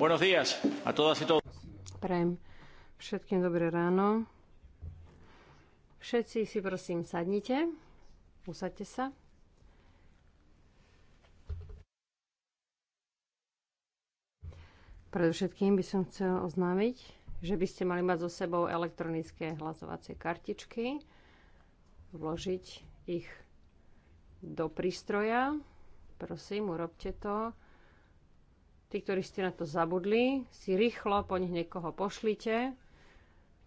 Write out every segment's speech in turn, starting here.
Buenos días a todas y todos. Prajem všetkým dobré ráno. Všetci si prosím sadnite, usadte sa. Predovšetkým by som chcel oznámiť, že by ste mali mať so sebou elektronické hlasovacie kartičky, vložiť ich do prístroja. Prosím, urobte to. Tí, ktorí ste na to zabudli, si rýchlo po nich niekoho pošlite,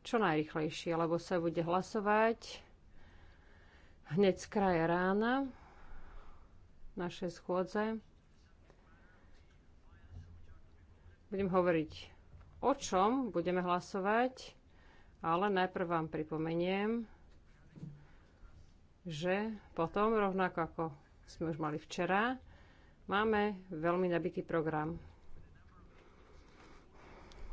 čo najrychlejšie, lebo sa bude hlasovať hneď z kraja rána našej schôdze. Budem hovoriť o čom budeme hlasovať, ale najprv vám pripomeniem, že potom, rovnako ako sme už mali včera, máme veľmi nabitý program.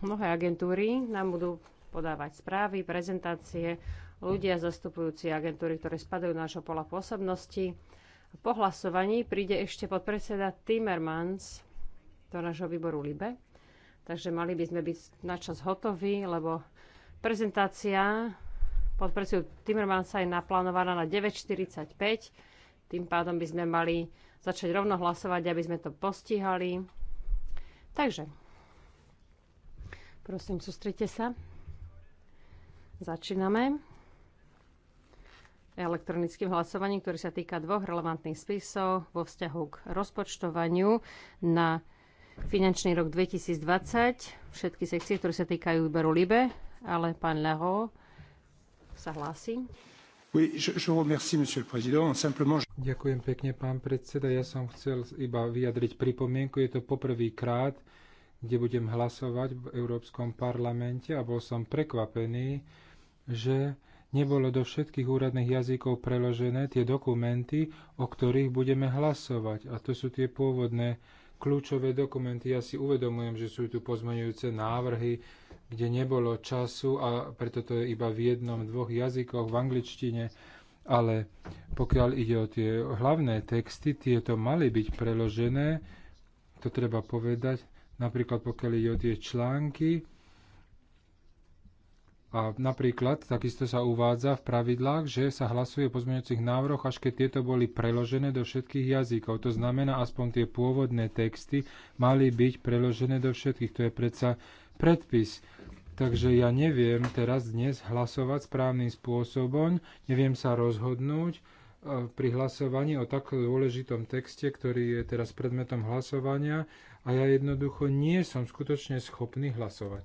Mnohé agentúry nám budú podávať správy, prezentácie, ľudia zastupujúci agentúry, ktoré spadajú na našo pola pôsobnosti. Po hlasovaní príde ešte podpredseda Timmermans do nášho výboru LIBE, takže mali by sme byť načas hotoví, lebo prezentácia podpredsedu Timmermansa je naplánovaná na 9.45, tým pádom by sme mali začať rovno hlasovať, aby sme to postihali. Takže Prosím, sústrite sa. Začíname elektronickým hlasovaním, ktorý sa týka dvoch relevantných spisov vo vzťahu k rozpočtovaniu na finančný rok 2020. Všetky sekcie, ktoré sa týkajú výberu LIBE, ale pán Leho sa hlási. Oui, je, je remercie, monsieur le président. Simplement... Ďakujem pekne, pán predseda. Ja som chcel iba vyjadriť pripomienku. Je to poprvýkrát, kde budem hlasovať v Európskom parlamente a bol som prekvapený, že nebolo do všetkých úradných jazykov preložené tie dokumenty, o ktorých budeme hlasovať. A to sú tie pôvodné kľúčové dokumenty. Ja si uvedomujem, že sú tu pozmeňujúce návrhy, kde nebolo času a preto to je iba v jednom, dvoch jazykoch, v angličtine. Ale pokiaľ ide o tie hlavné texty, tieto mali byť preložené, to treba povedať, napríklad pokiaľ ide o tie články. A napríklad takisto sa uvádza v pravidlách, že sa hlasuje o pozmeňujúcich návrhoch, až keď tieto boli preložené do všetkých jazykov. To znamená, aspoň tie pôvodné texty mali byť preložené do všetkých. To je predsa predpis. Takže ja neviem teraz dnes hlasovať správnym spôsobom, neviem sa rozhodnúť e, pri hlasovaní o takto dôležitom texte, ktorý je teraz predmetom hlasovania, a ja jednoducho nie som skutočne schopný hlasovať.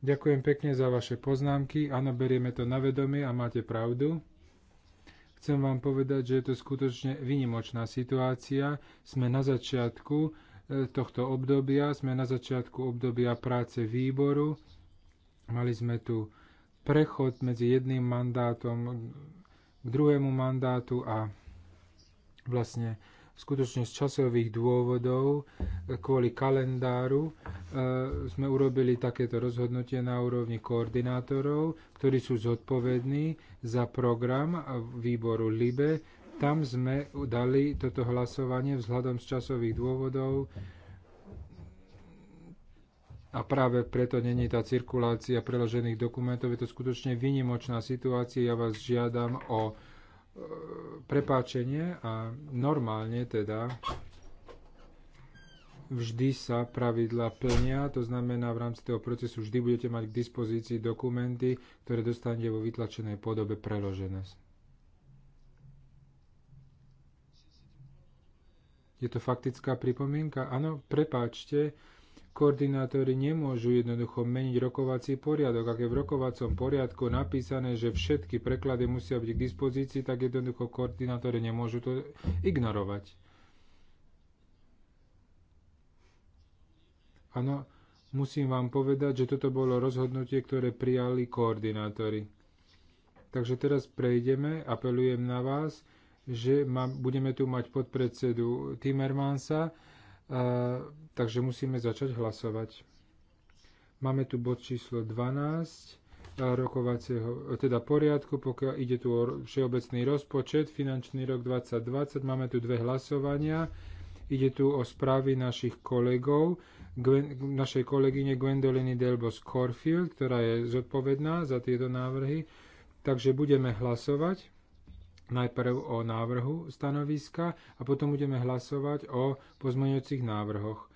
Ďakujem pekne za vaše poznámky, áno, berieme to na vedomie a máte pravdu. Chcem vám povedať, že je to skutočne vynimočná situácia. Sme na začiatku e, tohto obdobia, sme na začiatku obdobia práce výboru. Mali sme tu prechod medzi jedným mandátom k druhému mandátu a vlastne skutočne z časových dôvodov, e, kvôli kalendáru, e, sme urobili takéto rozhodnutie na úrovni koordinátorov, ktorí sú zodpovední za program výboru LIBE. Tam sme dali toto hlasovanie vzhľadom z časových dôvodov a práve preto není tá cirkulácia preložených dokumentov. Je to skutočne vynimočná situácia. Ja vás žiadam o prepáčenie a normálne teda vždy sa pravidla plnia, to znamená v rámci toho procesu vždy budete mať k dispozícii dokumenty, ktoré dostanete vo vytlačenej podobe preložené. Je to faktická pripomienka? Áno, prepáčte, koordinátori nemôžu jednoducho meniť rokovací poriadok. Ak je v rokovacom poriadku napísané, že všetky preklady musia byť k dispozícii, tak jednoducho koordinátori nemôžu to ignorovať. Áno, musím vám povedať, že toto bolo rozhodnutie, ktoré prijali koordinátori. Takže teraz prejdeme, apelujem na vás, že ma, budeme tu mať podpredsedu Timmermansa, takže musíme začať hlasovať. Máme tu bod číslo 12 rokovacieho, teda poriadku, pokiaľ ide tu o všeobecný rozpočet, finančný rok 2020, máme tu dve hlasovania, ide tu o správy našich kolegov, Gwen, našej kolegyne Gwendoliny Delbos Corfield, ktorá je zodpovedná za tieto návrhy, takže budeme hlasovať najprv o návrhu stanoviska a potom budeme hlasovať o pozmeňujúcich návrhoch.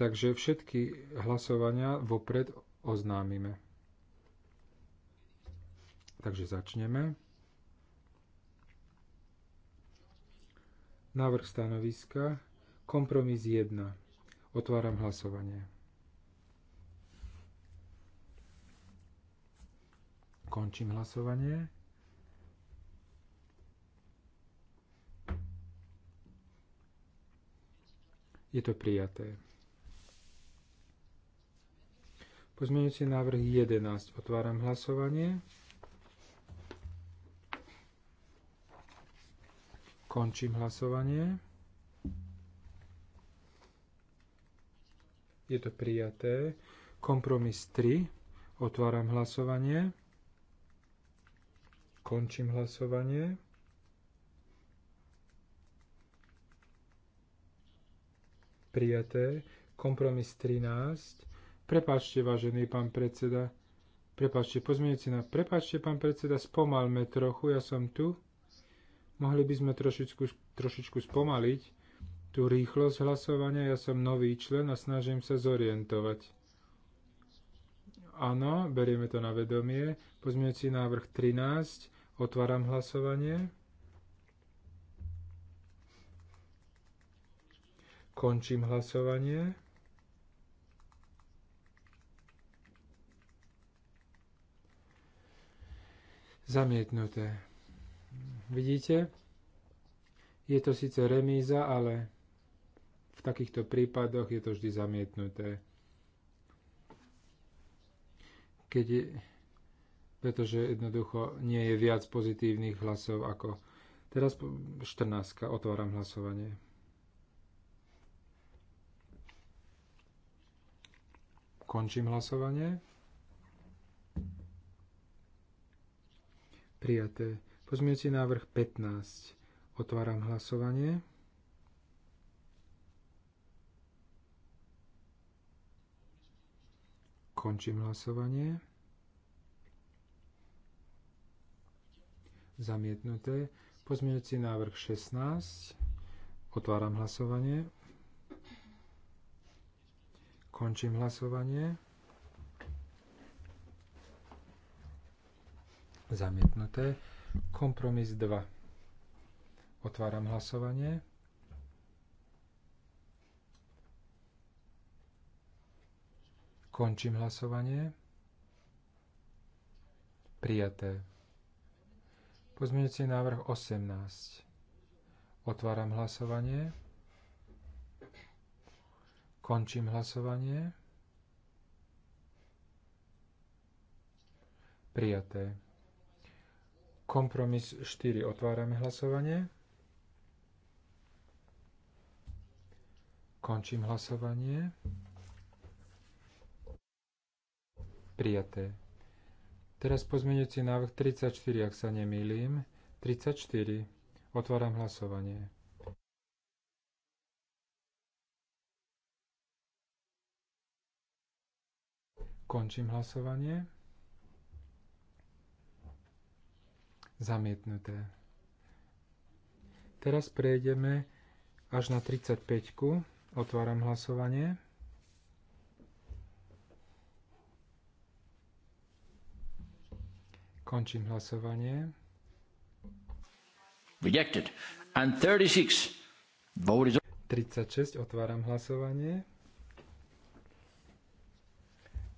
Takže všetky hlasovania vopred oznámime. Takže začneme. Návrh stanoviska. Kompromis 1. Otváram hlasovanie. Končím hlasovanie. Je to prijaté. Pozmeňujúci návrh 11. Otváram hlasovanie. Končím hlasovanie. Je to prijaté. Kompromis 3. Otváram hlasovanie. Končím hlasovanie. prijaté. Kompromis 13. Prepačte, vážený pán predseda. Prepačte, pozmienujúci na... Prepačte, pán predseda, spomalme trochu, ja som tu. Mohli by sme trošičku, trošičku spomaliť tú rýchlosť hlasovania. Ja som nový člen a snažím sa zorientovať. Áno, berieme to na vedomie. Pozmienujúci návrh 13. Otváram hlasovanie. Končím hlasovanie. Zamietnuté. Vidíte? Je to síce remíza, ale v takýchto prípadoch je to vždy zamietnuté. Keď je, pretože jednoducho nie je viac pozitívnych hlasov ako... Teraz 14. Otváram hlasovanie. Končím hlasovanie. Prijaté. Pozmiete návrh 15. Otváram hlasovanie. Končím hlasovanie. Zamietnuté. Pozmiňujúci návrh 16. Otváram hlasovanie. Končím hlasovanie. Zamietnuté. Kompromis 2. Otváram hlasovanie. Končím hlasovanie. Prijaté. Pozmeňujúci návrh 18. Otváram hlasovanie. Končím hlasovanie. Prijaté. Kompromis 4. Otvárame hlasovanie. Končím hlasovanie. Prijaté. Teraz pozmeňujúci návrh 34, ak sa nemýlim. 34. Otváram hlasovanie. Končím hlasovanie. Zamietnuté. Teraz prejdeme až na 35. Otváram hlasovanie. Končím hlasovanie. Rejected. And 36. Vote 36. Otváram hlasovanie.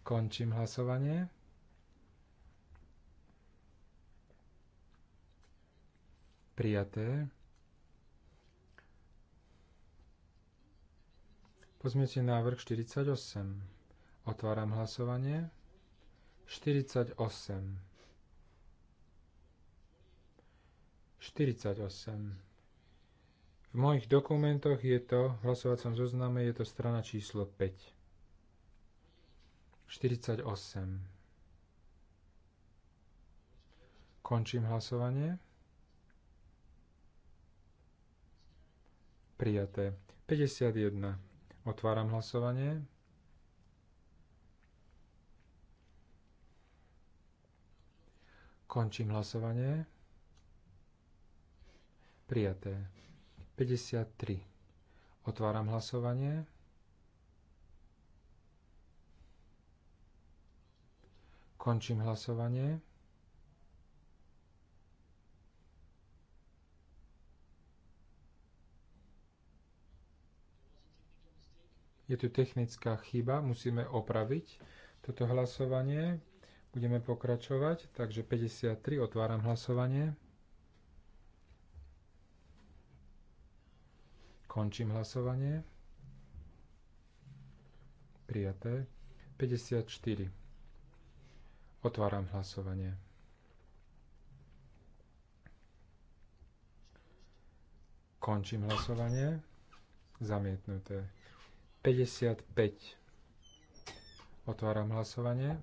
Končím hlasovanie. Prijaté. Pozmite návrh 48. Otváram hlasovanie. 48. 48. V mojich dokumentoch je to, v hlasovacom zozname je to strana číslo 5. 48. Končím hlasovanie. Prijaté. 51. Otváram hlasovanie. Končím hlasovanie. Prijaté. 53. Otváram hlasovanie. Končím hlasovanie. Je tu technická chyba, musíme opraviť toto hlasovanie. Budeme pokračovať, takže 53, otváram hlasovanie. Končím hlasovanie. Prijaté. 54. Otváram hlasovanie. Končím hlasovanie. Zamietnuté. 55. Otváram hlasovanie.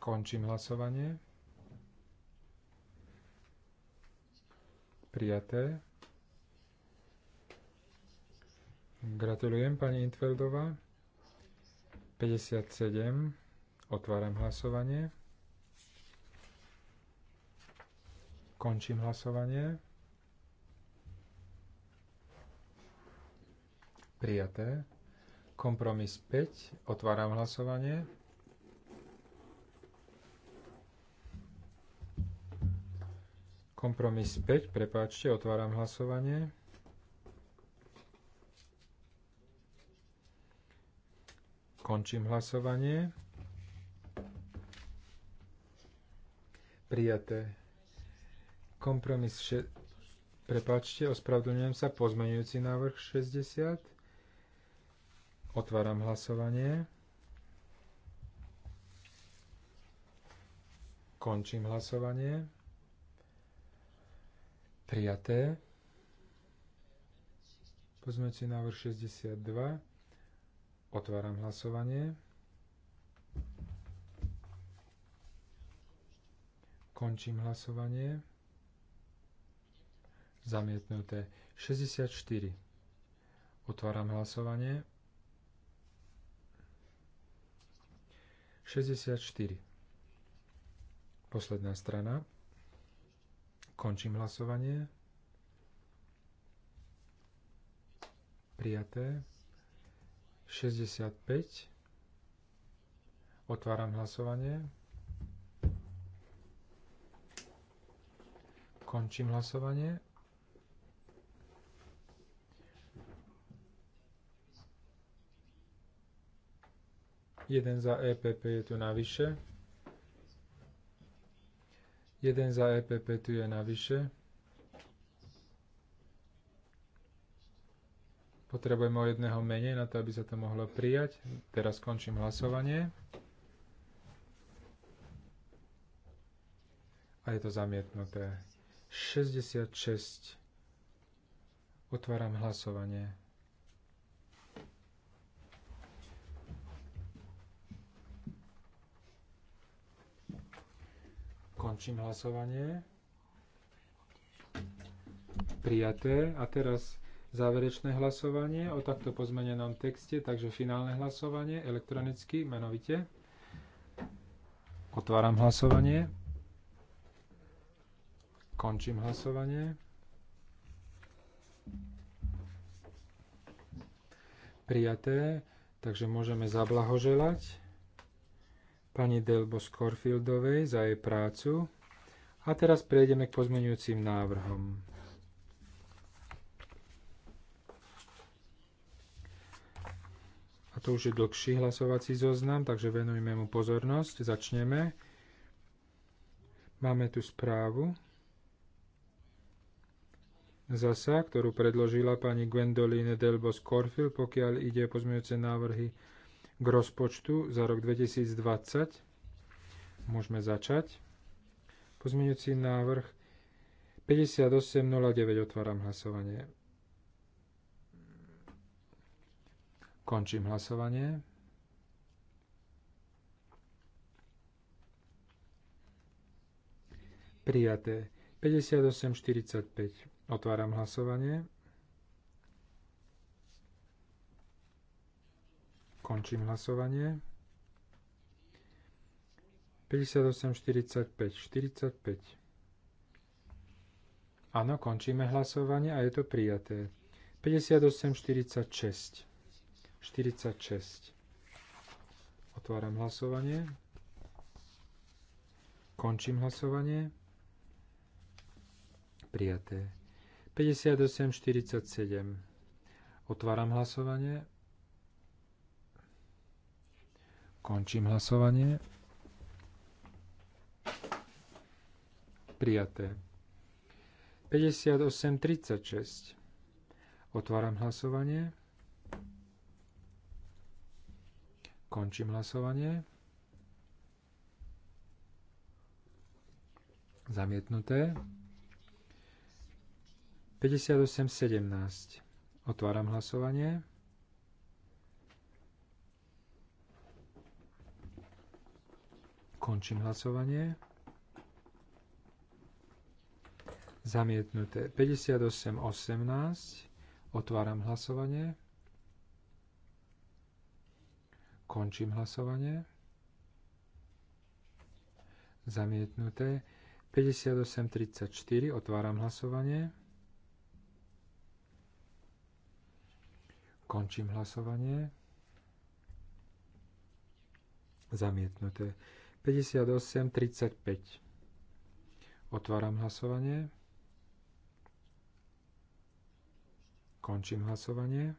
Končím hlasovanie. Prijaté. Gratulujem, pani Intveldová. 57. Otváram hlasovanie. Končím hlasovanie. Prijaté. Kompromis 5. Otváram hlasovanie. Kompromis 5. Prepáčte, otváram hlasovanie. Končím hlasovanie. Prijaté. Kompromis še... Prepačte, ospravedlňujem sa. Pozmenujúci návrh 60. Otváram hlasovanie. Končím hlasovanie. Prijaté. Pozmenujúci návrh 62. Otváram hlasovanie. Končím hlasovanie. Zamietnuté 64. Otváram hlasovanie. 64. Posledná strana. Končím hlasovanie. Prijaté. 65. Otváram hlasovanie. Končím hlasovanie. Jeden za EPP je tu navyše. Jeden za EPP tu je navyše. Potrebujeme o jedného menej na to, aby sa to mohlo prijať. Teraz končím hlasovanie. A je to zamietnuté. 66. Otváram hlasovanie. Končím hlasovanie. Prijaté. A teraz záverečné hlasovanie o takto pozmenenom texte, takže finálne hlasovanie elektronicky, menovite. Otváram hlasovanie. Končím hlasovanie. Prijaté, takže môžeme zablahoželať pani Delbo Scorfieldovej za jej prácu. A teraz prejdeme k pozmeňujúcim návrhom. To už je dlhší hlasovací zoznam, takže venujme mu pozornosť. Začneme. Máme tu správu zasa, ktorú predložila pani Gwendoline Delbos Corfil, pokiaľ ide o pozmeňujúce návrhy k rozpočtu za rok 2020. Môžeme začať. Pozmeňujúci návrh 5809 otváram hlasovanie. Končím hlasovanie. Prijaté. 58.45. Otváram hlasovanie. Končím hlasovanie. 58.45. 45. Áno, končíme hlasovanie a je to prijaté. 58.46. 46. Otváram hlasovanie. Končím hlasovanie. Prijaté. 58-47. Otváram hlasovanie. Končím hlasovanie. Prijaté. 58-36. Otváram hlasovanie. Končím hlasovanie. Zamietnuté. 58.17. Otváram hlasovanie. Končím hlasovanie. Zamietnuté. 58.18. Otváram hlasovanie. Končím hlasovanie. Zamietnuté. 58.34. Otváram hlasovanie. Končím hlasovanie. Zamietnuté. 58.35. Otváram hlasovanie. Končím hlasovanie.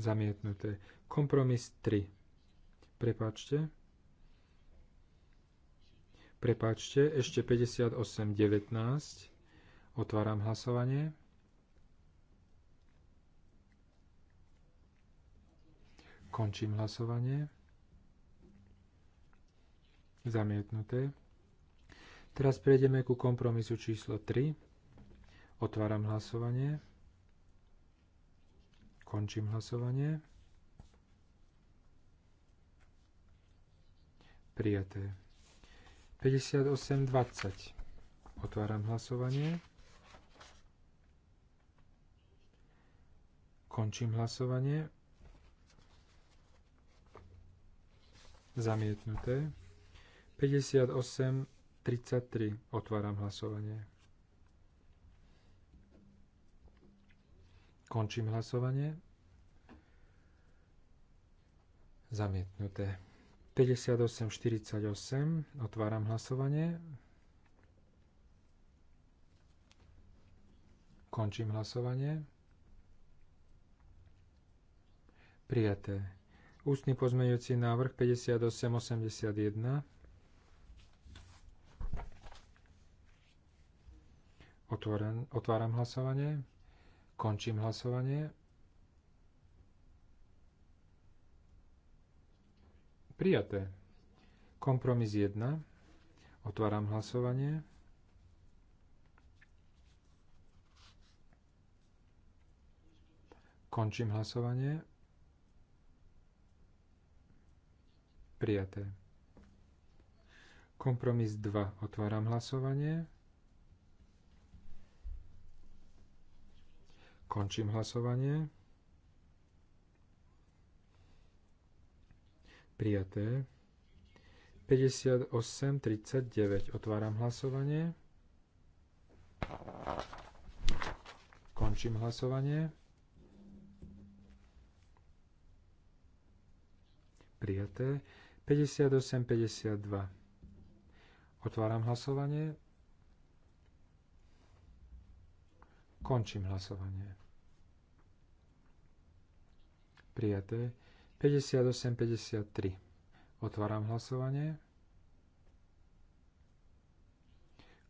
zamietnuté. Kompromis 3. Prepačte. Prepačte, ešte 58.19. Otváram hlasovanie. Končím hlasovanie. Zamietnuté. Teraz prejdeme ku kompromisu číslo 3. Otváram hlasovanie. Končím hlasovanie. Prijaté. 58.20. Otváram hlasovanie. Končím hlasovanie. Zamietnuté. 58.33. Otváram hlasovanie. Končím hlasovanie. Zamietnuté. 58-48. Otváram hlasovanie. Končím hlasovanie. Prijaté. Ústny pozmeňujúci návrh 5881. Otváram, otváram hlasovanie. Končím hlasovanie. Prijaté. Kompromis 1. Otváram hlasovanie. Končím hlasovanie. Prijaté. Kompromis 2. Otváram hlasovanie. Končím hlasovanie. Prijaté. 58.39. Otváram hlasovanie. Končím hlasovanie. Prijaté. 58.52. Otváram hlasovanie. Končím hlasovanie. Prijaté. 58-53. Otváram hlasovanie.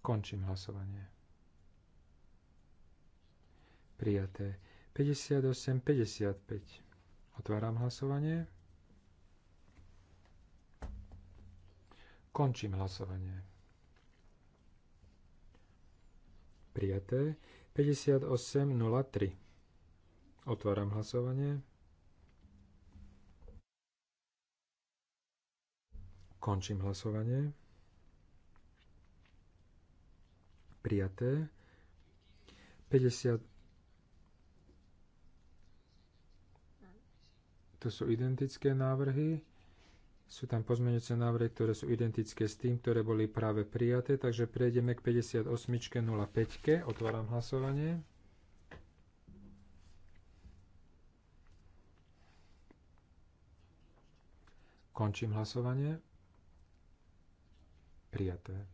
Končím hlasovanie. Prijaté. 58-55. Otváram hlasovanie. Končím hlasovanie. Prijaté. 58-03. Otváram hlasovanie. Končím hlasovanie. Prijaté. 50 To sú identické návrhy. Sú tam pozmeňujúce návrhy, ktoré sú identické s tým, ktoré boli práve prijaté, takže prejdeme k 58.05. Otváram hlasovanie. Končím hlasovanie. Prijaté.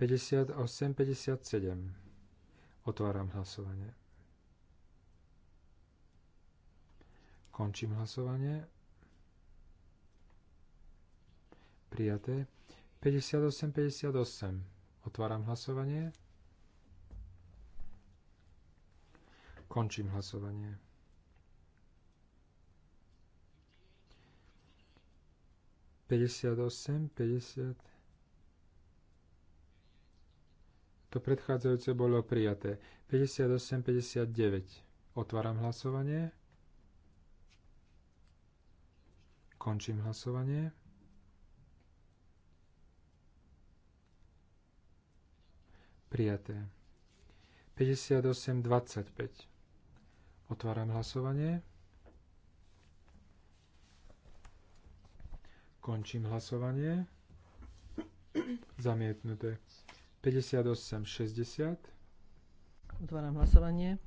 58, 57. Otváram hlasovanie. Končím hlasovanie. Prijaté. 58, 58. Otváram hlasovanie. Končím hlasovanie. Pedesiat osem, pedesiat... To predchádzajúce bolo prijaté. 58-59. Otváram hlasovanie. Končím hlasovanie. Prijaté. 58-25. Otváram hlasovanie. Končím hlasovanie. Zamietnuté. 58-60. Otváram hlasovanie.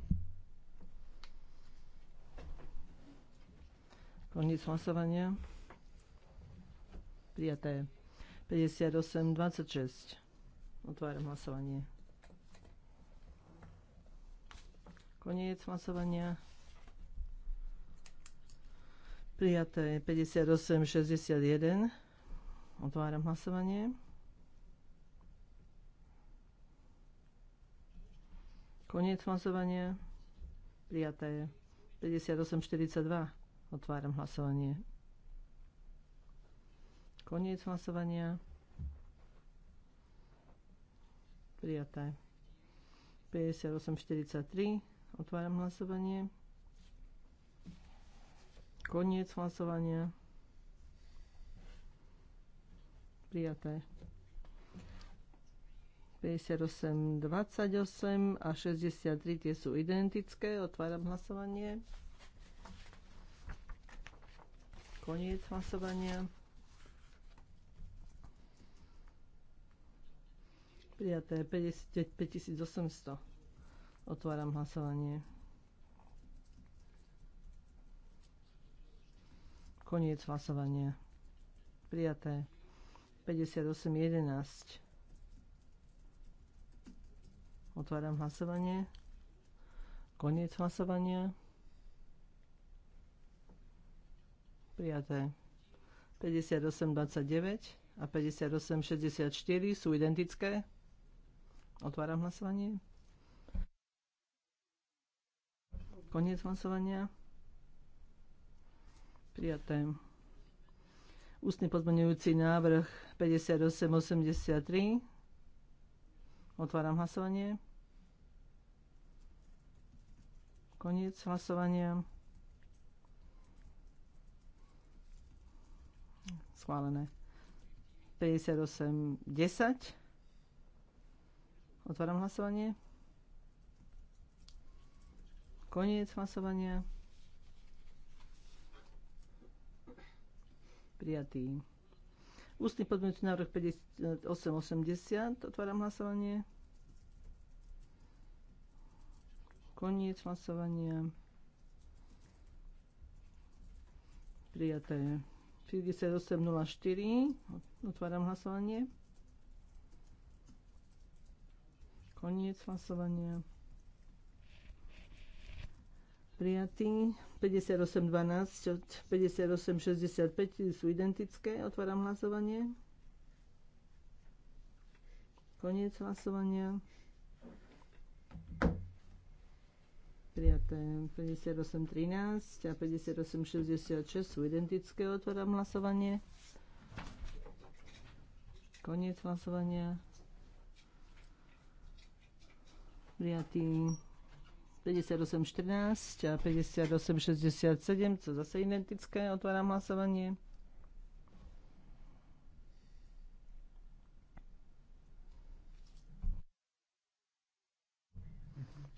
Koniec hlasovania. Prijaté. 58-26. Otváram hlasovanie. Koniec hlasovania. Prijaté 58-61. Otváram hlasovanie. Koniec hlasovania. Prijaté. 58.42. Otváram hlasovanie. Koniec hlasovania. Prijaté. 58.43. Otváram hlasovanie. Koniec hlasovania. Prijaté. 58, 28 a 63 tie sú identické. Otváram hlasovanie. Koniec hlasovania. Prijaté 55 800. Otváram hlasovanie. Koniec hlasovania. Prijaté 58 11. Otváram hlasovanie. Koniec hlasovania. Prijaté. 58,29 a 58,64 sú identické. Otváram hlasovanie. Koniec hlasovania. Prijaté. Ústny pozmeňujúci návrh 5883. Otváram hlasovanie. Koniec hlasovania. Schválené. 58, 10. Otváram hlasovanie. Koniec hlasovania. Prijatý. Ústny podmienečný návrh 5880. Otváram hlasovanie. Koniec hlasovania. Prijaté. 58.04. Otváram hlasovanie. Koniec hlasovania. Prijatý. 58.12 od 58.65 sú identické. Otváram hlasovanie. Koniec hlasovania. prijaté 58.13 a 58.66 sú identické, otváram hlasovanie. Koniec hlasovania. Prijatý 58.14 a 58.67 sú zase identické, otváram hlasovanie.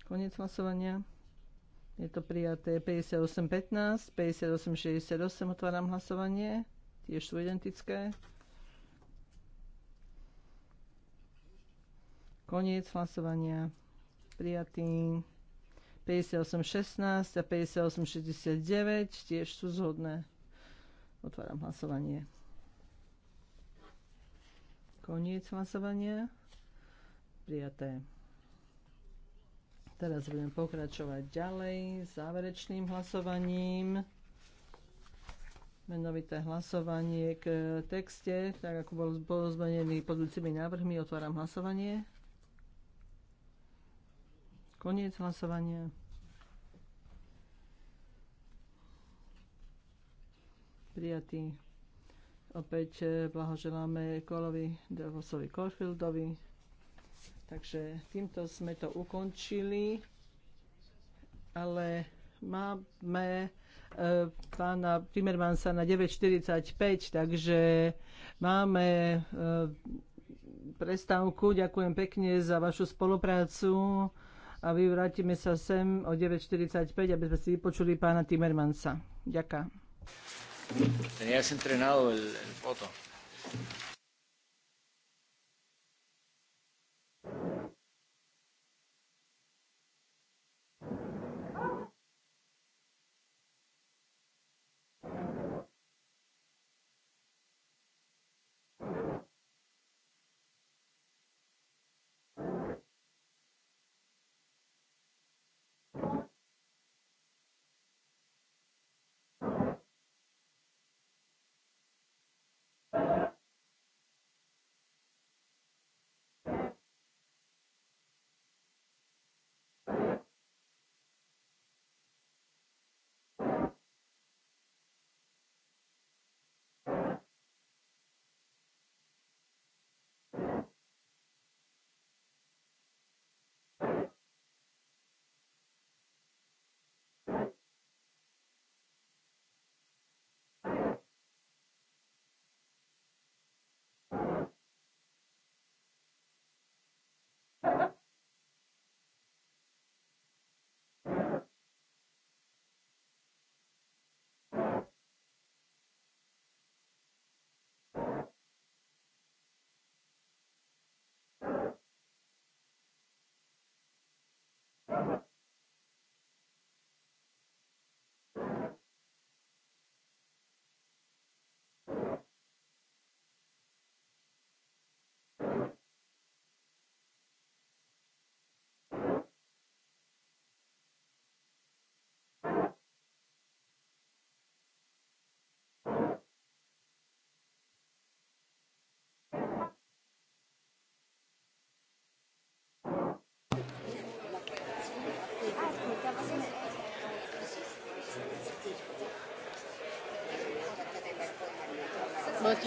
Koniec hlasovania. Je to prijaté 58.15, 58.68, otváram hlasovanie. Tiež sú identické. Koniec hlasovania. Prijatý 58.16 a 58.69 tiež sú zhodné. Otváram hlasovanie. Koniec hlasovania. Prijaté. Teraz budem pokračovať ďalej záverečným hlasovaním. Menovité hlasovanie k texte, tak ako bol pozmenený podľúcimi návrhmi, otváram hlasovanie. Koniec hlasovania. Prijatý. Opäť eh, blahoželáme Kolovi Davosovi Korfieldovi. Takže týmto sme to ukončili, ale máme e, pána Timmermansa na 9.45, takže máme e, prestávku. Ďakujem pekne za vašu spoluprácu a vyvrátime sa sem o 9.45, aby sme si vypočuli pána Timmermansa. Ďakujem. Tenías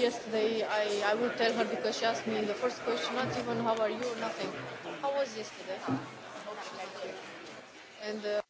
yesterday I, I would tell her because she asked me the first question, not even how are you, nothing. How was yesterday? And uh,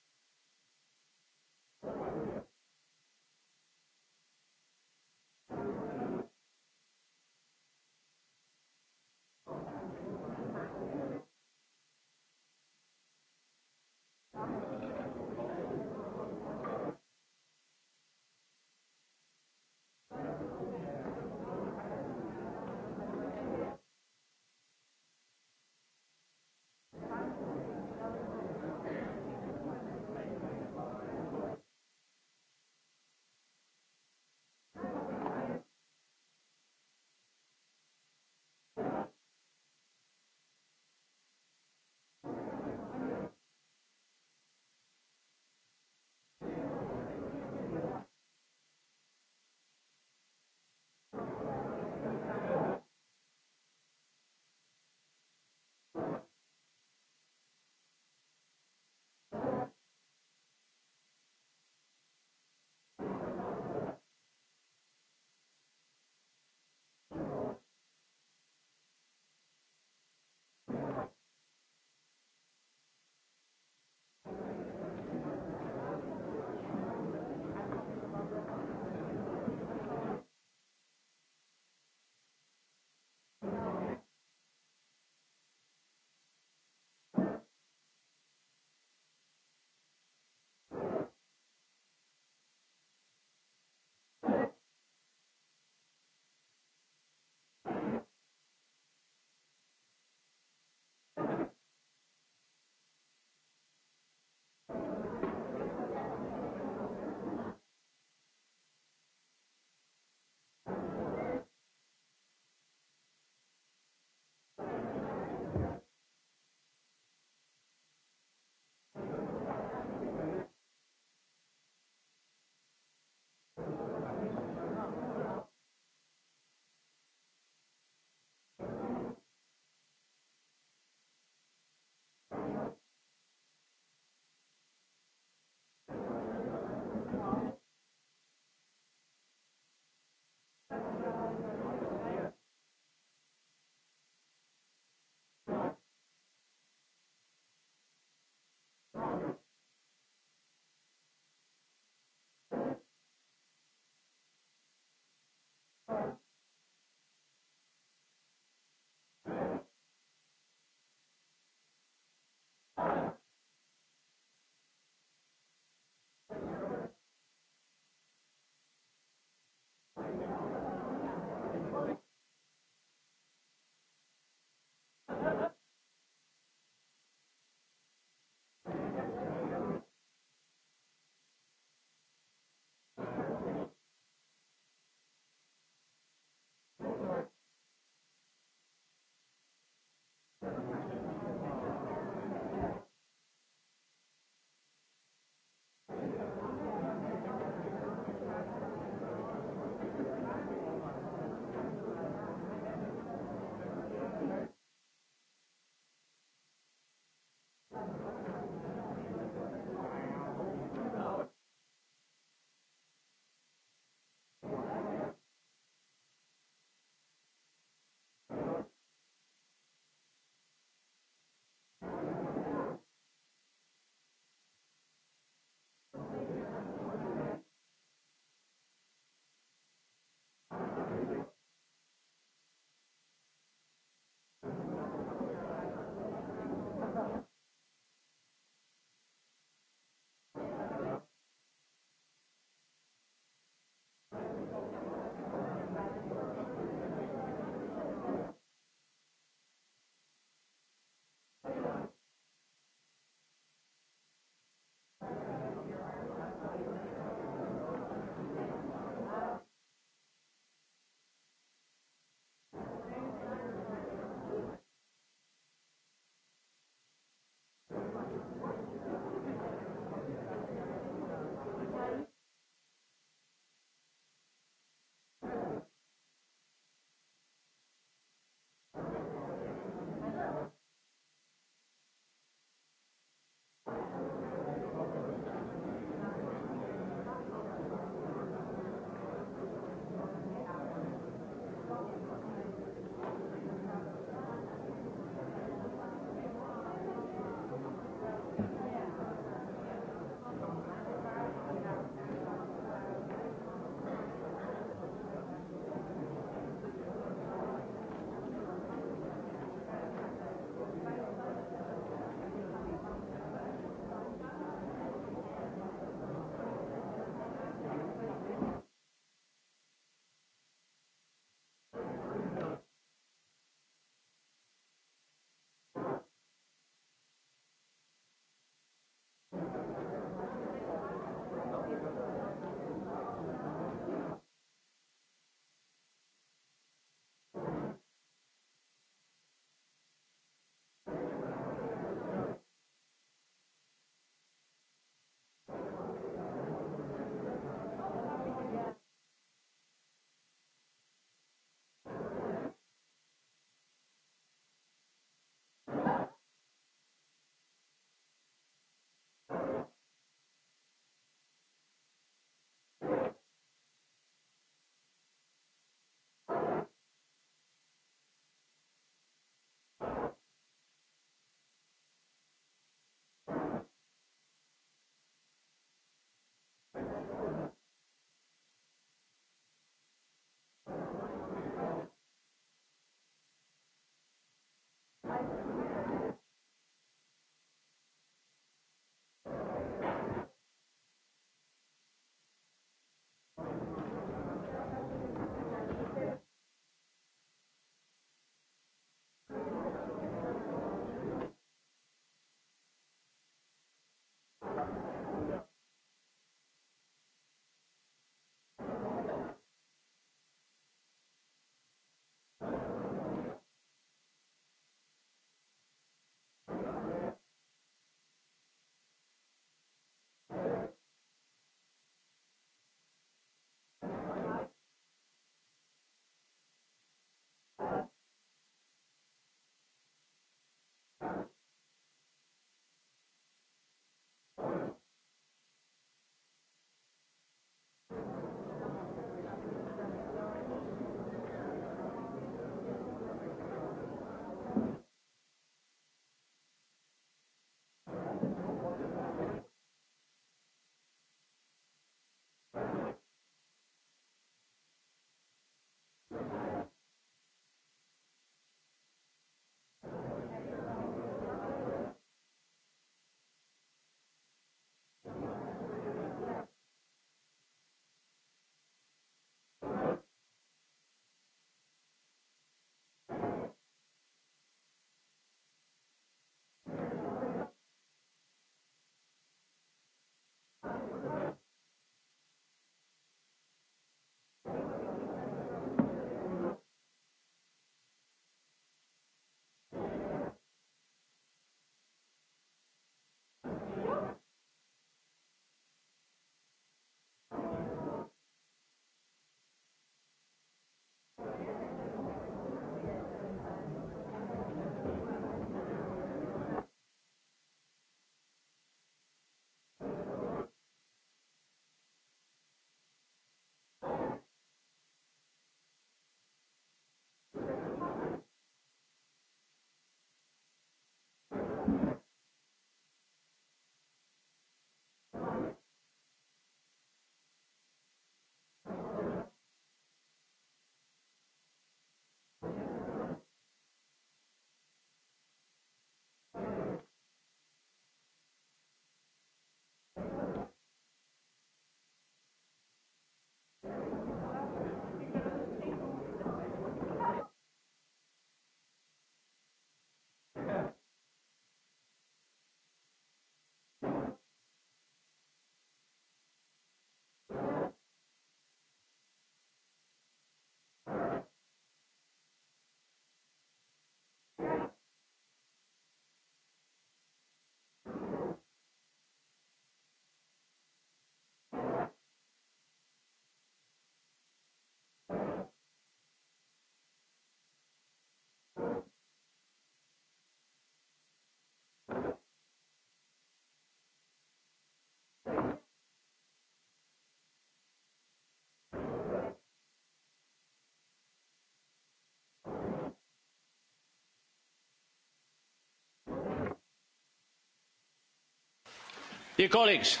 Dear colleagues,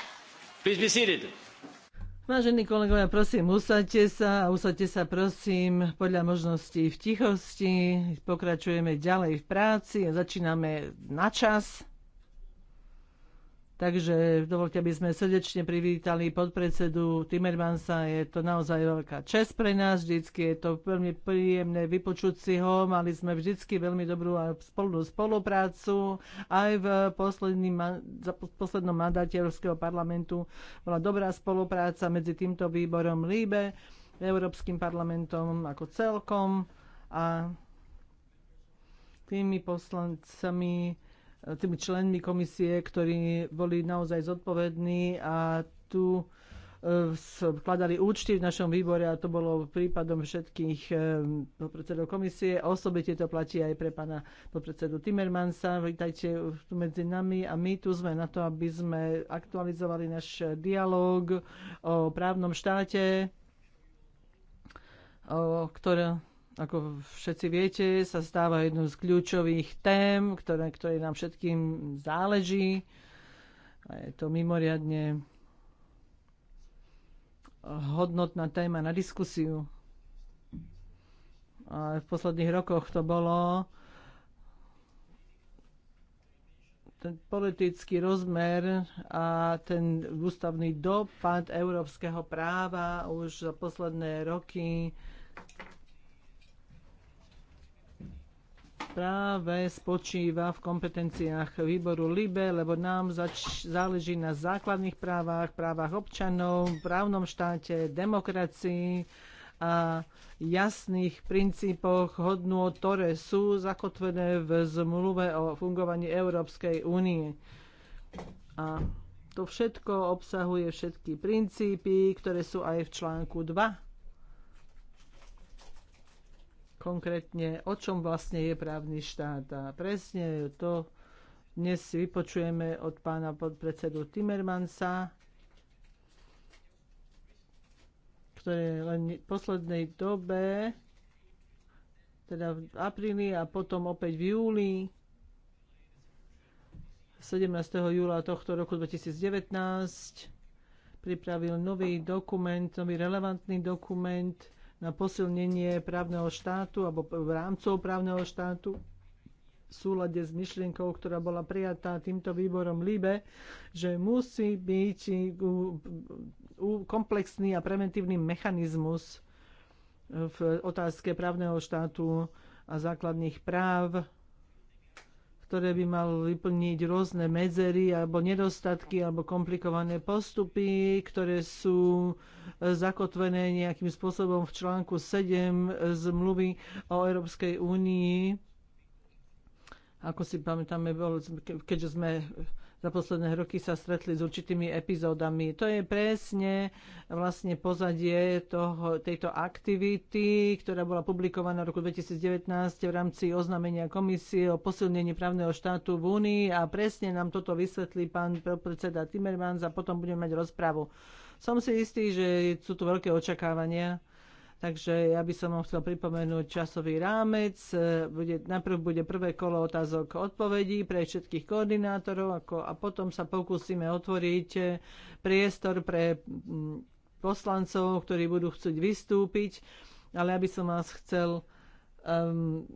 please be seated. Vážení kolegovia, prosím, usadte sa a usadte sa, prosím, podľa možností v tichosti. Pokračujeme ďalej v práci a začíname na čas. Takže dovolte, aby sme srdečne privítali podpredsedu Timmermansa. Je to naozaj veľká čest pre nás. Vždycky je to veľmi príjemné vypočuť si ho. Mali sme vždycky veľmi dobrú a spolnú spoluprácu. Aj v za poslednom mandáte Európskeho parlamentu bola dobrá spolupráca medzi týmto výborom Líbe, Európskym parlamentom ako celkom a tými poslancami, tými členmi komisie, ktorí boli naozaj zodpovední a tu vkladali e, účty v našom výbore a to bolo prípadom všetkých e, podpredsedov komisie. Osobite to platí aj pre pána podpredsedu Timmermansa. Vítajte tu medzi nami a my tu sme na to, aby sme aktualizovali náš dialog o právnom štáte, o ktorom ako všetci viete, sa stáva jednou z kľúčových tém, ktoré, ktoré nám všetkým záleží. A je to mimoriadne hodnotná téma na diskusiu. A v posledných rokoch to bolo ten politický rozmer a ten ústavný dopad európskeho práva už za posledné roky práve spočíva v kompetenciách výboru LIBE, lebo nám zač- záleží na základných právach, právach občanov, právnom štáte, demokracii a jasných princípoch hodnú, ktoré sú zakotvené v zmluve o fungovaní Európskej únie. A to všetko obsahuje všetky princípy, ktoré sú aj v článku 2 konkrétne, o čom vlastne je právny štát. A presne to dnes vypočujeme od pána podpredsedu Timmermansa, ktorý len v poslednej dobe, teda v apríli a potom opäť v júli, 17. júla tohto roku 2019 pripravil nový dokument, nový relevantný dokument, na posilnenie právneho štátu alebo rámcov právneho štátu v súlade s myšlienkou, ktorá bola prijatá týmto výborom LIBE, že musí byť eh, komplexný a preventívny mechanizmus eh, v otázke právneho štátu a základných práv ktoré by mal vyplniť rôzne medzery alebo nedostatky alebo komplikované postupy, ktoré sú eh, zakotvené nejakým spôsobom v článku 7 eh, zmluvy o Európskej únii. Ako si pamätáme, keďže sme za posledné roky sa stretli s určitými epizódami. To je presne vlastne pozadie toho, tejto aktivity, ktorá bola publikovaná v roku 2019 v rámci oznámenia komisie o posilnení právneho štátu v Únii a presne nám toto vysvetlí pán predseda Timmermans a potom budeme mať rozprávu. Som si istý, že sú tu veľké očakávania Takže ja by som vám chcel pripomenúť časový rámec. E, bude, najprv bude prvé kolo otázok odpovedí pre všetkých koordinátorov ako, a potom sa pokúsime otvoriť e, priestor pre poslancov, ktorí budú chcieť vystúpiť. Ale ja by som vás chcel um,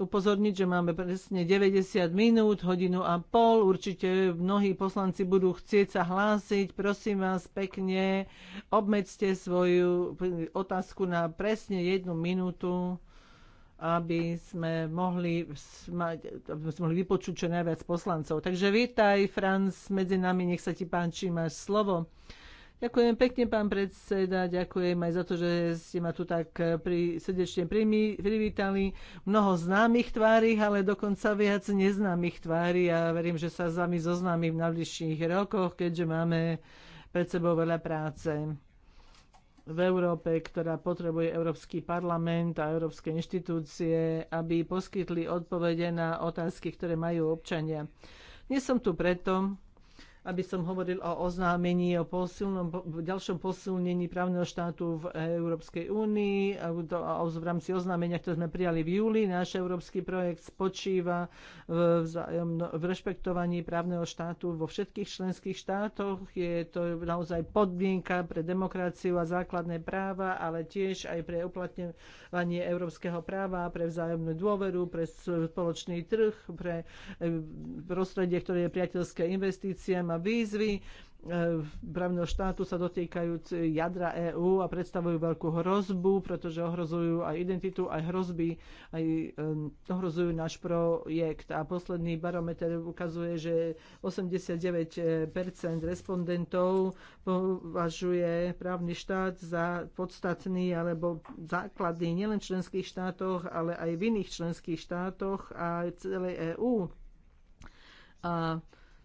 upozorniť, že máme presne 90 minút, hodinu a pol. Určite mnohí poslanci budú chcieť sa hlásiť. Prosím vás pekne, obmedzte svoju otázku na presne jednu minútu aby sme mohli, smať, aby sme mohli vypočuť čo najviac poslancov. Takže vítaj, Franz, medzi nami, nech sa ti páči, máš slovo. Ďakujem pekne, pán predseda. Ďakujem aj za to, že ste ma tu tak eh, pri, srdečne privítali. Mnoho známych tvári, ale dokonca viac neznámych tvári. A ja verím, že sa s vami zoznámim v najbližších rokoch, keďže máme pred sebou veľa práce v Európe, ktorá potrebuje Európsky parlament a európske inštitúcie, aby poskytli odpovede na otázky, ktoré majú občania. Nie som tu preto, aby som hovoril o oznámení o posilnom, ďalšom posilnení právneho štátu v Európskej únii. A v rámci oznámenia, ktoré sme prijali v júli, náš európsky projekt spočíva v, v rešpektovaní právneho štátu vo všetkých členských štátoch. Je to naozaj podmienka pre demokraciu a základné práva, ale tiež aj pre uplatňovanie európskeho práva, pre vzájomnú dôveru, pre spoločný trh, pre e, prostredie, ktoré je priateľské investíciám problém výzvy e, právneho štátu sa dotýkajú jadra EÚ a predstavujú veľkú hrozbu, pretože ohrozujú aj identitu, aj hrozby, aj e, ohrozujú náš projekt. A posledný barometer ukazuje, že 89% respondentov považuje právny štát za podstatný alebo základný nielen v členských štátoch, ale aj v iných členských štátoch a celej EÚ. A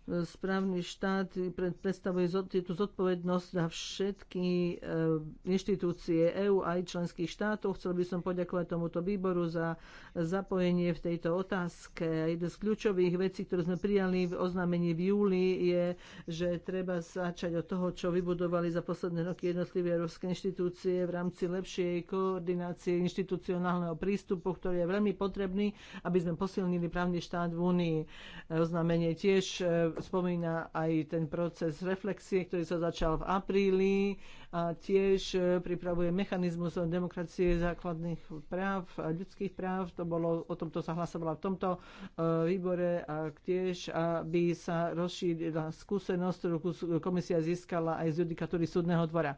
správny štát predstavuje tieto zodpovednosť na všetky eh, inštitúcie EÚ aj členských štátov. Chcel by som poďakovať tomuto výboru za zapojenie v tejto otázke. Jedna z kľúčových vecí, ktoré sme prijali v oznámení v júli, je, že treba začať od toho, čo vybudovali za posledné roky jednotlivé európske inštitúcie v rámci lepšej koordinácie inštitucionálneho prístupu, ktorý je veľmi potrebný, aby sme posilnili právny štát v Únii. Eh, oznámenie tiež eh, spomína aj ten proces reflexie, ktorý sa začal v apríli a tiež e, pripravuje mechanizmus demokracie základných práv a ľudských práv. To bolo, o tomto sa hlasovala v tomto e, výbore a tiež, aby sa rozšírila skúsenosť, ktorú komisia získala aj z judikatúry súdneho dvora.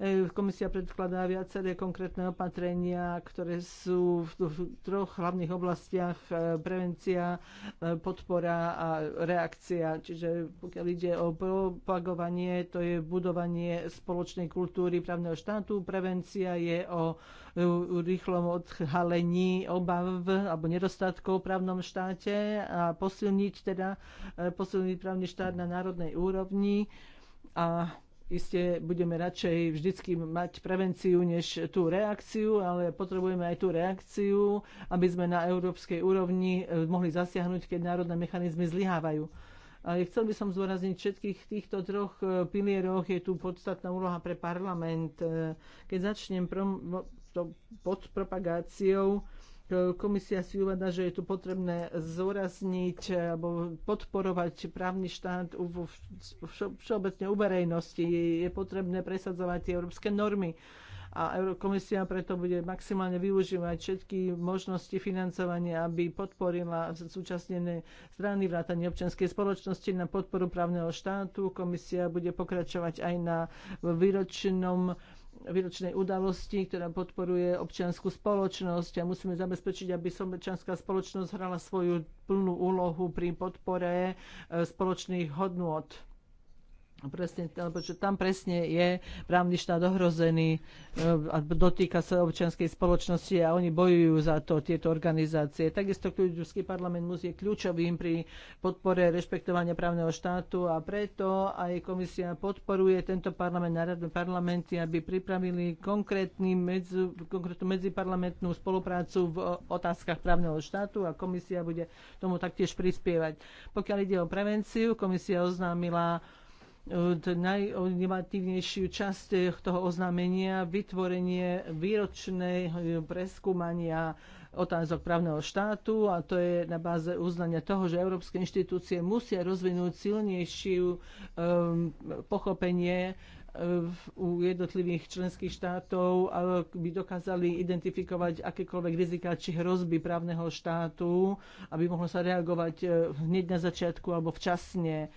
E, komisia predkladá viaceré konkrétne opatrenia, ktoré sú v troch hlavných oblastiach e, prevencia, e, podpora a reakcia. Čiže pokiaľ ide o propagovanie, to je budovanie spoločnej kultúry právneho štátu. Prevencia je o rýchlom odhalení obav alebo nedostatkov v právnom štáte a posilniť teda posilniť právny štát na národnej úrovni a Isté budeme radšej vždycky mať prevenciu než tú reakciu, ale potrebujeme aj tú reakciu, aby sme na európskej úrovni e, mohli zasiahnuť, keď národné mechanizmy zlyhávajú. Ale chcel by som zdôrazniť všetkých týchto troch e, pilieroch je tu podstatná úloha pre parlament. E, keď začnem prom- to pod propagáciou Komisia si uvedá, že je tu potrebné zúrazniť alebo podporovať právny štát všeobecne u verejnosti. Je potrebné presadzovať tie európske normy a komisia preto bude maximálne využívať všetky možnosti financovania, aby podporila súčasnené strany vrátanie občianskej spoločnosti na podporu právneho štátu. Komisia bude pokračovať aj na výročnom výročnej udalosti, ktorá podporuje občianskú spoločnosť a musíme zabezpečiť, aby som občianská spoločnosť hrala svoju plnú úlohu pri podpore e, spoločných hodnôt presne, alebo že tam presne je právny štát ohrozený e, a dotýka sa občianskej spoločnosti a oni bojujú za to, tieto organizácie. Takisto Európsky parlament musí kľúčovým pri podpore rešpektovania právneho štátu a preto aj komisia podporuje tento parlament, národné parlamenty, aby pripravili konkrétny medzi, konkrétnu medziparlamentnú spoluprácu v otázkach právneho štátu a komisia bude tomu taktiež prispievať. Pokiaľ ide o prevenciu, komisia oznámila najinovatívnejšiu časť toho oznámenia vytvorenie výročného preskúmania otázok právneho štátu a to je na báze uznania toho, že európske inštitúcie musia rozvinúť silnejšiu um, pochopenie um, u jednotlivých členských štátov, aby dokázali identifikovať akékoľvek rizika či hrozby právneho štátu, aby mohlo sa reagovať eh, hneď na začiatku alebo včasne.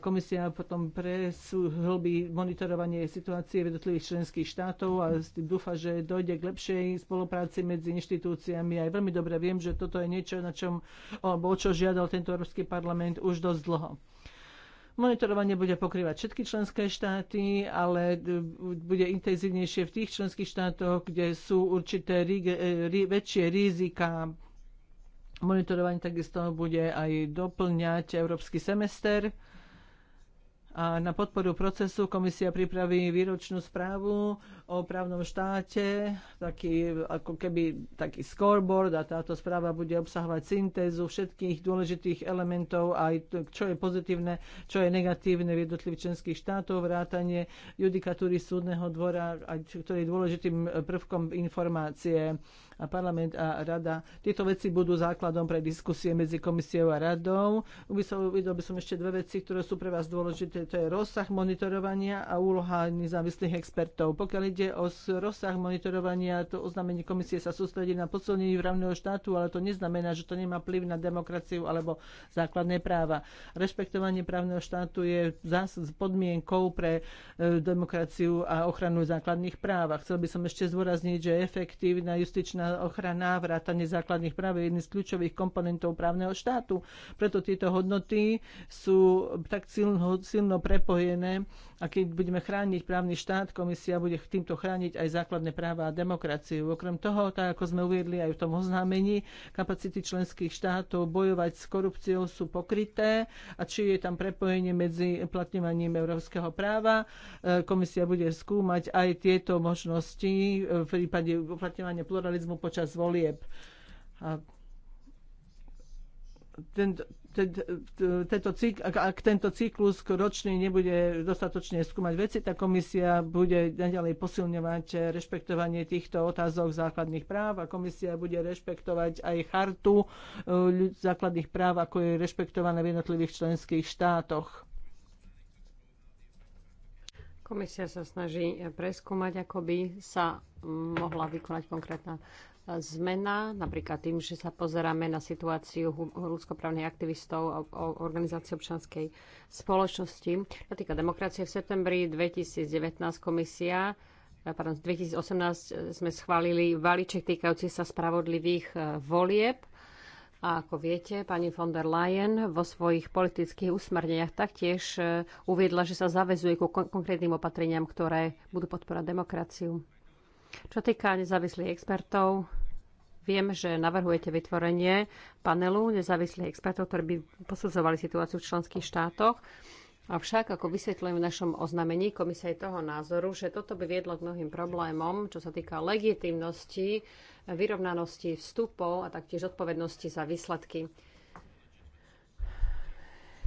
Komisia potom presúhlbí monitorovanie situácie v jednotlivých členských štátov a dúfa, že dojde k lepšej spolupráci medzi inštitúciami. Aj veľmi dobre viem, že toto je niečo, na čom, alebo o čo žiadal tento Európsky parlament už dosť dlho. Monitorovanie bude pokrývať všetky členské štáty, ale bude intenzívnejšie v tých členských štátoch, kde sú určité rí, rí, väčšie rizika. Monitorovanie takisto bude aj doplňať európsky semester a na podporu procesu komisia pripraví výročnú správu o právnom štáte, taký, ako keby taký scoreboard a táto správa bude obsahovať syntézu všetkých dôležitých elementov, aj čo je pozitívne, čo je negatívne v jednotlivých členských štátov, vrátanie judikatúry súdneho dvora, aj, ktorý je dôležitým prvkom informácie a parlament a rada. Tieto veci budú základom pre diskusie medzi komisiou a radou. Uvidel by som ešte dve veci, ktoré sú pre vás dôležité. To je rozsah monitorovania a úloha nezávislých expertov. Pokiaľ ide o rozsah monitorovania, to oznámenie komisie sa sústredí na posilnenie právneho štátu, ale to neznamená, že to nemá vplyv na demokraciu alebo základné práva. Rešpektovanie právneho štátu je zás podmienkou pre e, demokraciu a ochranu základných práv. A chcel by som ešte zdôrazniť, že efektívna justičná ochrana vrátane základných práv je jedným z kľúčových komponentov právneho štátu. Preto tieto hodnoty sú tak silno, silno prepojené a keď budeme chrániť právny štát, komisia bude týmto chrániť aj základné práva a demokraciu. Okrem toho, tak ako sme uviedli aj v tom oznámení, kapacity členských štátov bojovať s korupciou sú pokryté a či je tam prepojenie medzi uplatňovaním európskeho práva. E, komisia bude skúmať aj tieto možnosti v prípade uplatňovania pluralizmu počas volieb. A ten, ten, tento ak, ak tento cyklus ročný nebude dostatočne skúmať veci, tá komisia bude naďalej posilňovať rešpektovanie týchto otázok základných práv a komisia bude rešpektovať aj chartu eh, základných práv, ako je rešpektované v jednotlivých členských štátoch. Komisia sa snaží eh, preskúmať, ako by sa mohla vykonať konkrétna eh, zmena, napríklad tým, že sa pozeráme na situáciu ľudskoprávnych aktivistov a organizácie občanskej spoločnosti. Na týka demokracie, v septembri 2019 komisia eh, pardon, 2018 sme schválili valíček týkajúci sa spravodlivých volieb a ako viete, pani von der Leyen vo svojich politických usmerneniach taktiež e, uviedla, že sa zavezuje ku konkrétnym opatreniam, ktoré budú podporať demokraciu. Čo týka nezávislých expertov, viem, že navrhujete vytvorenie panelu nezávislých expertov, ktorí by posudzovali situáciu v členských štátoch. Avšak, ako vysvetľujem v našom oznamení komisia je toho názoru, že toto by viedlo k mnohým problémom, čo sa týka legitimnosti vyrovnanosti vstupov a taktiež odpovednosti za výsledky.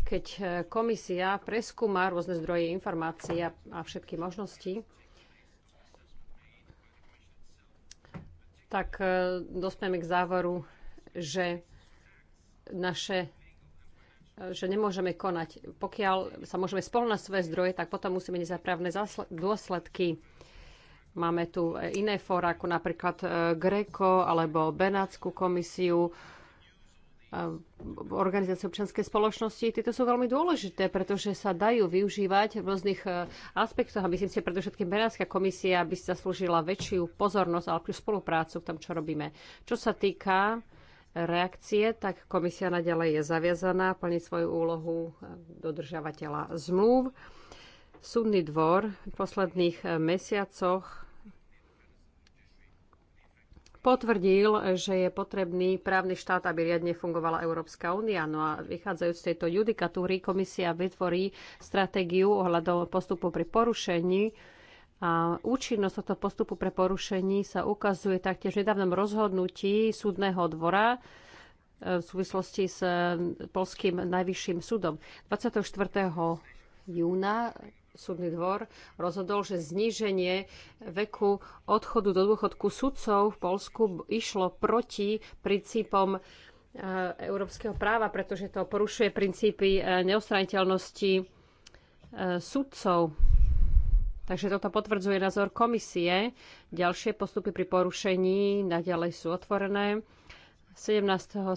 Keď komisia preskúma rôzne zdroje informácií a všetky možnosti, tak e, dospieme k závoru, že naše e, že nemôžeme konať. Pokiaľ sa môžeme spolu na svoje zdroje, tak potom musíme nezaprávne dôsledky. Máme tu iné fóra, ako napríklad e, GRECO alebo Benátskú komisiu, e, organizácie občianskej spoločnosti. Tieto sú veľmi dôležité, pretože sa dajú využívať v rôznych e, aspektoch. A myslím si, predovšetkým Benátska komisia by sa slúžila väčšiu pozornosť a plus spoluprácu v tom, čo robíme. Čo sa týka reakcie, tak komisia naďalej je zaviazaná plniť svoju úlohu dodržiavateľa zmluv. Súdny dvor v posledných eh, mesiacoch potvrdil, že je potrebný právny štát, aby riadne fungovala Európska únia. No a vychádzajúc z tejto judikatúry, komisia vytvorí stratégiu ohľadom postupu pri porušení. A účinnosť tohto postupu pre porušení sa ukazuje taktiež v nedávnom rozhodnutí súdneho dvora eh, v súvislosti s eh, Polským najvyšším súdom. 24. júna súdny dvor rozhodol, že zníženie veku odchodu do dôchodku sudcov v Polsku išlo proti princípom e, európskeho práva, pretože to porušuje princípy e, neostraniteľnosti e, sudcov. Takže toto potvrdzuje názor komisie. Ďalšie postupy pri porušení naďalej sú otvorené. 17.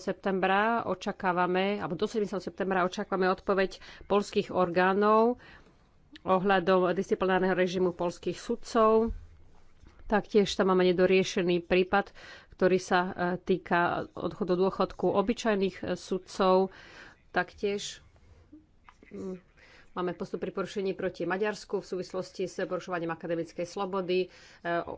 septembra očakávame, alebo do 17. septembra očakávame odpoveď polských orgánov ohľadom disciplinárneho režimu polských sudcov. Taktiež tam máme nedoriešený prípad, ktorý sa e, týka odchodu dôchodku obyčajných e, sudcov. Taktiež Máme postup pri porušení proti Maďarsku v súvislosti s porušovaním akademickej slobody, e,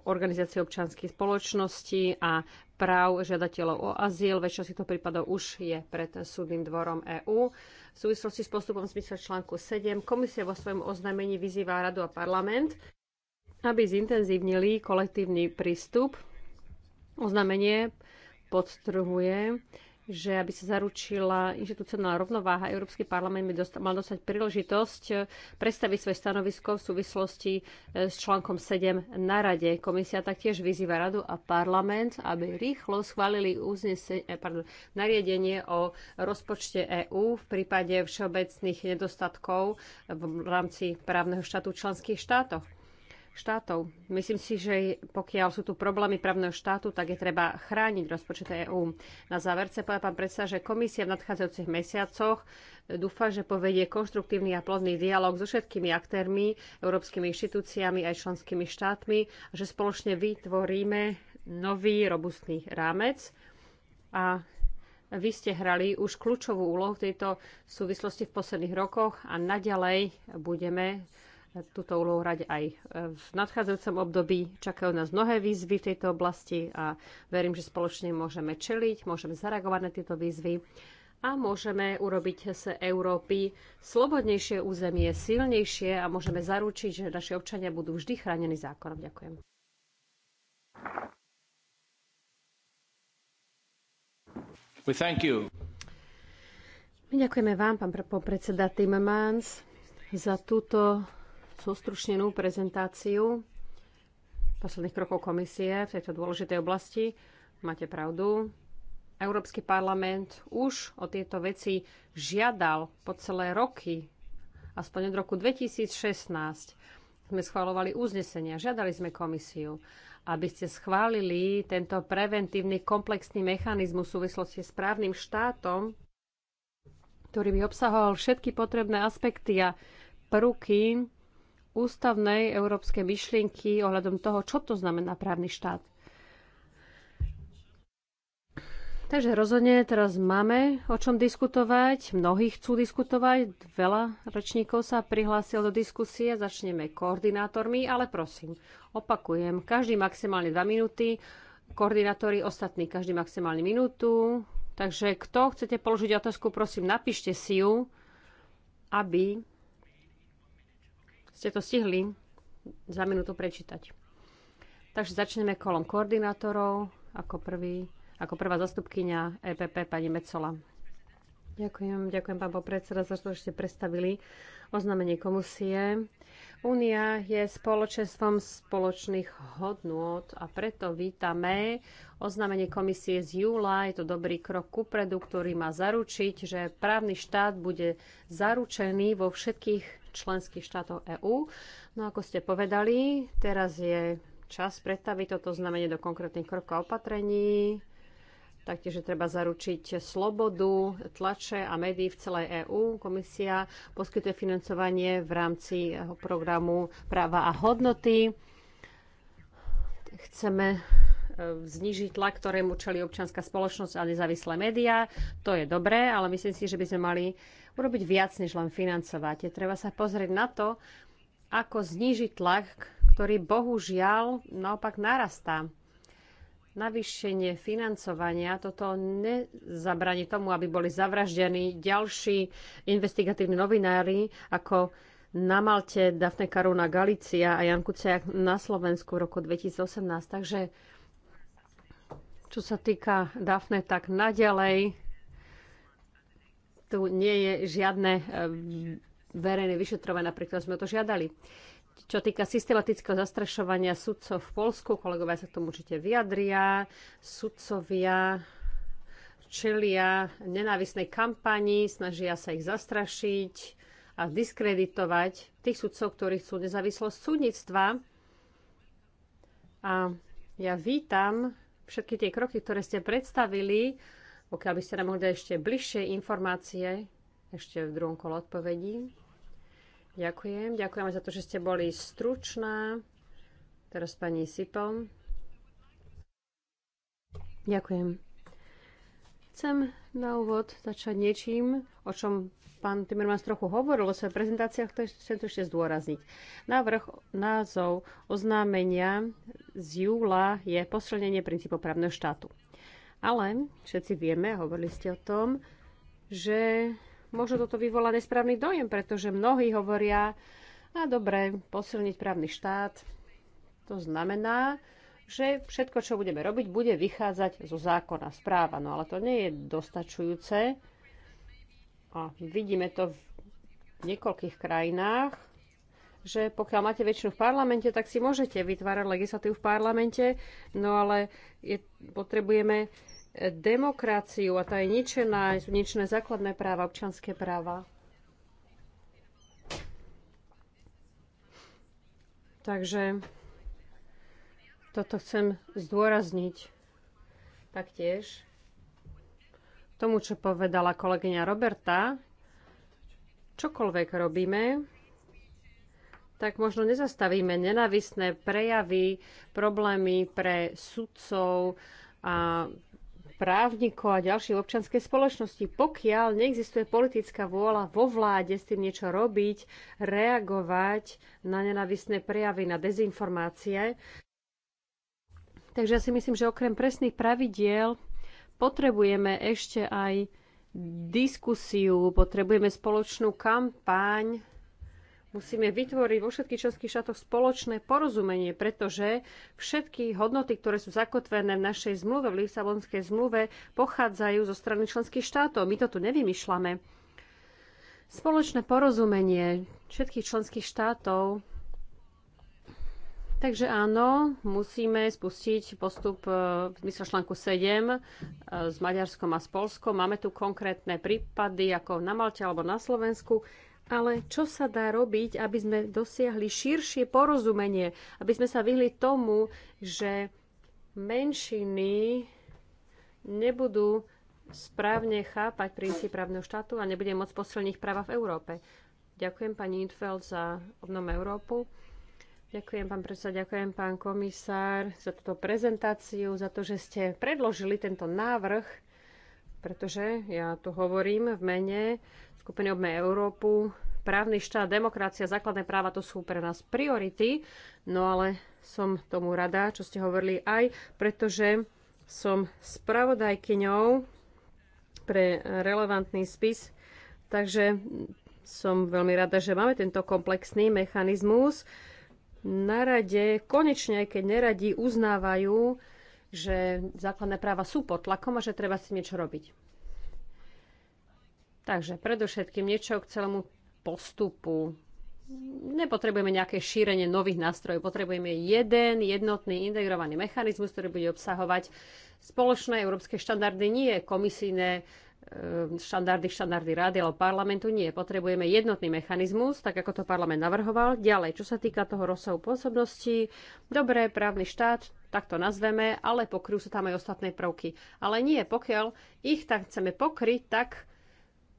organizácie občanských spoločností a práv žiadateľov o azyl. si to prípadov už je pred súdnym dvorom EÚ. V súvislosti s postupom zmysle článku 7 komisia vo svojom oznámení vyzýva radu a parlament, aby zintenzívnili kolektívny prístup. Oznámenie podtrhuje, že aby sa zaručila inštitucionálna rovnováha, Európsky parlament by mal dostať príležitosť predstaviť svoje stanovisko v súvislosti e, s článkom 7 na Rade. Komisia taktiež vyzýva Radu a parlament, aby rýchlo schválili uznese- e, pardon, nariadenie o rozpočte EÚ v prípade všeobecných nedostatkov v rámci právneho štátu v členských štátoch štátov. Myslím si, že pokiaľ sú tu problémy právneho štátu, tak je treba chrániť rozpočet EÚ. Na záver chce povedať pán predseda, že komisia v nadchádzajúcich mesiacoch dúfa, že povedie konštruktívny a plodný dialog so všetkými aktérmi, európskymi inštitúciami aj členskými štátmi, že spoločne vytvoríme nový robustný rámec a vy ste hrali už kľúčovú úlohu v tejto súvislosti v posledných rokoch a naďalej budeme túto úlohu hrať aj e, v nadchádzajúcom období. Čakajú nás mnohé výzvy v tejto oblasti a verím, že spoločne môžeme čeliť, môžeme zareagovať na tieto výzvy a môžeme urobiť z Európy slobodnejšie územie, silnejšie a môžeme zaručiť, že naši občania budú vždy chránení zákonom. Ďakujem. We thank you. My ďakujeme vám, pán predseda Timmermans, za túto zostručnenú prezentáciu posledných krokov komisie v tejto dôležitej oblasti. Máte pravdu. Európsky parlament už o tieto veci žiadal po celé roky, aspoň od roku 2016 sme schválovali uznesenia, žiadali sme komisiu, aby ste schválili tento preventívny komplexný mechanizmus v súvislosti s právnym štátom, ktorý by obsahoval všetky potrebné aspekty a prvky ústavnej európskej myšlienky ohľadom toho, čo to znamená právny štát. Takže rozhodne teraz máme o čom diskutovať. Mnohí chcú diskutovať. Veľa ročníkov sa prihlásil do diskusie. Začneme koordinátormi, ale prosím, opakujem, každý maximálne 2 minúty, koordinátori ostatní každý maximálne minútu. Takže kto chcete položiť otázku, prosím, napíšte si ju, aby ste to stihli za minútu prečítať. Takže začneme kolom koordinátorov. Ako, prvý, ako prvá zastupkynia EPP pani Mecola. Ďakujem, ďakujem pán predseda, za to, že ste predstavili oznámenie komisie. Únia je spoločenstvom spoločných hodnôt a preto vítame oznámenie komisie z júla. Je to dobrý krok kupredu, ktorý má zaručiť, že právny štát bude zaručený vo všetkých členských štátov EÚ. No ako ste povedali, teraz je čas predstaviť toto znamenie do konkrétnych krokov a opatrení. Taktiež treba zaručiť slobodu tlače a médií v celej EÚ. Komisia poskytuje financovanie v rámci programu práva a hodnoty. Chceme e, znižiť tlak, ktorému čeli občianská spoločnosť a nezávislé médiá. To je dobré, ale myslím si, že by sme mali urobiť viac, než len financovať. Je treba sa pozrieť na to, ako znížiť tlak, ktorý bohužiaľ naopak narastá. Navýšenie financovania toto nezabraní tomu, aby boli zavraždení ďalší investigatívni novinári ako na Malte Dafne Karuna Galícia a Jan Kuciak na Slovensku v roku 2018. Takže čo sa týka Dafne, tak naďalej tu nie je žiadne eh, verejné vyšetrovanie, napríklad sme to žiadali. Čo týka systematického zastrašovania sudcov v Polsku, kolegovia sa k tomu určite vyjadria, sudcovia čelia nenávisnej kampani, snažia sa ich zastrašiť a diskreditovať tých sudcov, ktorí chcú nezávislosť súdnictva. A ja vítam všetky tie kroky, ktoré ste predstavili, pokiaľ by ste nám mohli dať ešte bližšie informácie, ešte v druhom kole odpovedí. Ďakujem. Ďakujem za to, že ste boli stručná. Teraz pani Sipel. Ďakujem. Chcem na úvod začať niečím, o čom pán Timmermans trochu hovoril o svojich prezentáciách, to chcem to ešte zdôrazniť. Návrh názov oznámenia z júla je posilnenie princípov právneho štátu. Ale všetci vieme, hovorili ste o tom, že možno toto vyvolá nesprávny dojem, pretože mnohí hovoria, a dobre, posilniť právny štát, to znamená, že všetko, čo budeme robiť, bude vychádzať zo zákona, správa. No ale to nie je dostačujúce. A vidíme to v niekoľkých krajinách, že pokiaľ máte väčšinu v parlamente, tak si môžete vytvárať legislatívu v parlamente, no ale je, potrebujeme eh, demokraciu a tá je ničená, sú ničené základné práva, občanské práva. Takže toto chcem zdôrazniť taktiež tomu, čo povedala kolegyňa Roberta. Čokoľvek robíme, tak možno nezastavíme nenavisné prejavy, problémy pre sudcov a právnikov a ďalších občanskej spoločnosti. Pokiaľ neexistuje politická vôľa vo vláde s tým niečo robiť, reagovať na nenavisné prejavy, na dezinformácie. Takže ja si myslím, že okrem presných pravidiel potrebujeme ešte aj diskusiu, potrebujeme spoločnú kampaň Musíme vytvoriť vo všetkých členských štátoch spoločné porozumenie, pretože všetky hodnoty, ktoré sú zakotvené v našej zmluve, v Lisabonskej zmluve, pochádzajú zo strany členských štátov. My to tu nevymýšľame. Spoločné porozumenie všetkých členských štátov. Takže áno, musíme spustiť postup e, v zmysle článku 7 e, s Maďarskom a s Polskom. Máme tu konkrétne prípady, ako na Malte alebo na Slovensku. Ale čo sa dá robiť, aby sme dosiahli širšie porozumenie, aby sme sa vyhli tomu, že menšiny nebudú správne chápať princíp právneho štátu a nebude môcť posilniť práva v Európe. Ďakujem pani Intfeld za obnom Európu. Ďakujem, pán predseda, ďakujem, pán komisár, za túto prezentáciu, za to, že ste predložili tento návrh, pretože ja tu hovorím v mene skupiny Obme Európu. Právny štát, demokracia, základné práva, to sú pre nás priority, no ale som tomu rada, čo ste hovorili aj, pretože som spravodajkyňou pre relevantný spis, takže som veľmi rada, že máme tento komplexný mechanizmus. Na rade konečne, aj keď neradi, uznávajú, že základné práva sú pod tlakom a že treba si niečo robiť. Takže predovšetkým niečo k celému postupu. Nepotrebujeme nejaké šírenie nových nástrojov, potrebujeme jeden jednotný integrovaný mechanizmus, ktorý bude obsahovať spoločné európske štandardy, nie komisíne štandardy, štandardy rády alebo parlamentu. Nie, potrebujeme jednotný mechanizmus, tak ako to parlament navrhoval. Ďalej, čo sa týka toho rozsahu pôsobnosti, dobré, právny štát, tak to nazveme, ale pokryjú sa tam aj ostatné prvky. Ale nie, pokiaľ ich tak chceme pokryť, tak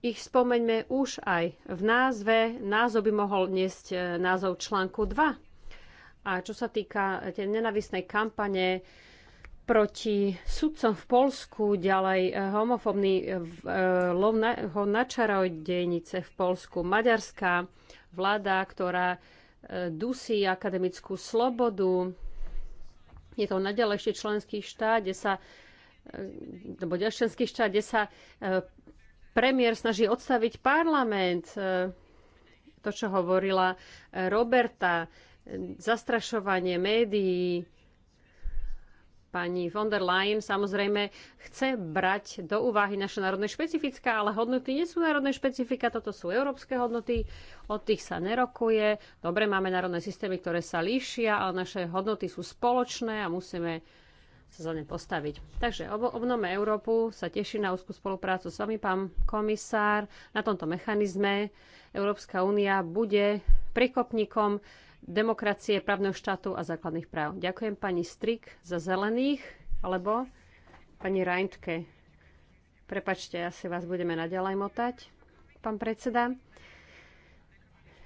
ich spomeňme už aj v názve. Názov by mohol niesť e, názov článku 2. A čo sa týka e, tej nenavisnej kampane proti sudcom v Polsku, ďalej e, homofobný lov na, ho na čarodejnice v Polsku, maďarská vláda, ktorá dusí akademickú slobodu. Je to naďalejšie členský štát, kde sa alebo ďalšenský štát, kde sa premiér snaží odstaviť parlament. E, to, čo hovorila e, Roberta, e, zastrašovanie médií, pani von der Leyen samozrejme chce brať do úvahy naše národné špecifika, ale hodnoty nie sú národné špecifika, toto sú európske hodnoty, od tých sa nerokuje. Dobre, máme národné systémy, ktoré sa líšia, ale naše hodnoty sú spoločné a musíme sa za ne postaviť. Takže obnome Európu sa teší na úzkú spoluprácu s vami, pán komisár. Na tomto mechanizme Európska únia bude prikopníkom demokracie, právneho štátu a základných práv. Ďakujem pani Strik za zelených, alebo pani Reintke. Prepačte, asi vás budeme naďalej motať, pán predseda.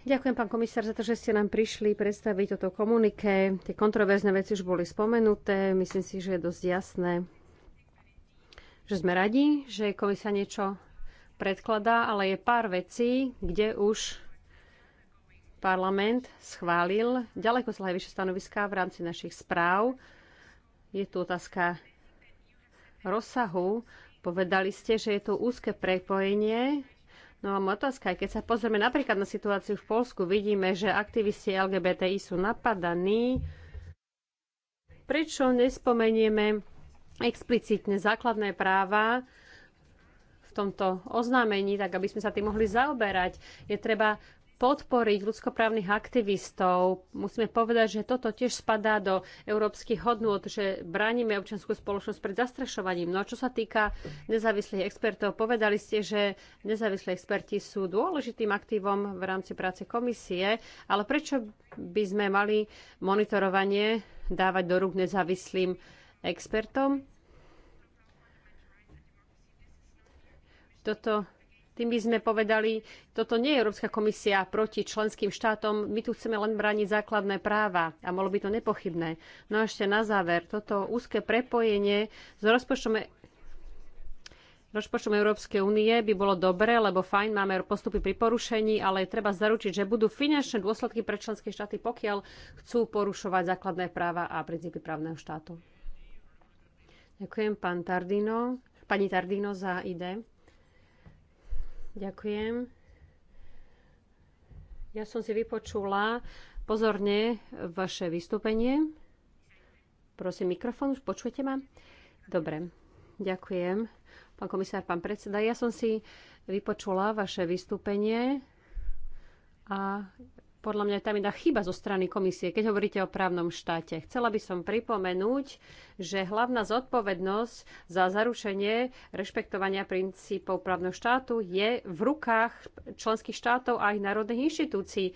Ďakujem, pán komisár, za to, že ste nám prišli predstaviť toto komuniké. Tie kontroverzné veci už boli spomenuté. Myslím si, že je dosť jasné, že sme radi, že komisár niečo predkladá, ale je pár vecí, kde už parlament schválil ďaleko slajvyššie stanoviská v rámci našich správ. Je tu otázka rozsahu. Povedali ste, že je to úzke prepojenie No a otázka, keď sa pozrieme napríklad na situáciu v Polsku, vidíme, že aktivisti LGBTI sú napadaní. Prečo nespomenieme explicitne základné práva v tomto oznámení, tak aby sme sa tým mohli zaoberať. Je treba podporiť ľudskoprávnych aktivistov. Musíme povedať, že toto tiež spadá do európskych hodnôt, že bránime občianskú spoločnosť pred zastrašovaním. No čo sa týka nezávislých expertov, povedali ste, že nezávislí experti sú dôležitým aktívom v rámci práce komisie, ale prečo by sme mali monitorovanie dávať do rúk nezávislým expertom? Toto tým by sme povedali, toto nie je Európska komisia proti členským štátom, my tu chceme len brániť základné práva a bolo by to nepochybné. No a ešte na záver, toto úzke prepojenie s rozpočtom e- rozpočtom Európskej únie by bolo dobre, lebo fajn, máme postupy pri porušení, ale treba zaručiť, že budú finančné dôsledky pre členské štáty, pokiaľ chcú porušovať základné práva a princípy právneho štátu. Ďakujem pán Tardino, pani Tardino za ide. Ďakujem. Ja som si vypočula pozorne vaše vystúpenie. Prosím, mikrofón, už počujete ma? Dobre, ďakujem. Pán komisár, pán predseda, ja som si vypočula vaše vystúpenie a podľa mňa je tam iná chyba zo strany komisie, keď hovoríte o právnom štáte. Chcela by som pripomenúť, že hlavná zodpovednosť za zarušenie rešpektovania princípov právneho štátu je v rukách členských štátov a ich národných inštitúcií.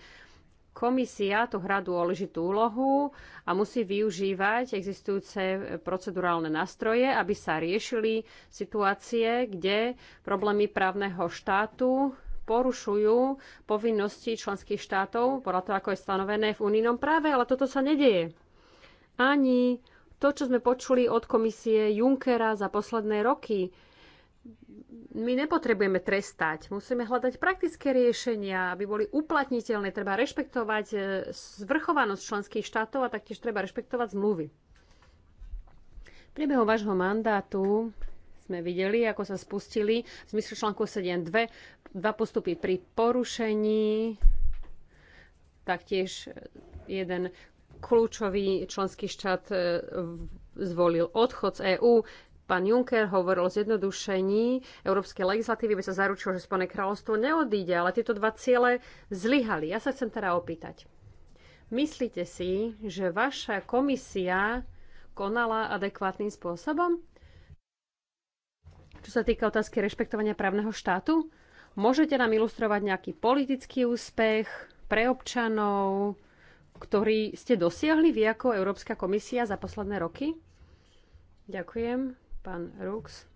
Komisia tu hrá dôležitú úlohu a musí využívať existujúce procedurálne nástroje, aby sa riešili situácie, kde problémy právneho štátu porušujú povinnosti členských štátov, podľa toho, ako je stanovené v unijnom práve, ale toto sa nedieje. Ani to, čo sme počuli od komisie Junckera za posledné roky, my nepotrebujeme trestať, musíme hľadať praktické riešenia, aby boli uplatniteľné. Treba rešpektovať e, zvrchovanosť členských štátov a taktiež treba rešpektovať zmluvy. V priebehu vášho mandátu sme videli, ako sa spustili v zmysle článku 7.2 dva postupy pri porušení, taktiež jeden kľúčový členský štát e, zvolil odchod z EÚ. Pán Juncker hovoril o zjednodušení európskej legislatívy, by sa zaručilo, že Spojené kráľovstvo neodíde, ale tieto dva ciele zlyhali. Ja sa chcem teda opýtať. Myslíte si, že vaša komisia konala adekvátnym spôsobom? Čo sa týka otázky rešpektovania právneho štátu, Môžete nám ilustrovať nejaký politický úspech pre občanov, ktorý ste dosiahli vy ako Európska komisia za posledné roky? Ďakujem, pán Rux.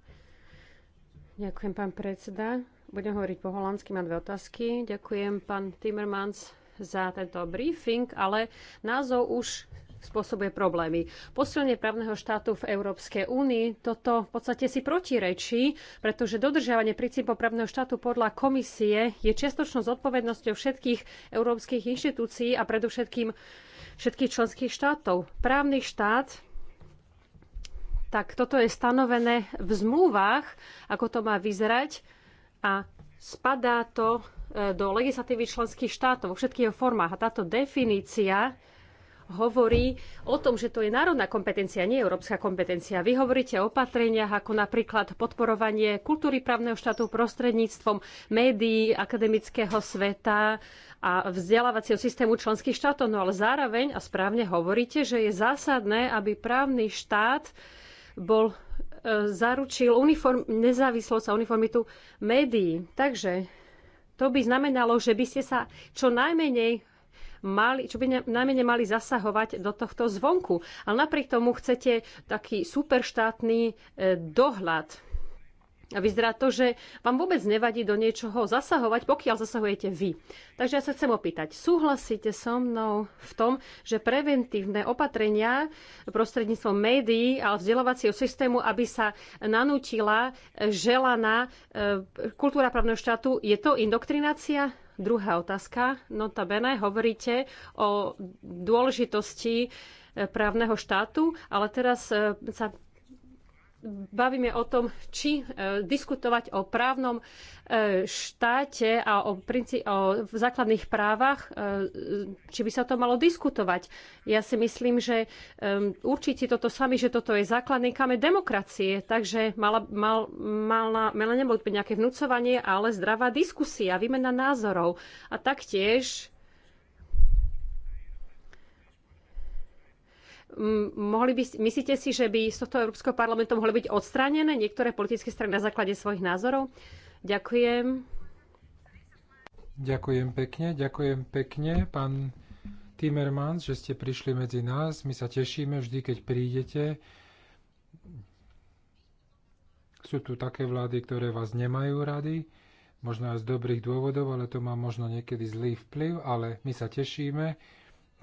Ďakujem, pán predseda. Budem hovoriť po holandsky, mám dve otázky. Ďakujem, pán Timmermans, za tento briefing, ale názov už spôsobuje problémy. Posilnenie právneho štátu v Európskej únii toto v podstate si protirečí, pretože dodržiavanie princípov právneho štátu podľa komisie je čiastočnou zodpovednosťou všetkých európskych inštitúcií a predovšetkým všetkých členských štátov. Právny štát tak toto je stanovené v zmluvách, ako to má vyzerať a spadá to e, do legislatívy členských štátov vo všetkých formách. A táto definícia hovorí o tom, že to je národná kompetencia, nie európska kompetencia. Vy hovoríte o opatreniach ako napríklad podporovanie kultúry právneho štátu prostredníctvom médií, akademického sveta a vzdelávacieho systému členských štátov, no ale zároveň a správne hovoríte, že je zásadné, aby právny štát bol e, zaručil uniform, nezávislosť a uniformitu médií. Takže to by znamenalo, že by ste sa čo najmenej mali, čo by najmenej mali zasahovať do tohto zvonku. Ale napriek tomu chcete taký superštátny e, dohľad. A vyzerá to, že vám vôbec nevadí do niečoho zasahovať, pokiaľ zasahujete vy. Takže ja sa chcem opýtať, súhlasíte so mnou v tom, že preventívne opatrenia prostredníctvom médií a vzdelávacieho systému, aby sa nanútila želaná e, kultúra právneho štátu, je to indoktrinácia? Druhá otázka. Notabene hovoríte o dôležitosti e, právneho štátu, ale teraz e, sa bavíme o tom, či e, diskutovať o právnom e, štáte a o, princí- o základných právach, e, či by sa to malo diskutovať. Ja si myslím, že určite toto sami, že toto je základný kameň demokracie, takže mala, mal, mala, mala nebolo byť nejaké vnúcovanie, ale zdravá diskusia, výmena názorov a taktiež Mohli by, myslíte si, že by z tohto Európskeho parlamentu mohli byť odstránené niektoré politické strany na základe svojich názorov? Ďakujem. Ďakujem pekne, ďakujem pekne, pán Timmermans, že ste prišli medzi nás. My sa tešíme vždy, keď prídete. Sú tu také vlády, ktoré vás nemajú rady, možno aj z dobrých dôvodov, ale to má možno niekedy zlý vplyv, ale my sa tešíme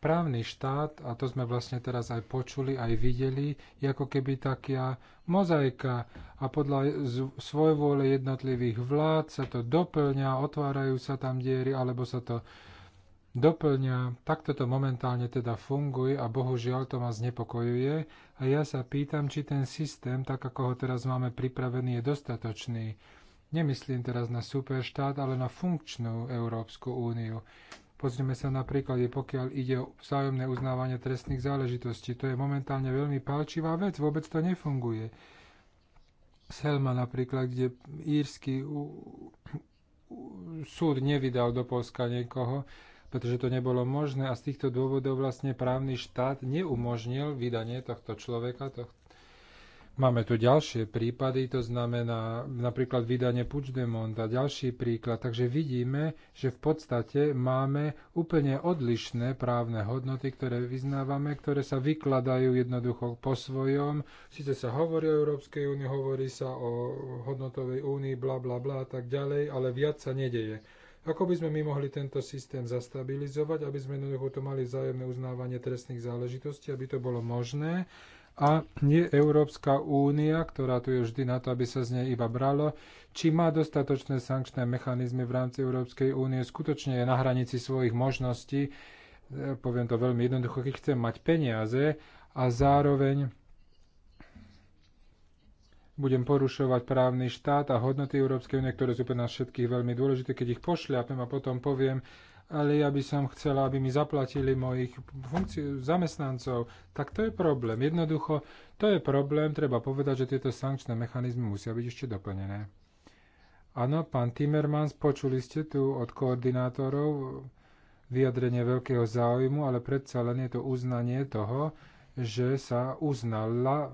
Právny štát, a to sme vlastne teraz aj počuli, aj videli, je ako keby taká mozaika a podľa svojvôle jednotlivých vlád sa to doplňa, otvárajú sa tam diery, alebo sa to doplňa. Takto to momentálne teda funguje a bohužiaľ to ma znepokojuje. A ja sa pýtam, či ten systém, tak ako ho teraz máme pripravený, je dostatočný. Nemyslím teraz na superštát, ale na funkčnú Európsku úniu. Pozrime sa napríklad, pokiaľ ide o vzájomné uznávanie trestných záležitostí. To je momentálne veľmi palčivá vec, vôbec to nefunguje. Selma napríklad, kde írsky súd nevydal do Polska niekoho, pretože to nebolo možné a z týchto dôvodov vlastne právny štát neumožnil vydanie tohto človeka, tohto Máme tu ďalšie prípady, to znamená napríklad vydanie Puigdemont a ďalší príklad. Takže vidíme, že v podstate máme úplne odlišné právne hodnoty, ktoré vyznávame, ktoré sa vykladajú jednoducho po svojom. Sice sa hovorí o Európskej únii, hovorí sa o hodnotovej únii, bla bla bla a tak ďalej, ale viac sa nedeje. Ako by sme my mohli tento systém zastabilizovať, aby sme jednoducho to mali vzájomné uznávanie trestných záležitostí, aby to bolo možné a je Európska únia, ktorá tu je vždy na to, aby sa z nej iba bralo, či má dostatočné sankčné mechanizmy v rámci Európskej únie, skutočne je na hranici svojich možností, e, poviem to veľmi jednoducho, keď chcem mať peniaze a zároveň budem porušovať právny štát a hodnoty Európskej únie, ktoré sú pre nás všetkých veľmi dôležité, keď ich pošľapem a potom poviem, ale ja by som chcela, aby mi zaplatili mojich funkciu, zamestnancov. Tak to je problém. Jednoducho, to je problém. Treba povedať, že tieto sankčné mechanizmy musia byť ešte doplnené. Áno, pán Timmermans, počuli ste tu od koordinátorov vyjadrenie veľkého záujmu, ale predsa len je to uznanie toho, že sa uznala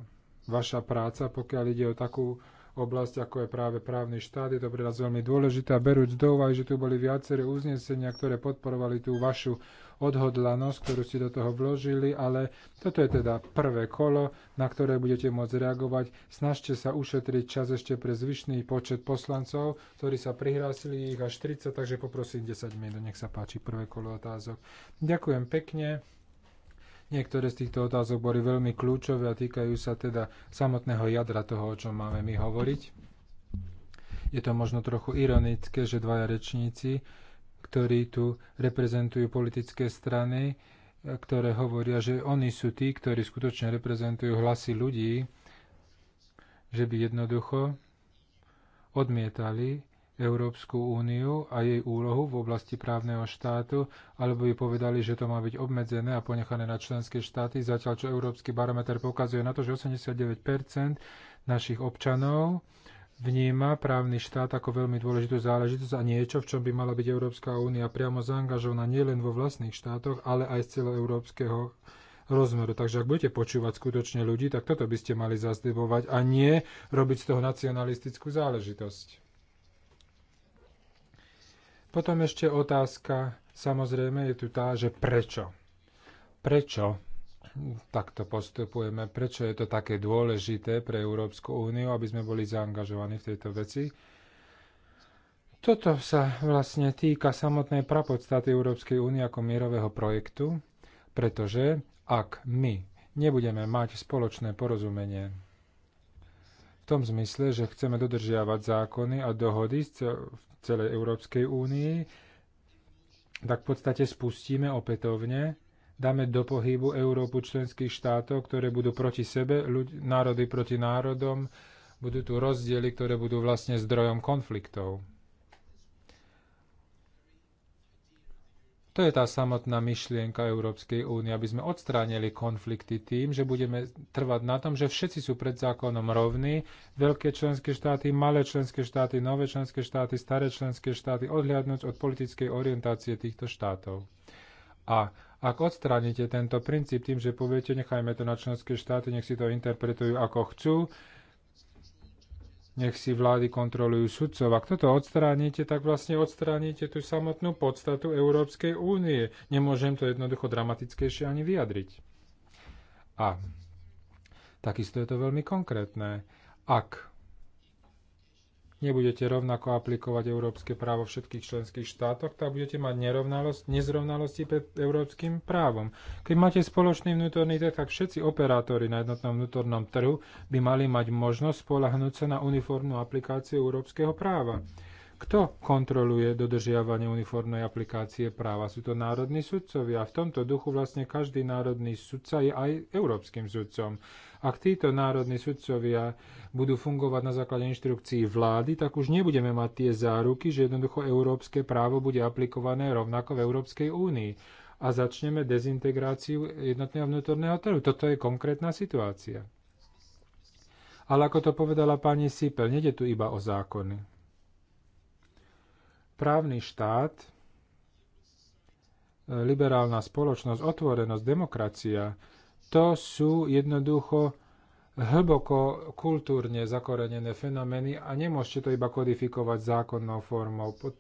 vaša práca, pokiaľ ide o takú oblasť, ako je práve právny štát. Je to pre nás veľmi dôležité. Berúc do úvahy, že tu boli viaceré uznesenia, ktoré podporovali tú vašu odhodlanosť, ktorú ste do toho vložili, ale toto je teda prvé kolo, na ktoré budete môcť reagovať. Snažte sa ušetriť čas ešte pre zvyšný počet poslancov, ktorí sa prihlásili, ich až 30, takže poprosím 10 minút, nech sa páči prvé kolo otázok. Ďakujem pekne. Niektoré z týchto otázok boli veľmi kľúčové a týkajú sa teda samotného jadra toho, o čom máme my hovoriť. Je to možno trochu ironické, že dvaja rečníci, ktorí tu reprezentujú politické strany, ktoré hovoria, že oni sú tí, ktorí skutočne reprezentujú hlasy ľudí, že by jednoducho odmietali Európsku úniu a jej úlohu v oblasti právneho štátu, alebo by povedali, že to má byť obmedzené a ponechané na členské štáty, zatiaľ čo Európsky barometer pokazuje na to, že 89 našich občanov vníma právny štát ako veľmi dôležitú záležitosť a niečo, v čom by mala byť Európska únia priamo zaangažovaná nielen vo vlastných štátoch, ale aj z celoeurópskeho rozmeru. Takže ak budete počúvať skutočne ľudí, tak toto by ste mali zazdebovať a nie robiť z toho nacionalistickú záležitosť. Potom ešte otázka, samozrejme je tu tá, že prečo. Prečo takto postupujeme, prečo je to také dôležité pre Európsku úniu, aby sme boli zaangažovaní v tejto veci. Toto sa vlastne týka samotnej prapodstaty Európskej únie ako mierového projektu, pretože ak my nebudeme mať spoločné porozumenie tom zmysle, že chceme dodržiavať zákony a dohody v celej Európskej únii, tak v podstate spustíme opätovne, dáme do pohybu Európu členských štátov, ktoré budú proti sebe, národy proti národom, budú tu rozdiely, ktoré budú vlastne zdrojom konfliktov. To je tá samotná myšlienka Európskej únie, aby sme odstránili konflikty tým, že budeme trvať na tom, že všetci sú pred zákonom rovní, veľké členské štáty, malé členské štáty, nové členské štáty, staré členské štáty, odhľadnúť od politickej orientácie týchto štátov. A ak odstránite tento princíp tým, že poviete, nechajme to na členské štáty, nech si to interpretujú ako chcú, nech si vlády kontrolujú sudcov. Ak toto odstránite, tak vlastne odstránite tú samotnú podstatu Európskej únie. Nemôžem to jednoducho dramatickejšie ani vyjadriť. A takisto je to veľmi konkrétne. Ak nebudete rovnako aplikovať európske právo vo všetkých členských štátoch, tak budete mať nerovnalosť, nezrovnalosti pred európskym právom. Keď máte spoločný vnútorný trh, tak všetci operátori na jednotnom vnútornom trhu by mali mať možnosť spolahnúť sa na uniformnú aplikáciu európskeho práva. Kto kontroluje dodržiavanie uniformnej aplikácie práva? Sú to národní sudcovia. V tomto duchu vlastne každý národný sudca je aj európskym sudcom. Ak títo národní sudcovia budú fungovať na základe inštrukcií vlády, tak už nebudeme mať tie záruky, že jednoducho európske právo bude aplikované rovnako v Európskej únii a začneme dezintegráciu jednotného vnútorného trhu. Toto je konkrétna situácia. Ale ako to povedala pani Sipel, nede tu iba o zákony. Právny štát, e, liberálna spoločnosť, otvorenosť, demokracia, to sú jednoducho hlboko kultúrne zakorenené fenomény a nemôžete to iba kodifikovať zákonnou formou. Pod,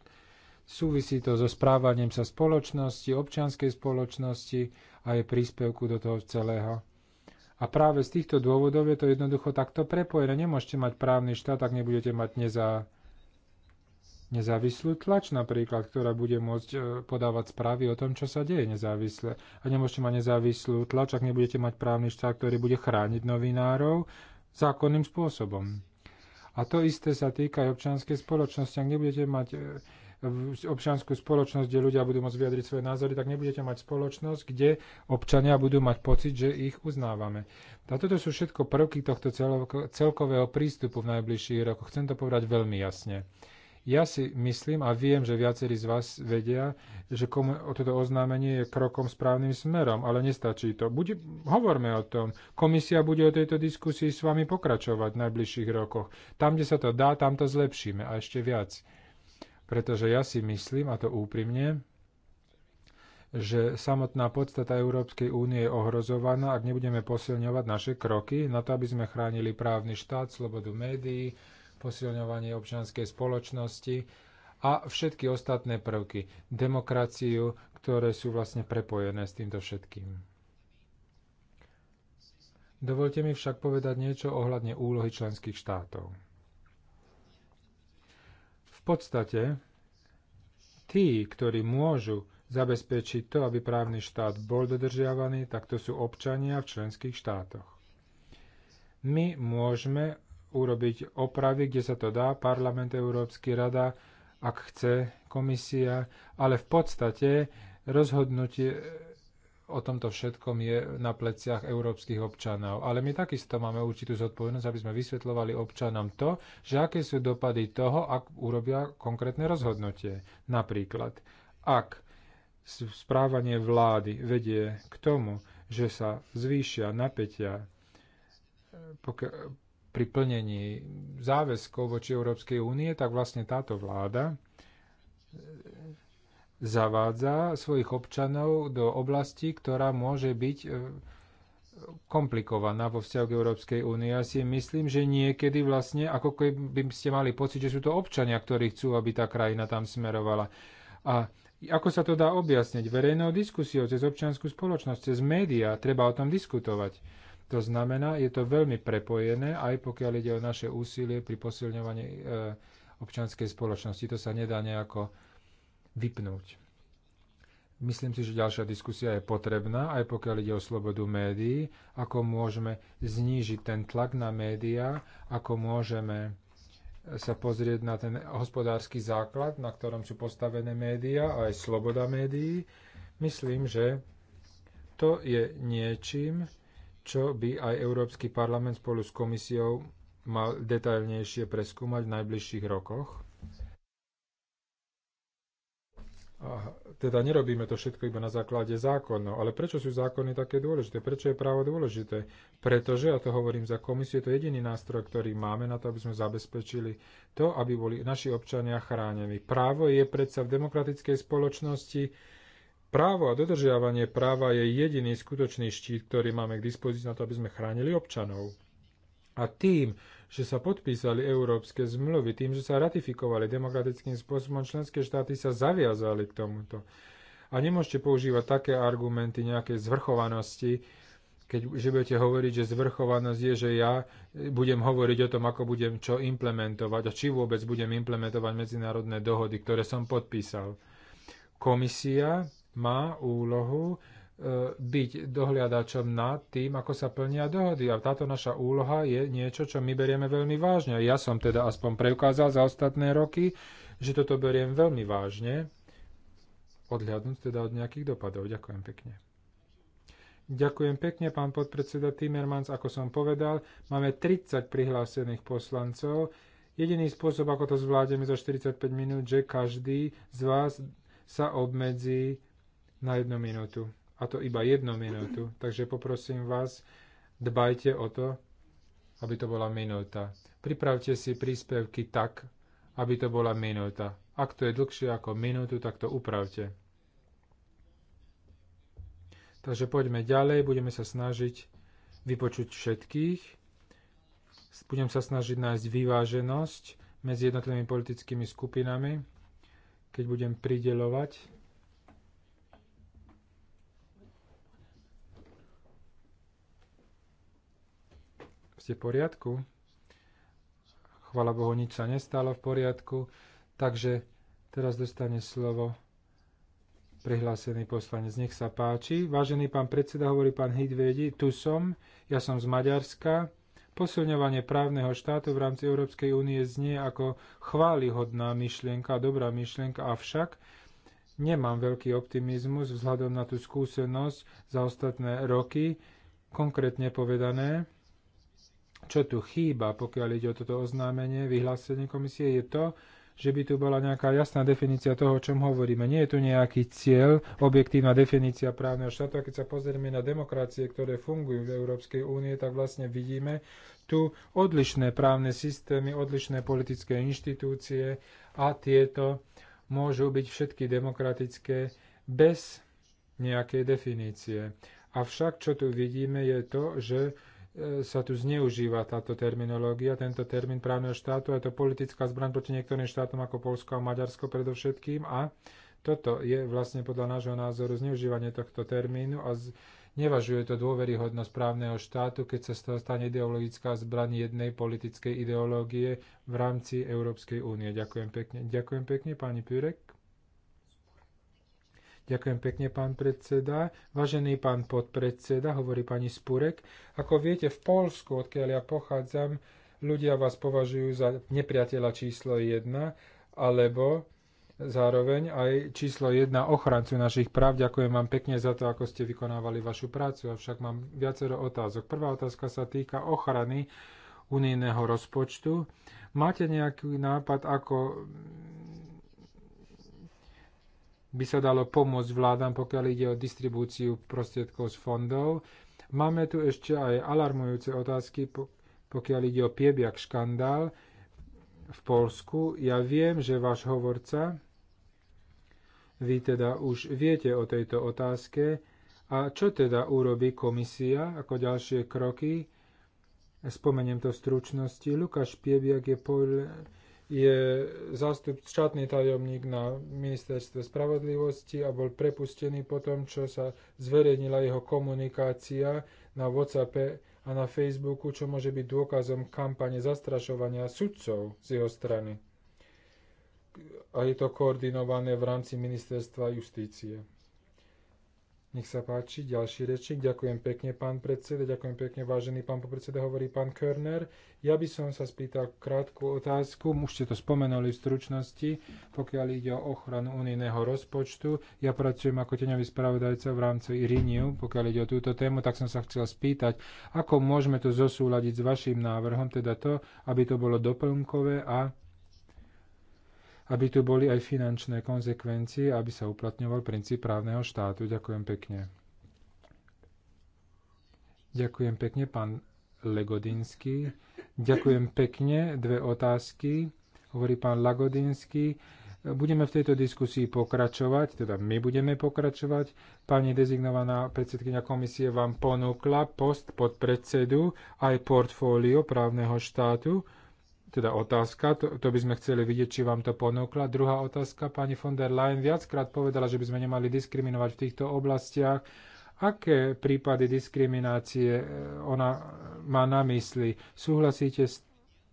súvisí to so správaním sa spoločnosti, občianskej spoločnosti a je príspevku do toho celého. A práve z týchto dôvodov je to jednoducho takto prepojené. Nemôžete mať právny štát, ak nebudete mať nezá, nezávislú tlač napríklad, ktorá bude môcť e, podávať správy o tom, čo sa deje nezávisle. A nemôžete mať nezávislú tlač, ak nebudete mať právny štát, ktorý bude chrániť novinárov zákonným spôsobom. A to isté sa týka aj občianskej spoločnosti. Ak nebudete mať e, občianskú spoločnosť, kde ľudia budú môcť vyjadriť svoje názory, tak nebudete mať spoločnosť, kde občania budú mať pocit, že ich uznávame. A toto sú všetko prvky tohto celkového prístupu v najbližších rokoch. Chcem to povedať veľmi jasne. Ja si myslím a viem, že viacerí z vás vedia, že komu- toto oznámenie je krokom správnym smerom, ale nestačí to. Bude, hovorme o tom. Komisia bude o tejto diskusii s vami pokračovať v najbližších rokoch. Tam, kde sa to dá, tam to zlepšíme a ešte viac. Pretože ja si myslím, a to úprimne, že samotná podstata Európskej únie je ohrozovaná, ak nebudeme posilňovať naše kroky na to, aby sme chránili právny štát, slobodu médií, posilňovanie občianskej spoločnosti a všetky ostatné prvky, demokraciu, ktoré sú vlastne prepojené s týmto všetkým. Dovolte mi však povedať niečo ohľadne úlohy členských štátov. V podstate, tí, ktorí môžu zabezpečiť to, aby právny štát bol dodržiavaný, tak to sú občania v členských štátoch. My môžeme urobiť opravy, kde sa to dá, parlament, Európsky rada, ak chce komisia, ale v podstate rozhodnutie o tomto všetkom je na pleciach európskych občanov. Ale my takisto máme určitú zodpovednosť, aby sme vysvetľovali občanom to, že aké sú dopady toho, ak urobia konkrétne rozhodnutie. Napríklad, ak správanie vlády vedie k tomu, že sa zvýšia napätia, pri plnení záväzkov voči Európskej únie, tak vlastne táto vláda eh, zavádza svojich občanov do oblasti, ktorá môže byť eh, komplikovaná vo vzťahu k Európskej únie. Ja si myslím, že niekedy vlastne, ako keby ste mali pocit, že sú to občania, ktorí chcú, aby tá krajina tam smerovala. A ako sa to dá objasniť? Verejnou diskusiou, cez občianskú spoločnosť, cez médiá, treba o tom diskutovať. To znamená, je to veľmi prepojené, aj pokiaľ ide o naše úsilie pri posilňovaní e, občianskej spoločnosti. To sa nedá nejako vypnúť. Myslím si, že ďalšia diskusia je potrebná, aj pokiaľ ide o slobodu médií, ako môžeme znížiť ten tlak na médiá, ako môžeme e, sa pozrieť na ten hospodársky základ, na ktorom sú postavené médiá a aj sloboda médií. Myslím, že to je niečím, čo by aj Európsky parlament spolu s komisiou mal detailnejšie preskúmať v najbližších rokoch. A teda nerobíme to všetko iba na základe zákonov. Ale prečo sú zákony také dôležité? Prečo je právo dôležité? Pretože, a to hovorím za komisiu, je to jediný nástroj, ktorý máme na to, aby sme zabezpečili to, aby boli naši občania chránení. Právo je predsa v demokratickej spoločnosti Právo a dodržiavanie práva je jediný skutočný štít, ktorý máme k dispozícii na to, aby sme chránili občanov. A tým, že sa podpísali európske zmluvy, tým, že sa ratifikovali demokratickým spôsobom, členské štáty sa zaviazali k tomuto. A nemôžete používať také argumenty nejakej zvrchovanosti, keď že budete hovoriť, že zvrchovanosť je, že ja budem hovoriť o tom, ako budem čo implementovať a či vôbec budem implementovať medzinárodné dohody, ktoré som podpísal. Komisia má úlohu e, byť dohliadačom nad tým, ako sa plnia dohody. A táto naša úloha je niečo, čo my berieme veľmi vážne. Ja som teda aspoň preukázal za ostatné roky, že toto beriem veľmi vážne, odhľadnúť teda od nejakých dopadov. Ďakujem pekne. Ďakujem pekne, pán podpredseda Timmermans. Ako som povedal, máme 30 prihlásených poslancov. Jediný spôsob, ako to zvládeme za 45 minút, že každý z vás sa obmedzí na jednu minútu. A to iba jednu minútu. Takže poprosím vás, dbajte o to, aby to bola minúta. Pripravte si príspevky tak, aby to bola minúta. Ak to je dlhšie ako minútu, tak to upravte. Takže poďme ďalej, budeme sa snažiť vypočuť všetkých. Budem sa snažiť nájsť vyváženosť medzi jednotlivými politickými skupinami, keď budem pridelovať Ste v poriadku? Chvala Bohu, nič sa nestalo v poriadku. Takže teraz dostane slovo prihlásený poslanec. Nech sa páči. Vážený pán predseda, hovorí pán Hidvedi, tu som, ja som z Maďarska. Posilňovanie právneho štátu v rámci Európskej únie znie ako chválihodná myšlienka, dobrá myšlienka, avšak nemám veľký optimizmus vzhľadom na tú skúsenosť za ostatné roky, konkrétne povedané čo tu chýba, pokiaľ ide o toto oznámenie, vyhlásenie komisie, je to, že by tu bola nejaká jasná definícia toho, o čom hovoríme. Nie je tu nejaký cieľ, objektívna definícia právneho štátu. A keď sa pozrieme na demokracie, ktoré fungujú v Európskej únie, tak vlastne vidíme tu odlišné právne systémy, odlišné politické inštitúcie a tieto môžu byť všetky demokratické bez nejakej definície. Avšak čo tu vidíme je to, že E, sa tu zneužíva táto terminológia, tento termín právneho štátu. Je to politická zbraň proti niektorým štátom ako Polsko a Maďarsko predovšetkým a toto je vlastne podľa nášho názoru zneužívanie tohto termínu a z, nevažuje to dôveryhodnosť právneho štátu, keď sa stane ideologická zbraň jednej politickej ideológie v rámci Európskej únie. Ďakujem pekne. Ďakujem pekne, pani Pürek. Ďakujem pekne, pán predseda. Vážený pán podpredseda, hovorí pani Spurek, ako viete, v Polsku, odkiaľ ja pochádzam, ľudia vás považujú za nepriateľa číslo 1, alebo zároveň aj číslo 1 ochrancu našich práv. Ďakujem vám pekne za to, ako ste vykonávali vašu prácu, avšak mám viacero otázok. Prvá otázka sa týka ochrany unijného rozpočtu. Máte nejaký nápad, ako by sa dalo pomôcť vládam, pokiaľ ide o distribúciu prostriedkov z fondov. Máme tu ešte aj alarmujúce otázky, pokiaľ ide o piebiak škandál v Polsku. Ja viem, že váš hovorca, vy teda už viete o tejto otázke. A čo teda urobí komisia ako ďalšie kroky? Spomeniem to v stručnosti. Lukáš Piebiak je podľa je zástup, štátny tajomník na ministerstve spravodlivosti a bol prepustený po tom, čo sa zverejnila jeho komunikácia na WhatsApp a na Facebooku, čo môže byť dôkazom kampane zastrašovania sudcov z jeho strany. A je to koordinované v rámci ministerstva justície. Nech sa páči, ďalší rečník. Ďakujem pekne, pán predseda, ďakujem pekne, vážený pán predseda, hovorí pán Körner. Ja by som sa spýtal krátku otázku, už ste to spomenuli v stručnosti, pokiaľ ide o ochranu unijného rozpočtu. Ja pracujem ako teňový spravodajca v rámci Iriniu, pokiaľ ide o túto tému, tak som sa chcel spýtať, ako môžeme to zosúľadiť s vašim návrhom, teda to, aby to bolo doplnkové a aby tu boli aj finančné konsekvencie, aby sa uplatňoval princíp právneho štátu. Ďakujem pekne. Ďakujem pekne, pán Legodinský. Ďakujem pekne. Dve otázky, hovorí pán Lagodinský. Budeme v tejto diskusii pokračovať, teda my budeme pokračovať. Pani dezignovaná predsedkynia komisie vám ponúkla post pod predsedu aj portfólio právneho štátu teda otázka, to, to by sme chceli vidieť, či vám to ponúkla. Druhá otázka, pani von der Leyen viackrát povedala, že by sme nemali diskriminovať v týchto oblastiach. Aké prípady diskriminácie e, ona má na mysli? Súhlasíte s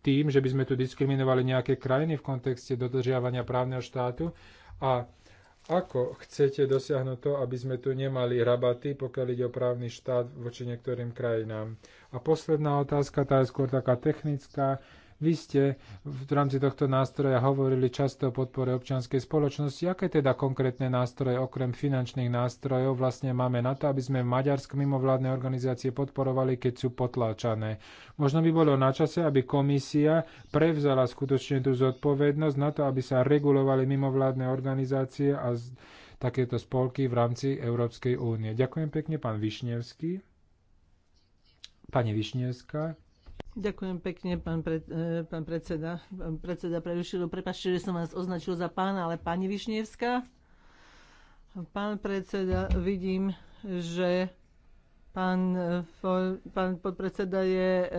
tým, že by sme tu diskriminovali nejaké krajiny v kontexte dodržiavania právneho štátu? A ako chcete dosiahnuť to, aby sme tu nemali rabaty, pokiaľ ide o právny štát voči niektorým krajinám? A posledná otázka, tá je skôr taká technická vy ste v rámci tohto nástroja hovorili často o podpore občianskej spoločnosti. Aké teda konkrétne nástroje, okrem finančných nástrojov, vlastne máme na to, aby sme v Maďarsku mimovládne organizácie podporovali, keď sú potláčané? Možno by bolo na čase, aby komisia prevzala skutočne tú zodpovednosť na to, aby sa regulovali mimovládne organizácie a takéto spolky v rámci Európskej únie. Ďakujem pekne, pán Višnevský. Pani Višnevská. Ďakujem pekne, pán, pred, e, pán predseda. Pán predseda prerušil. Prepašte, že som vás označil za pána, ale pani Višnievská. Pán predseda, vidím, že pán, e, pán podpredseda je e,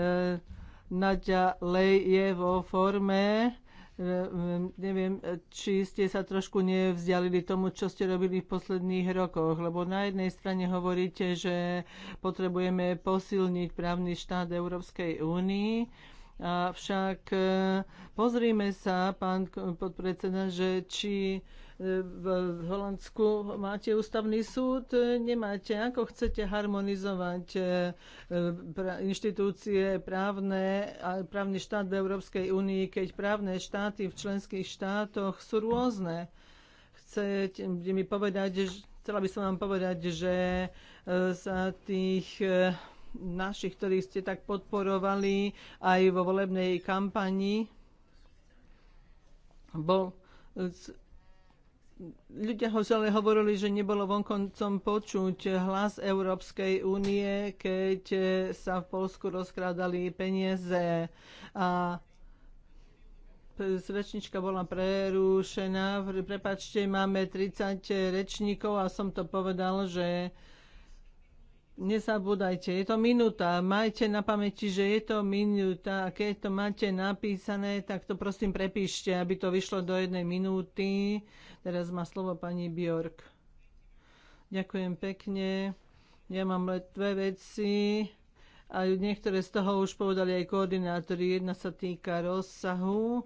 naďalej je vo forme Um, neviem, či ste sa trošku nevzdialili tomu, čo ste robili v posledných rokoch, lebo na jednej strane hovoríte, že potrebujeme posilniť právny štát Európskej únii, avšak eh, pozrime sa, pán podpredseda, že či v Holandsku máte ústavný súd, nemáte. Ako chcete harmonizovať e, inštitúcie právne a právny štát v Európskej únii, keď právne štáty v členských štátoch sú rôzne? Chcete mi povedať, chcela by som vám povedať, že sa e, tých e, našich, ktorých ste tak podporovali aj vo volebnej kampani, bol ľudia ho zle hovorili, že nebolo vonkoncom počuť hlas Európskej únie, keď sa v Polsku rozkrádali peniaze. A rečnička bola prerušená. Prepačte, máme 30 rečníkov a som to povedal, že nezabúdajte, je to minúta. Majte na pamäti, že je to minúta. A keď to máte napísané, tak to prosím prepíšte, aby to vyšlo do jednej minúty. Teraz má slovo pani Bjork. Ďakujem pekne. Ja mám len dve veci a niektoré z toho už povedali aj koordinátori. Jedna sa týka rozsahu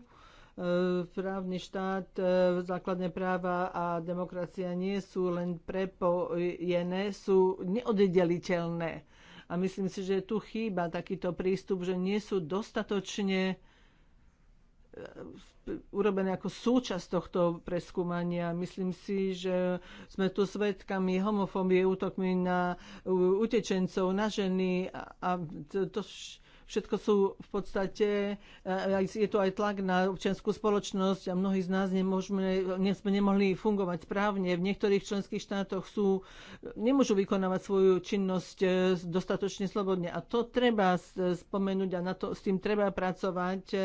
E, právny štát, e, základné práva a demokracia nie sú len prepojené, sú neoddeliteľné. A myslím si, že tu chýba takýto prístup, že nie sú dostatočne e, urobené ako súčasť tohto preskúmania. Myslím si, že sme tu svedkami homofóbie, útokmi na utečencov, na ženy a, a to, to, všetko sú v podstate, eh, je tu aj tlak na občianskú spoločnosť a mnohí z nás nemôžeme, ne, sme nemohli fungovať správne. V niektorých členských štátoch sú, nemôžu vykonávať svoju činnosť eh, dostatočne slobodne a to treba spomenúť a na to, s tým treba pracovať eh,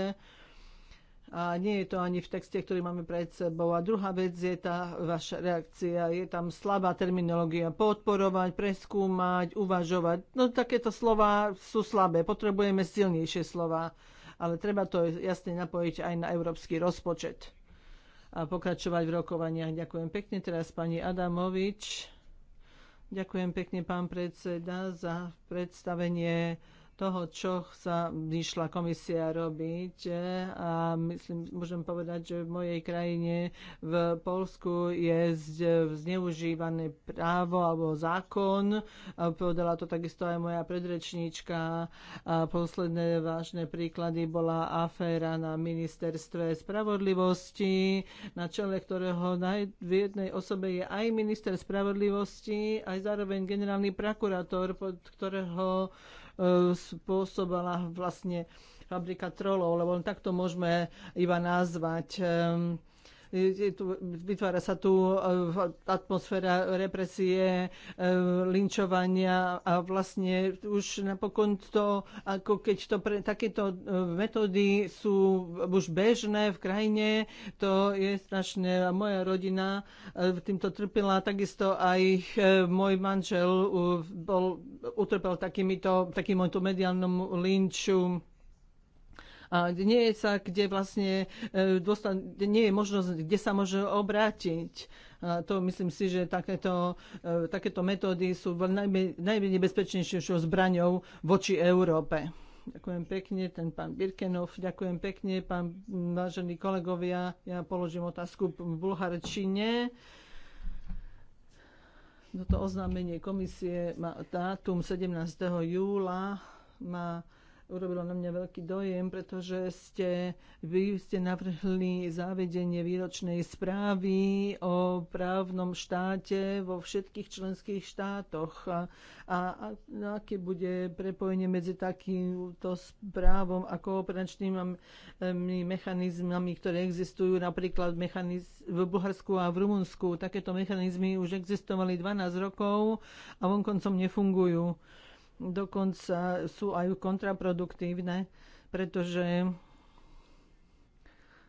a nie je to ani v texte, ktorý máme pred sebou. A druhá vec je tá vaša reakcia. Je tam slabá terminológia. Podporovať, preskúmať, uvažovať. No takéto slova sú slabé. Potrebujeme silnejšie slova. Ale treba to jasne napojiť aj na európsky rozpočet. A pokračovať v rokovaniach. Ďakujem pekne teraz pani Adamovič. Ďakujem pekne pán predseda za predstavenie toho, čo sa vyšla komisia robiť. E, a myslím, môžem povedať, že v mojej krajine v Polsku je zneužívané právo alebo zákon. E, povedala to takisto aj moja predrečníčka. A e, posledné vážne príklady bola aféra na ministerstve spravodlivosti, na čele ktorého v jednej osobe je aj minister spravodlivosti, aj zároveň generálny prokurátor, pod ktorého spôsobila vlastne fabrika trolov, lebo len takto môžeme iba nazvať vytvára sa tu e, atmosféra represie, e, linčovania a vlastne už napokon to, ako keď to pre takéto e, metódy sú už bežné v krajine, to je strašné. A moja rodina týmto trpila, takisto aj môj manžel bol, utrpel takýmito, takýmto mediálnom linčom. A nie je sa, kde vlastne e, dostan- nie je možnosť, kde sa môže obrátiť. A to myslím si, že takéto, e, takéto metódy sú najmä, najmä nebezpečnejšou zbraňou voči Európe. Ďakujem pekne, ten pán Birkenov. Ďakujem pekne, pán vážení kolegovia. Ja položím otázku v Bulharčine. Toto oznámenie komisie má dátum 17. júla. Má urobilo na mňa veľký dojem, pretože ste, vy ste navrhli závedenie výročnej správy o právnom štáte vo všetkých členských štátoch. A, a, a aké bude prepojenie medzi takýmto správom a kooperačnými um, um, mechanizmami, ktoré existujú napríklad mechaniz- v Bulharsku a v Rumunsku. Takéto mechanizmy už existovali 12 rokov a vonkoncom nefungujú dokonca sú aj kontraproduktívne, pretože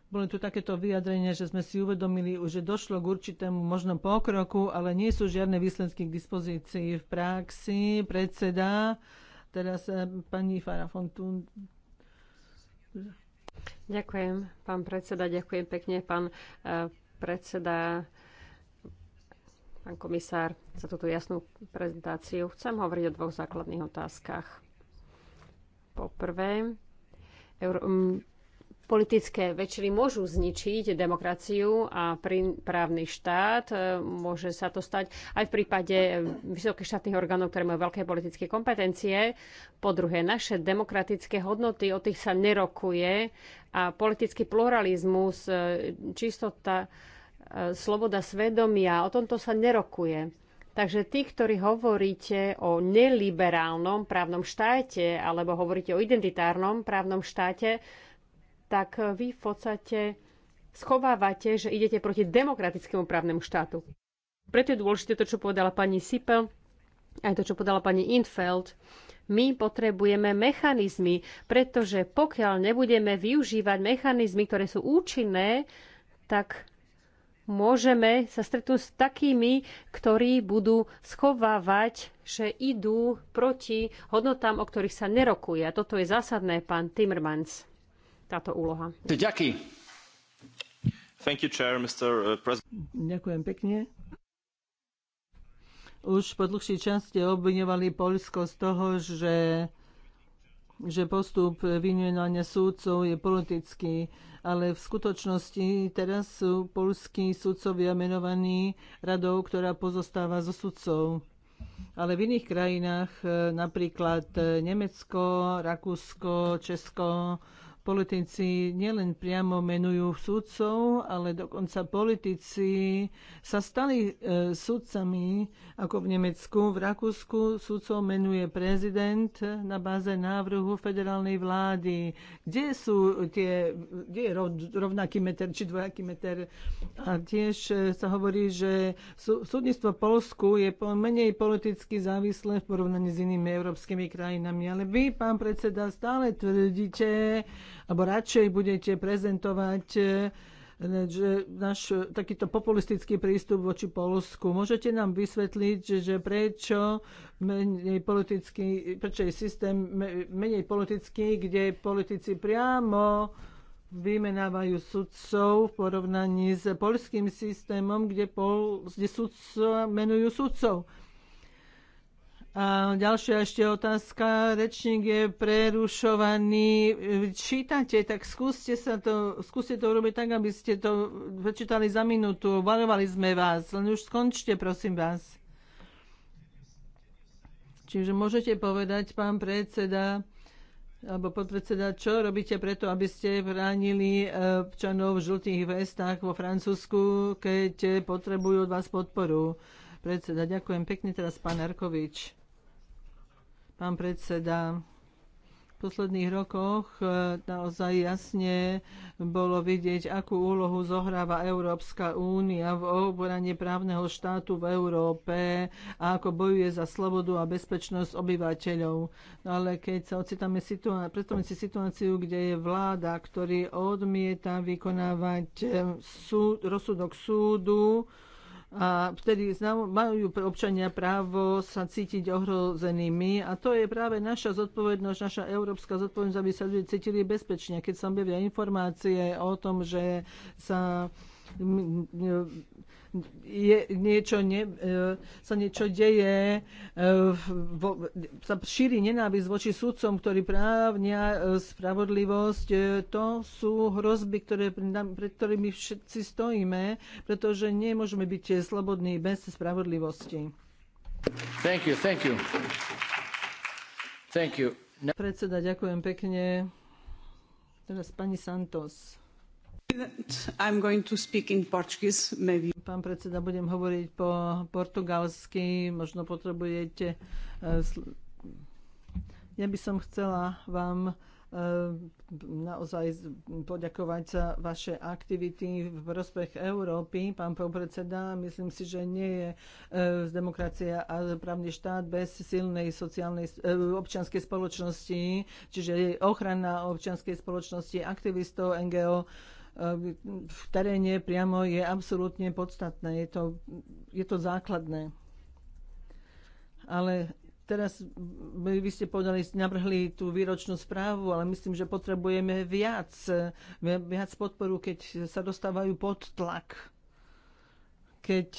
boli tu takéto vyjadrenia, že sme si uvedomili, že došlo k určitému možno pokroku, ale nie sú žiadne výsledky k dispozícii v praxi. Predseda, teraz eh, pani Fara Ďakujem, pán predseda, ďakujem pekne, pán eh, predseda pán komisár, za túto jasnú prezentáciu. Chcem hovoriť o dvoch základných otázkach. Po prvé, euro, politické väčšiny môžu zničiť demokraciu a právny štát. E, môže sa to stať aj v prípade vysokých štátnych orgánov, ktoré majú veľké politické kompetencie. Po druhé, naše demokratické hodnoty, o tých sa nerokuje a politický pluralizmus, e, čistota sloboda svedomia, o tomto sa nerokuje. Takže tí, ktorí hovoríte o neliberálnom právnom štáte alebo hovoríte o identitárnom právnom štáte, tak vy v podstate schovávate, že idete proti demokratickému právnemu štátu. Preto je dôležité to, čo povedala pani Sipel, aj to, čo povedala pani Infeld. My potrebujeme mechanizmy, pretože pokiaľ nebudeme využívať mechanizmy, ktoré sú účinné, tak môžeme sa stretnúť s takými, ktorí budú schovávať, že idú proti hodnotám, o ktorých sa nerokuje. A toto je zásadné, pán Timmermans, táto úloha. Ďakujem. Uh, Ďakujem pekne. Už po dlhší časti obviňovali Polsko z toho, že že postup vymenovania súdcov je politický, ale v skutočnosti teraz sú polskí súdcovia menovaní radou, ktorá pozostáva zo sudcov. Ale v iných krajinách, eh, napríklad eh, Nemecko, Rakúsko, Česko, politici nielen priamo menujú sudcov, ale dokonca politici sa stali e, sudcami, ako v Nemecku, v Rakúsku sudcov menuje prezident na báze návrhu federálnej vlády. Kde sú tie, kde je rov, rovnaký meter či dvojaký meter? A tiež e, sa hovorí, že súdnictvo Polsku je po, menej politicky závislé v porovnaní s inými európskymi krajinami. Ale vy, pán predseda, stále tvrdíte, alebo radšej budete prezentovať e, že náš takýto populistický prístup voči Polsku. Môžete nám vysvetliť, že, že prečo, menej politický, prečo je systém menej politický, kde politici priamo vymenávajú sudcov v porovnaní s polským systémom, kde, pol, kde sudcov menujú sudcov. A ďalšia ešte otázka. Rečník je prerušovaný. Čítate, tak skúste, sa to, skúste to urobiť tak, aby ste to prečítali za minútu. Varovali sme vás, len už skončte, prosím vás. Čiže môžete povedať, pán predseda, alebo podpredseda, čo robíte preto, aby ste vránili e, občanov v žltých vestách vo Francúzsku, keď potrebujú od vás podporu? Predseda, ďakujem pekne teraz pán Arkovič pán predseda. V posledných rokoch e, naozaj jasne bolo vidieť, akú úlohu zohráva Európska únia v obrane právneho štátu v Európe a ako bojuje za slobodu a bezpečnosť obyvateľov. No ale keď sa ocitáme situá- predstavme si situáciu, kde je vláda, ktorý odmieta vykonávať e, súd, rozsudok súdu, a vtedy majú občania právo sa cítiť ohrozenými a to je práve naša zodpovednosť, naša európska zodpovednosť, aby sa ľudia cítili bezpečne. Keď sa objavia informácie o tom, že sa je niečo ne, e, sa niečo deje, e, vo, sa šíri nenávisť voči sudcom, ktorí právnia e, spravodlivosť. To sú hrozby, ktoré, pred ktorými všetci stojíme, pretože nemôžeme byť slobodní bez spravodlivosti. Thank you, thank you. Thank you. No... Predseda, ďakujem pekne. Teraz pani Santos. Pán predseda, budem hovoriť po portugalsky, možno potrebujete. E, ja by som chcela vám e, naozaj poďakovať za vaše aktivity v prospech Európy, pán predseda. Myslím si, že nie je e, demokracia a právny štát bez silnej sociálnej občianskej spoločnosti, čiže ochrana občianskej spoločnosti aktivistov NGO v teréne priamo je absolútne podstatné. Je to, je to základné. Ale teraz vy ste povedali, nabrhli navrhli tú výročnú správu, ale myslím, že potrebujeme viac, viac podporu, keď sa dostávajú pod tlak. Keď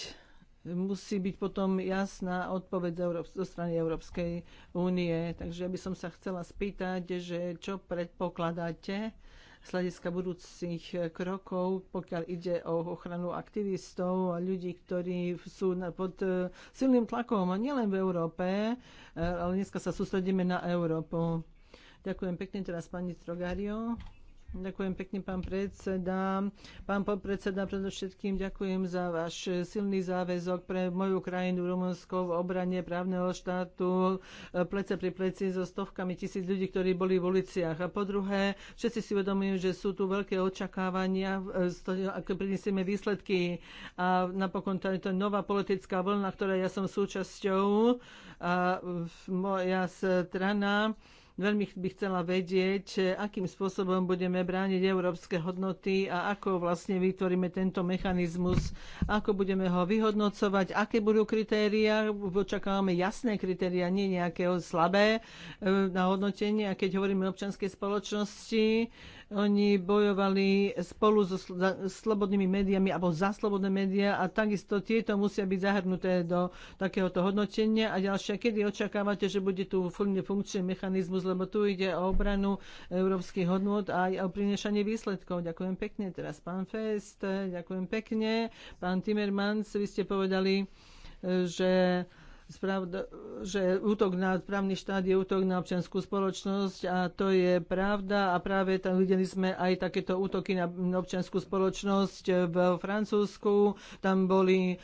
musí byť potom jasná odpoveď zo strany Európskej únie. Takže by som sa chcela spýtať, že čo predpokladáte z hľadiska budúcich eh, krokov, pokiaľ ide o ochranu aktivistov a ľudí, ktorí sú pod eh, silným tlakom, a nielen v Európe, eh, ale dneska sa sústredíme na Európu. Ďakujem pekne teraz pani Strogario. Ďakujem pekne, pán predseda. Pán podpredseda, predovšetkým ďakujem za váš silný záväzok pre moju krajinu Rumunsko v obrane právneho štátu plece pri pleci so stovkami tisíc ľudí, ktorí boli v uliciach. A po druhé, všetci si uvedomujú, že sú tu veľké očakávania, ako prinesieme výsledky. A napokon to je to nová politická vlna, ktorej ja som súčasťou. A moja strana Veľmi by chcela vedieť, akým spôsobom budeme brániť európske hodnoty a ako vlastne vytvoríme tento mechanizmus, ako budeme ho vyhodnocovať, aké budú kritéria. Očakávame jasné kritéria, nie nejaké slabé e, na hodnotenie. A keď hovoríme o občanskej spoločnosti, oni bojovali spolu so slobodnými médiami alebo za slobodné médiá a takisto tieto musia byť zahrnuté do takéhoto hodnotenia. A ďalšia, kedy očakávate, že bude tu funkčný mechanizmus, lebo tu ide o obranu európskych hodnot a aj o prinešanie výsledkov. Ďakujem pekne. Teraz pán Fest, ďakujem pekne. Pán Timmermans, vy ste povedali, e, že Spravda, že útok na právny štát je útok na občianskú spoločnosť a to je pravda a práve tam videli sme aj takéto útoky na občianskú spoločnosť v Francúzsku. Tam boli e,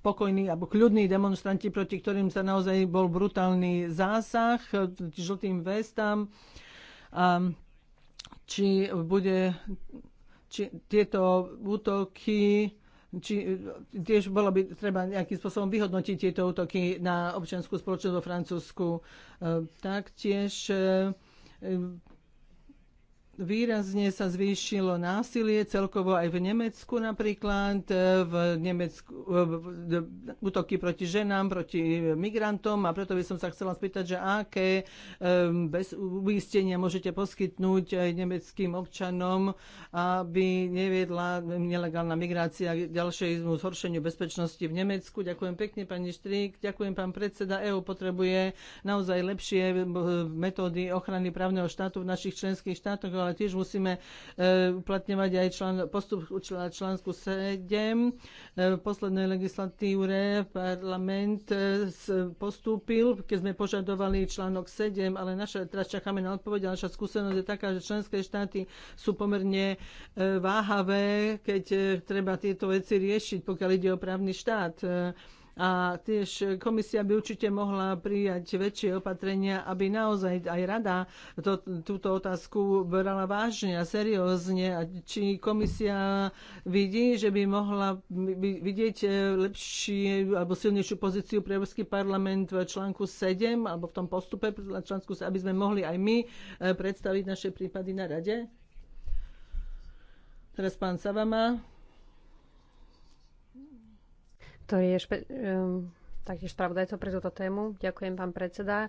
spokojní alebo kľudní demonstranti, proti ktorým sa naozaj bol brutálny zásah žltým vestám. A či bude či tieto útoky či tiež bolo by treba nejakým spôsobom vyhodnotiť tieto útoky na občianskú spoločnosť vo Francúzsku. E, taktiež e, výrazne sa zvýšilo násilie, celkovo aj v Nemecku napríklad, e, v Nemecku, e, útoky proti ženám, proti migrantom a preto by som sa chcela spýtať, že aké e, bez uistenia môžete poskytnúť aj nemeckým občanom, aby neviedla nelegálna migrácia k ďalšiemu zhoršeniu bezpečnosti v Nemecku. Ďakujem pekne, pani Štrík, ďakujem, pán predseda. EU potrebuje naozaj lepšie metódy ochrany právneho štátu v našich členských štátoch ale tiež musíme e, uplatňovať aj člán, postup článku 7. E, v poslednej legislatúre parlament e, postúpil, keď sme požadovali článok 7, ale naša, teraz čakáme na odpoveď, ale naša skúsenosť je taká, že členské štáty sú pomerne váhavé, keď treba tieto veci riešiť, pokiaľ ide o právny štát. A tiež komisia by určite mohla prijať väčšie opatrenia, aby naozaj aj rada to, túto otázku brala vážne a seriózne. A či komisia vidí, že by mohla vidieť e, lepšie alebo silnejšiu pozíciu pre Európsky parlament v článku 7 alebo v tom postupe článku, aby sme mohli aj my e, predstaviť naše prípady na rade? Teraz pán Savama ktorý je špe- um, taktiež pravdajco pre túto tému. Ďakujem, pán predseda.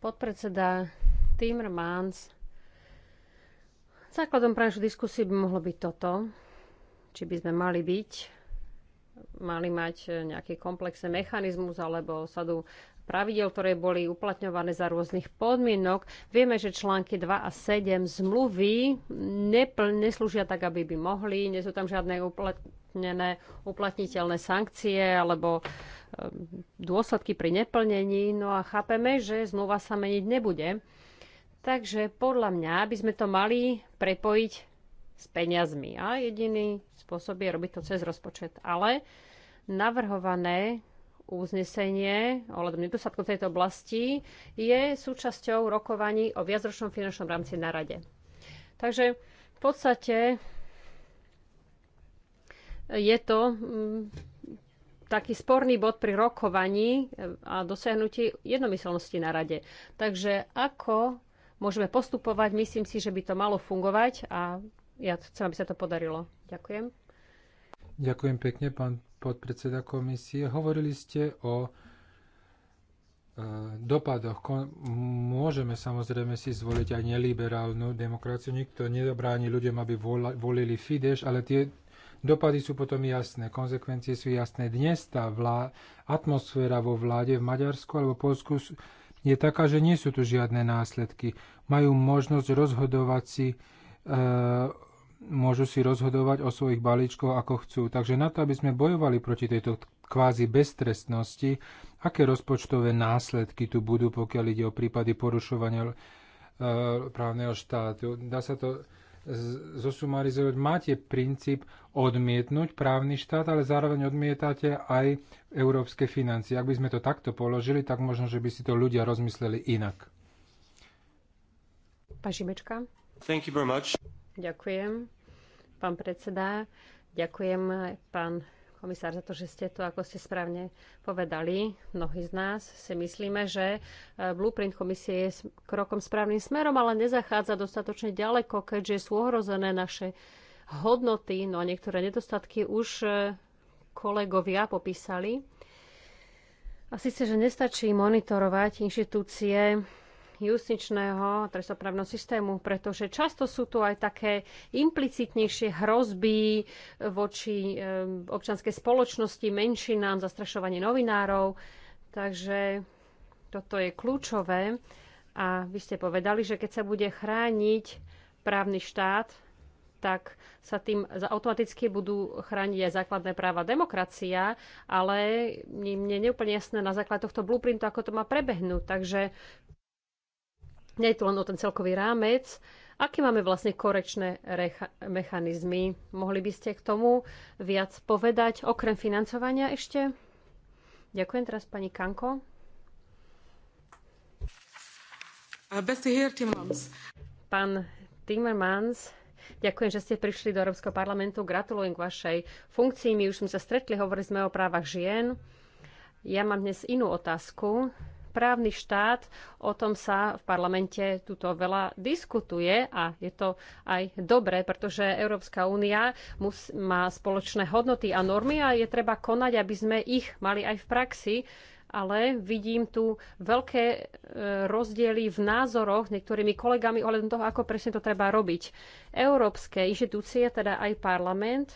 Podpredseda Timmermans. Základom pre našu diskusiu by mohlo byť toto, či by sme mali byť mali mať nejaký komplexný mechanizmus alebo sadu pravidel, ktoré boli uplatňované za rôznych podmienok. Vieme, že články 2 a 7 zmluvy nepl- neslúžia tak, aby by mohli, nie sú tam žiadne uplatnené uplatniteľné sankcie alebo ehm, dôsledky pri neplnení. No a chápeme, že zmluva sa meniť nebude. Takže podľa mňa by sme to mali prepojiť s peniazmi. A jediný spôsob je robiť to cez rozpočet. Ale navrhované uznesenie ohľadom nedostatkov tejto oblasti je súčasťou rokovaní o viacročnom finančnom rámci na rade. Takže v podstate je to mm, taký sporný bod pri rokovaní e, a dosiahnutí jednomyselnosti na rade. Takže ako môžeme postupovať, myslím si, že by to malo fungovať a ja chcem, aby sa to podarilo. Ďakujem. Ďakujem pekne, pán podpredseda komisie. Hovorili ste o e, dopadoch. Môžeme samozrejme si zvoliť aj neliberálnu demokraciu. Nikto nedobráni ľuďom, aby volili Fidesz, ale tie dopady sú potom jasné, konsekvencie sú jasné. Dnes tá vlá, atmosféra vo vláde v Maďarsku alebo Polsku je taká, že nie sú tu žiadne následky. Majú možnosť rozhodovať si e, môžu si rozhodovať o svojich balíčkoch ako chcú. Takže na to, aby sme bojovali proti tejto kvázi beztrestnosti, aké rozpočtové následky tu budú, pokiaľ ide o prípady porušovania e, právneho štátu. Dá sa to zosumarizovať. Máte princíp odmietnúť právny štát, ale zároveň odmietate aj európske financie. Ak by sme to takto položili, tak možno, že by si to ľudia rozmysleli inak. Pán Šimečka. Thank you very much. Ďakujem, pán predseda. Ďakujem, pán komisár, za to, že ste tu, ako ste správne povedali. Mnohí z nás si myslíme, že e, blueprint komisie je krokom správnym smerom, ale nezachádza dostatočne ďaleko, keďže sú ohrozené naše hodnoty, no a niektoré nedostatky už e, kolegovia popísali. A síce, že nestačí monitorovať inštitúcie justičného trestoprávneho systému, pretože často sú tu aj také implicitnejšie hrozby eh, voči eh, občanskej spoločnosti, menšinám, zastrašovanie novinárov. Takže toto je kľúčové. A vy ste povedali, že keď sa bude chrániť právny štát, tak sa tým automaticky budú chrániť aj základné práva demokracia, ale mne je neúplne jasné na základe tohto blueprintu, ako to má prebehnúť. Takže nie je tu len o ten celkový rámec. Aké máme vlastne korečné mechanizmy? Mohli by ste k tomu viac povedať, okrem financovania ešte? Ďakujem teraz pani Kanko. Pán Timmermans, Ďakujem, že ste prišli do Európskeho parlamentu. Gratulujem k vašej funkcii. My už sme sa stretli, hovorili sme o právach žien. Ja mám dnes inú otázku právny štát, o tom sa v parlamente tuto veľa diskutuje a je to aj dobré, pretože Európska únia má spoločné hodnoty a normy a je treba konať, aby sme ich mali aj v praxi ale vidím tu veľké e, rozdiely v názoroch niektorými kolegami ohľadom toho, ako presne to treba robiť. Európske inštitúcie, teda aj parlament,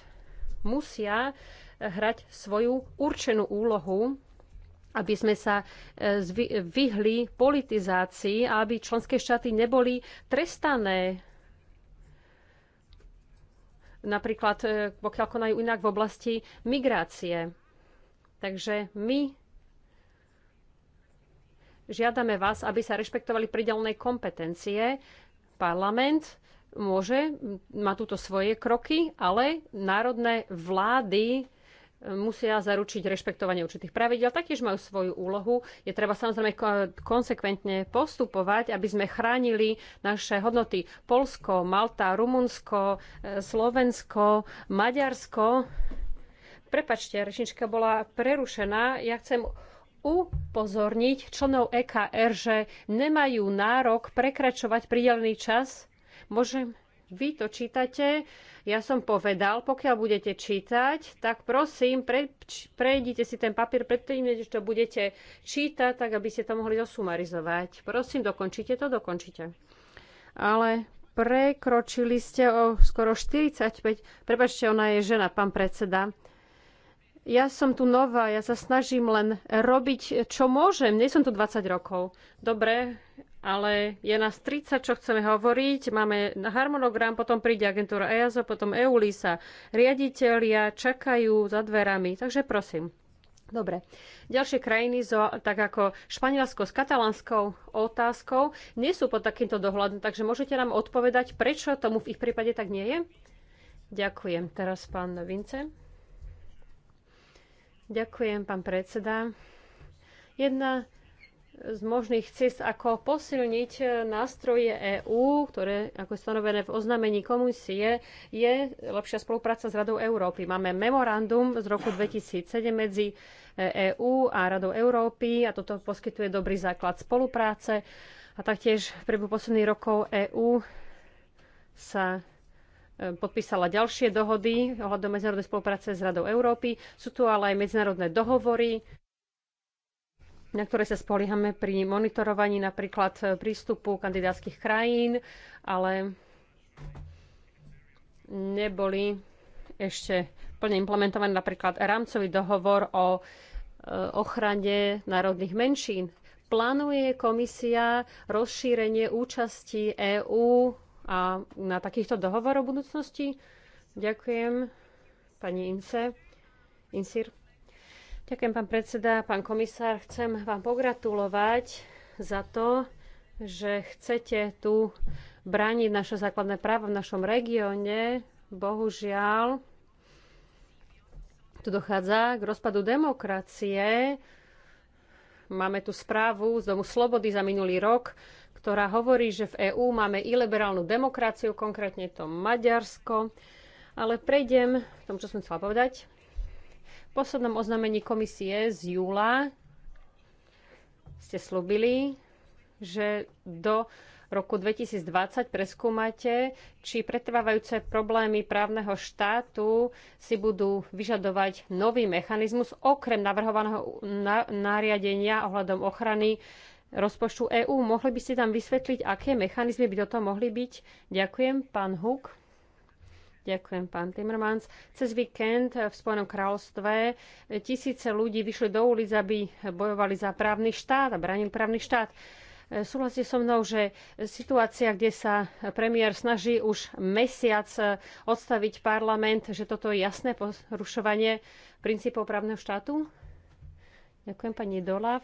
musia hrať svoju určenú úlohu aby sme sa e, vyhli politizácii a aby členské štáty neboli trestané. Napríklad, e, pokiaľ konajú inak v oblasti migrácie. Takže my žiadame vás, aby sa rešpektovali pridelné kompetencie. Parlament môže, má túto svoje kroky, ale národné vlády musia zaručiť rešpektovanie určitých pravidel, taktiež majú svoju úlohu. Je treba samozrejme konsekventne postupovať, aby sme chránili naše hodnoty. Polsko, Malta, Rumunsko, e, Slovensko, Maďarsko. Prepačte, rečnička bola prerušená. Ja chcem upozorniť členov EKR, že nemajú nárok prekračovať pridelený čas. Môžem, vy to čítate ja som povedal, pokiaľ budete čítať, tak prosím, pre, prejdite si ten papier predtým, než to budete čítať, tak aby ste to mohli zosumarizovať. Prosím, dokončite to, dokončite. Ale prekročili ste o skoro 45, prepačte, ona je žena, pán predseda, ja som tu nová, ja sa snažím len robiť, čo môžem. Nie som tu 20 rokov. Dobre, ale je nás 30, čo chceme hovoriť. Máme harmonogram, potom príde agentúra EASO, potom EULISA. Riaditeľia čakajú za dverami, takže prosím. Dobre. Ďalšie krajiny, zo, tak ako Španielsko s katalánskou otázkou, nie sú pod takýmto dohľadom, takže môžete nám odpovedať, prečo tomu v ich prípade tak nie je? Ďakujem. Teraz pán Vince. Ďakujem, pán predseda. Jedna z možných cest, ako posilniť nástroje EÚ, ktoré ako je stanovené v oznámení komisie, je lepšia spolupráca s Radou Európy. Máme memorandum z roku 2007 medzi EÚ a Radou Európy a toto poskytuje dobrý základ spolupráce. A taktiež v priebehu posledných rokov EÚ sa e, podpísala ďalšie dohody ohľadom medzinárodnej spolupráce s Radou Európy. Sú tu ale aj medzinárodné dohovory, na ktoré sa spoliehame pri monitorovaní napríklad eh, prístupu kandidátskych krajín, ale neboli ešte plne implementovaný napríklad rámcový dohovor o eh, ochrane národných menšín. Plánuje komisia rozšírenie účasti EÚ a na takýchto dohovorov v budúcnosti? Ďakujem. Pani Ince. Insir. Ďakujem, pán predseda, pán komisár. Chcem vám pogratulovať za to, že chcete tu brániť naše základné práva v našom regióne. Bohužiaľ, tu dochádza k rozpadu demokracie. Máme tu správu z Domu Slobody za minulý rok, ktorá hovorí, že v EÚ máme iliberálnu demokraciu, konkrétne to Maďarsko. Ale prejdem k tomu, čo som chcela povedať poslednom oznámení komisie z júla ste slúbili, že do roku 2020 preskúmate, či pretrvávajúce problémy právneho štátu si budú vyžadovať nový mechanizmus okrem navrhovaného nariadenia ohľadom ochrany rozpočtu EÚ. Mohli by ste tam vysvetliť, aké mechanizmy by do toho mohli byť? Ďakujem, pán Huk. Ďakujem, pán Timmermans. Cez víkend v Spojenom kráľovstve tisíce ľudí vyšli do ulic, aby bojovali za právny štát a bránili právny štát. Súhlasí so mnou, že situácia, kde sa premiér snaží už mesiac odstaviť parlament, že toto je jasné porušovanie princípov právneho štátu? Ďakujem, pani Dolav.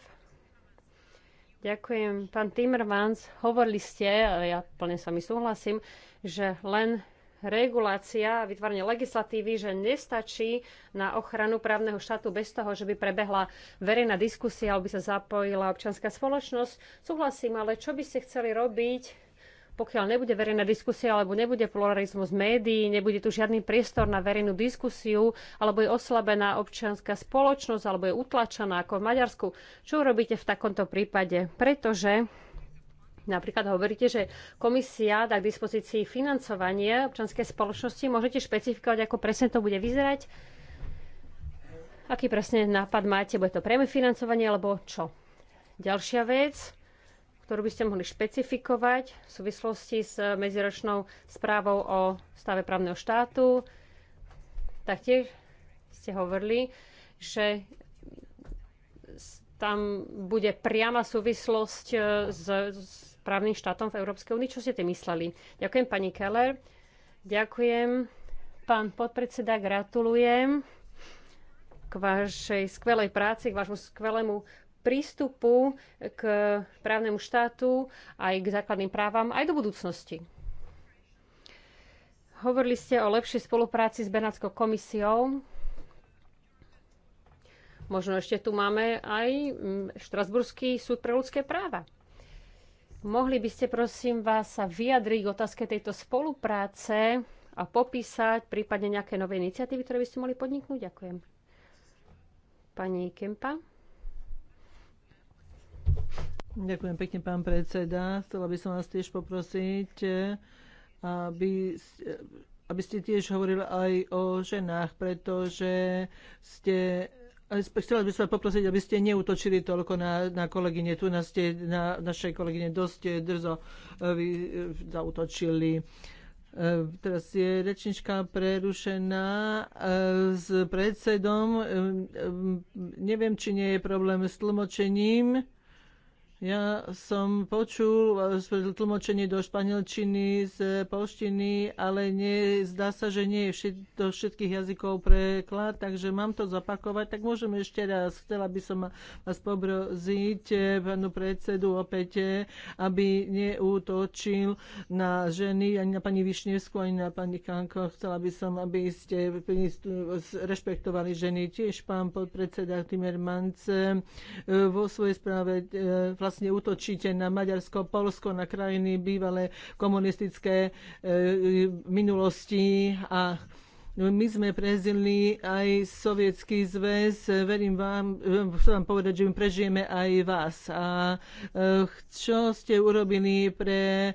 Ďakujem, pán Timmermans. Hovorili ste, ale ja plne s vami súhlasím, že len regulácia a vytvorenie legislatívy, že nestačí na ochranu právneho štátu bez toho, že by prebehla verejná diskusia alebo by sa zapojila občianská spoločnosť. Súhlasím, ale čo by ste chceli robiť, pokiaľ nebude verejná diskusia alebo nebude pluralizmus médií, nebude tu žiadny priestor na verejnú diskusiu, alebo je oslabená občianská spoločnosť, alebo je utlačená ako v Maďarsku. Čo urobíte v takomto prípade? Pretože Napríklad hovoríte, že komisia dá k dispozícii financovanie občanskej spoločnosti. Môžete špecifikovať, ako presne to bude vyzerať? Aký presne nápad máte? Bude to priame financovanie alebo čo? Ďalšia vec, ktorú by ste mohli špecifikovať v súvislosti s medziročnou správou o stave právneho štátu, taktiež ste hovorili, že tam bude priama súvislosť e, s, s právnym štátom v Európskej únii. Čo ste tým mysleli? Ďakujem pani Keller. Ďakujem. Pán podpredseda, gratulujem k vašej skvelej práci, k vášmu skvelému prístupu k právnemu štátu aj k základným právam, aj do budúcnosti. Hovorili ste o lepšej spolupráci s Bernátskou komisiou. Možno ešte tu máme aj mm, Štrasburský súd pre ľudské práva. Mohli by ste prosím vás sa vyjadriť k otázke tejto spolupráce a popísať prípadne nejaké nové iniciatívy, ktoré by ste mohli podniknúť? Ďakujem. Pani Kempa. Ďakujem pekne, pán predseda. Chcela by som vás tiež poprosiť, aby, aby ste tiež hovorili aj o ženách, pretože ste Chcela by som poprosiť, aby ste neutočili toľko na, na kolegyne. Tu na, ste na našej kolegyne dosť drzo e, vy, e, zautočili. E, teraz je rečnička prerušená s predsedom. Neviem, či nie je problém s tlmočením. Ja som počul tlmočenie do španielčiny z polštiny, ale nie, zdá sa, že nie je všet, do všetkých jazykov preklad, takže mám to zapakovať. Tak môžeme ešte raz. Chcela by som vás pobroziť, eh, panu predsedu opäť, eh, aby neútočil na ženy, ani na pani Višnevsku, ani na pani Kanko. Chcela by som, aby ste rešpektovali ženy. Tiež pán podpredseda Timmermans eh, vo svojej správe vlastne vlastne utočíte na Maďarsko, Polsko, na krajiny bývalé komunistické e, minulosti a my sme prezili aj Sovietský zväz. Verím vám, chcem vám povedať, že my prežijeme aj vás. A e, čo ste urobili pre, e,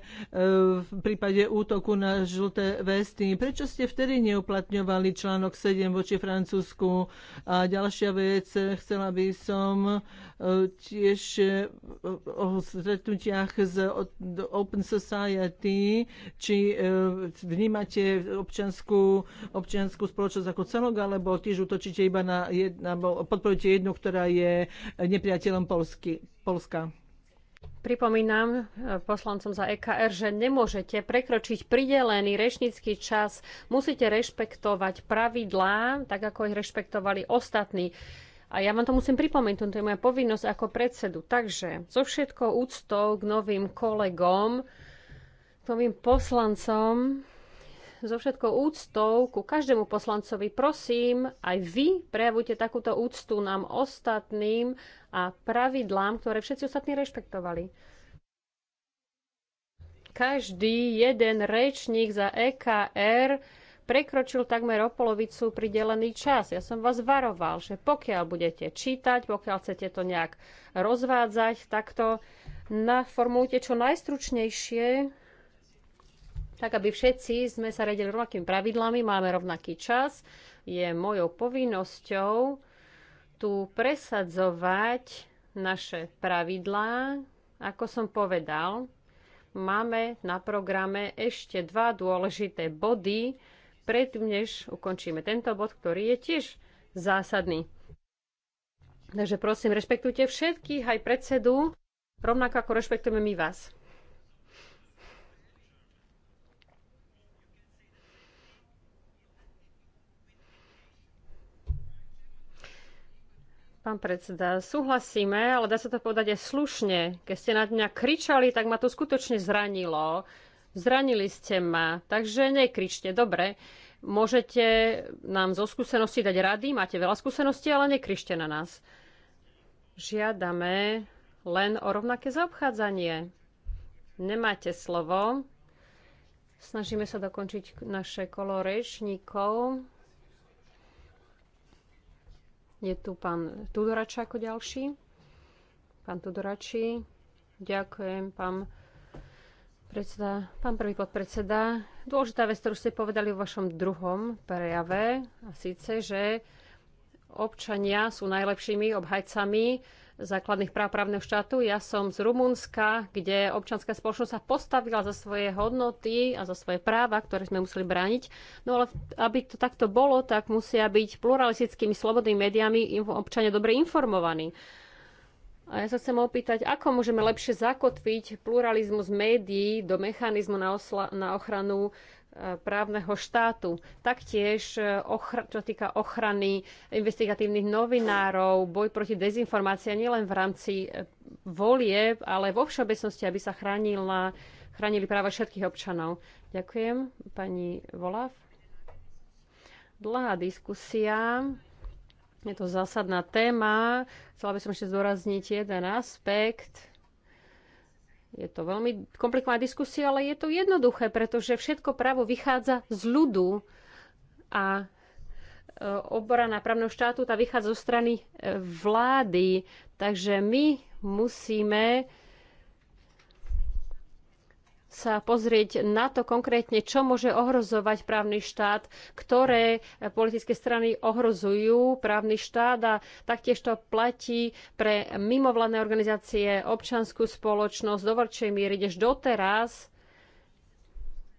v prípade útoku na žlté vesty? Prečo ste vtedy neuplatňovali článok 7 voči Francúzsku? A ďalšia vec, chcela by som tiež eh, o stretnutiach z Open Society, či eh, vnímate občanskú, občianskú spoločnosť ako celok, alebo tiež utočíte iba na, jedna, podporujete jednu, ktorá je nepriateľom Polsky, Polska. Pripomínam eh, poslancom za EKR, že nemôžete prekročiť pridelený rečnícky čas. Musíte rešpektovať pravidlá, tak ako ich rešpektovali ostatní. A ja vám to musím pripomenúť, to je moja povinnosť ako predsedu. Takže so všetkou úctou k novým kolegom, k novým poslancom, so všetkou úctou ku každému poslancovi prosím, aj vy prejavujte takúto úctu nám ostatným a pravidlám, ktoré všetci ostatní rešpektovali. Každý jeden rečník za EKR prekročil takmer o polovicu pridelený čas. Ja som vás varoval, že pokiaľ budete čítať, pokiaľ chcete to nejak rozvádzať, tak to naformujte čo najstručnejšie, tak aby všetci sme sa redili rovnakými pravidlami, máme rovnaký čas. Je mojou povinnosťou tu presadzovať naše pravidlá. Ako som povedal, máme na programe ešte dva dôležité body, predtým, než ukončíme tento bod, ktorý je tiež zásadný. Takže prosím, rešpektujte všetkých, aj predsedu, rovnako ako rešpektujeme my vás. Pán predseda, súhlasíme, ale dá sa to povedať aj slušne. Keď ste na mňa kričali, tak ma to skutočne zranilo. Zranili ste ma, takže nekričte, dobre. Môžete nám zo skúsenosti dať rady, máte veľa skúseností, ale nekrište na nás. Žiadame len o rovnaké zaobchádzanie. Nemáte slovo. Snažíme sa dokončiť naše kolo rečníkov. Je tu pán Tudorač ako ďalší. Pán Tudorači, ďakujem, pán Predseda, pán prvý podpredseda, dôležitá vec, ktorú ste povedali vo vašom druhom prejave, a síce, že občania sú najlepšími obhajcami základných práv právneho štátu. Ja som z Rumunska, kde občanská spoločnosť sa postavila za svoje hodnoty a za svoje práva, ktoré sme museli brániť. No ale aby to takto bolo, tak musia byť pluralistickými slobodnými médiami občania dobre informovaní. A ja sa chcem opýtať, ako môžeme lepšie zakotviť pluralizmus médií do mechanizmu na, osla- na ochranu e, právneho štátu. Taktiež, e, ochr- čo týka ochrany investigatívnych novinárov, boj proti dezinformácii nielen v rámci e, volieb, ale vo všeobecnosti, aby sa chránila, chránili práva všetkých občanov. Ďakujem, pani Volav. Dlhá diskusia. Je to zásadná téma. Chcela by som ešte zdôrazniť jeden aspekt. Je to veľmi komplikovaná diskusia, ale je to jednoduché, pretože všetko právo vychádza z ľudu a e, obrana právneho štátu tá vychádza zo strany e, vlády. Takže my musíme sa pozrieť na to konkrétne, čo môže ohrozovať právny štát, ktoré politické strany ohrozujú právny štát a taktiež to platí pre mimovládne organizácie, občanskú spoločnosť, do veľkej miery, kdež doteraz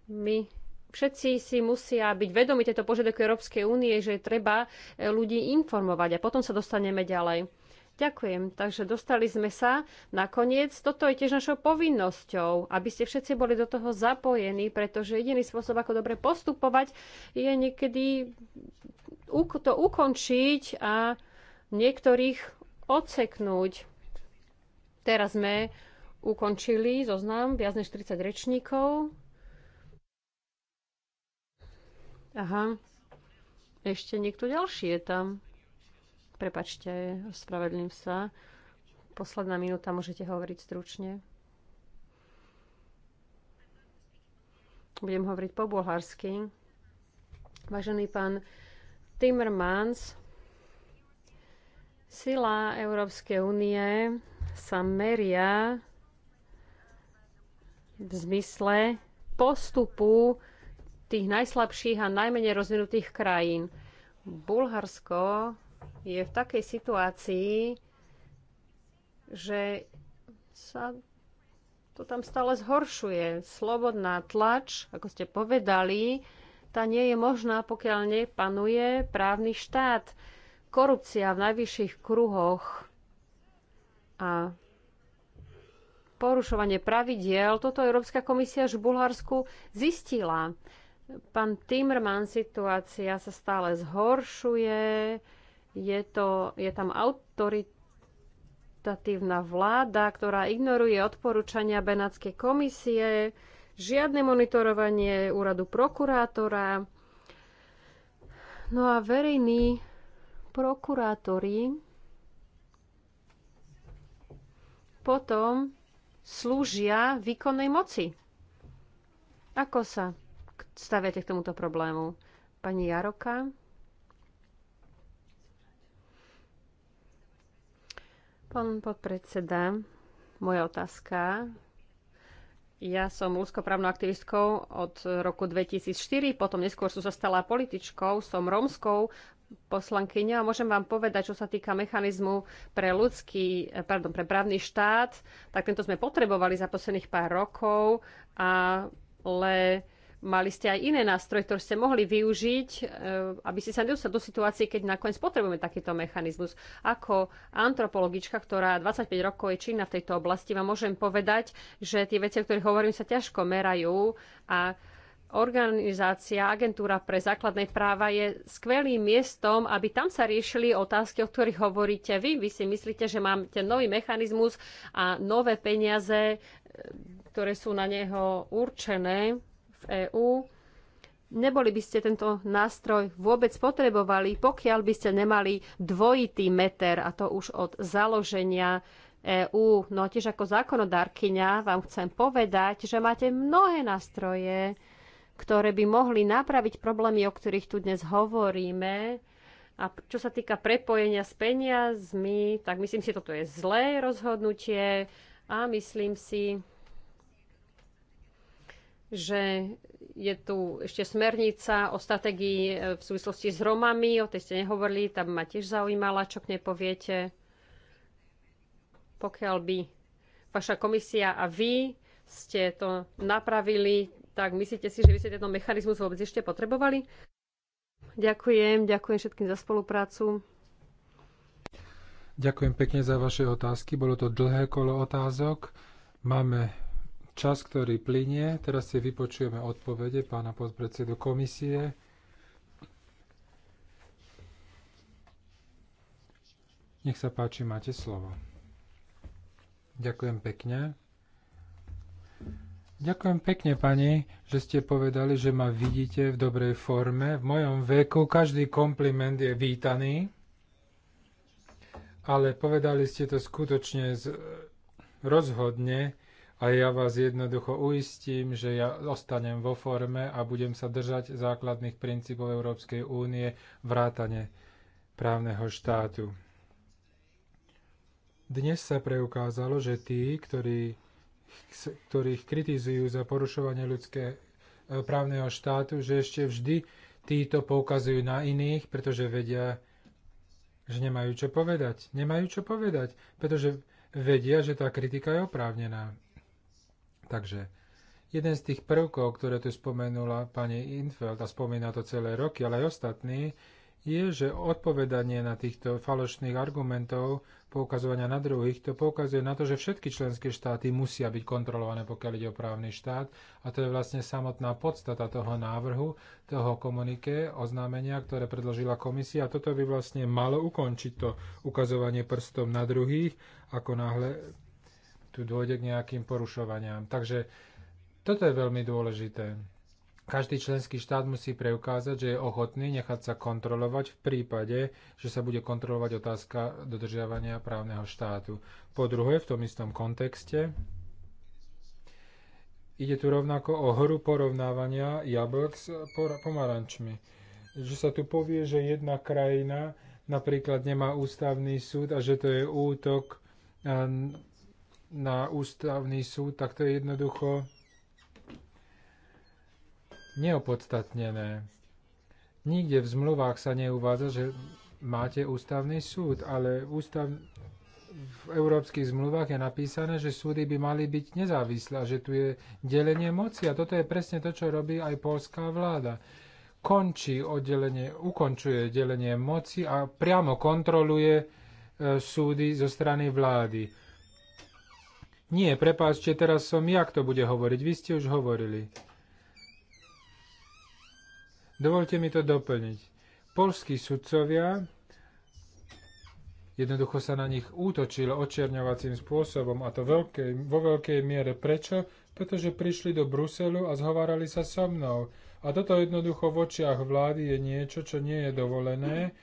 my všetci si musia byť vedomi tejto požiadavky Európskej únie, že treba ľudí informovať a potom sa dostaneme ďalej. Ďakujem. Takže dostali sme sa nakoniec. Toto je tiež našou povinnosťou, aby ste všetci boli do toho zapojení, pretože jediný spôsob, ako dobre postupovať, je niekedy to ukončiť a niektorých odseknúť. Teraz sme ukončili zoznam viac než 30 rečníkov. Aha. Ešte niekto ďalší je tam. Prepačte, spravedlím sa. Posledná minúta, môžete hovoriť stručne. Budem hovoriť po bulharsky. Vážený pán Timmermans, sila Európskej únie sa meria v zmysle postupu tých najslabších a najmenej rozvinutých krajín. Bulharsko je v takej situácii, že sa to tam stále zhoršuje. Slobodná tlač, ako ste povedali, tá nie je možná, pokiaľ nepanuje právny štát. Korupcia v najvyšších kruhoch a porušovanie pravidiel, toto Európska komisia už v Bulharsku zistila. Pán Timmerman, situácia sa stále zhoršuje, je, to, je tam autoritatívna vláda, ktorá ignoruje odporúčania Benátskej komisie, žiadne monitorovanie úradu prokurátora. No a verejní prokurátori potom slúžia výkonnej moci. Ako sa staviate k tomuto problému? Pani Jaroka? Pán podpredseda, moja otázka. Ja som ľudskoprávnou aktivistkou od roku 2004, potom neskôr som sa stala političkou, som rómskou poslankyňou a môžem vám povedať, čo sa týka mechanizmu pre ľudský, pardon, pre právny štát, tak tento sme potrebovali za posledných pár rokov, ale mali ste aj iné nástroje, ktoré ste mohli využiť, e, aby ste sa nedostali do situácie, keď nakoniec potrebujeme takýto mechanizmus. Ako antropologička, ktorá 25 rokov je činná v tejto oblasti, vám môžem povedať, že tie veci, o ktorých hovorím, sa ťažko merajú a organizácia, agentúra pre základné práva je skvelým miestom, aby tam sa riešili otázky, o ktorých hovoríte vy. Vy si myslíte, že máte nový mechanizmus a nové peniaze, e, ktoré sú na neho určené EÚ. Neboli by ste tento nástroj vôbec potrebovali, pokiaľ by ste nemali dvojitý meter, a to už od založenia EÚ. No tiež ako zákonodárkyňa vám chcem povedať, že máte mnohé nástroje, ktoré by mohli napraviť problémy, o ktorých tu dnes hovoríme. A čo sa týka prepojenia s peniazmi, tak myslím si, toto je zlé rozhodnutie a myslím si, že je tu ešte smernica o strategii e, v súvislosti s Romami, o tej ste nehovorili, tam ma tiež zaujímala, čo k nej poviete. Pokiaľ by vaša komisia a vy ste to napravili, tak myslíte si, že by ste tento mechanizmus vôbec ešte potrebovali? Ďakujem, ďakujem všetkým za spoluprácu. Ďakujem pekne za vaše otázky. Bolo to dlhé kolo otázok. Máme čas, ktorý plinie. Teraz si vypočujeme odpovede pána podpredsedu komisie. Nech sa páči, máte slovo. Ďakujem pekne. Ďakujem pekne, pani, že ste povedali, že ma vidíte v dobrej forme. V mojom veku každý kompliment je vítaný, ale povedali ste to skutočne z, rozhodne a ja vás jednoducho uistím, že ja ostanem vo forme a budem sa držať základných princípov Európskej únie vrátane právneho štátu. Dnes sa preukázalo, že tí, ktorí, ktorých kritizujú za porušovanie ľudské e, právneho štátu, že ešte vždy títo poukazujú na iných, pretože vedia, že nemajú čo povedať. Nemajú čo povedať, pretože vedia, že tá kritika je oprávnená. Takže jeden z tých prvkov, ktoré tu spomenula pani Infeld, a spomína to celé roky, ale aj ostatní, je, že odpovedanie na týchto falošných argumentov, poukazovania na druhých, to poukazuje na to, že všetky členské štáty musia byť kontrolované, pokiaľ ide o právny štát. A to je vlastne samotná podstata toho návrhu, toho komunike, oznámenia, ktoré predložila komisia. A toto by vlastne malo ukončiť to ukazovanie prstom na druhých, ako náhle tu dôjde k nejakým porušovaniam. Takže toto je veľmi dôležité. Každý členský štát musí preukázať, že je ochotný nechať sa kontrolovať v prípade, že sa bude kontrolovať otázka dodržiavania právneho štátu. Po druhé, v tom istom kontexte ide tu rovnako o hru porovnávania jablk s pomarančmi. Že sa tu povie, že jedna krajina napríklad nemá ústavný súd a že to je útok na ústavný súd, tak to je jednoducho neopodstatnené. Nikde v zmluvách sa neuvádza, že máte ústavný súd, ale ústav... v európskych zmluvách je napísané, že súdy by mali byť nezávislé a že tu je delenie moci. A toto je presne to, čo robí aj polská vláda. Končí oddelenie, ukončuje delenie moci a priamo kontroluje e, súdy zo strany vlády nie, prepáčte, teraz som ja, kto bude hovoriť. Vy ste už hovorili. Dovolte mi to doplniť. Polskí sudcovia Jednoducho sa na nich útočil očerňovacím spôsobom a to veľkej, vo veľkej miere. Prečo? Pretože prišli do Bruselu a zhovárali sa so mnou. A toto jednoducho v očiach vlády je niečo, čo nie je dovolené.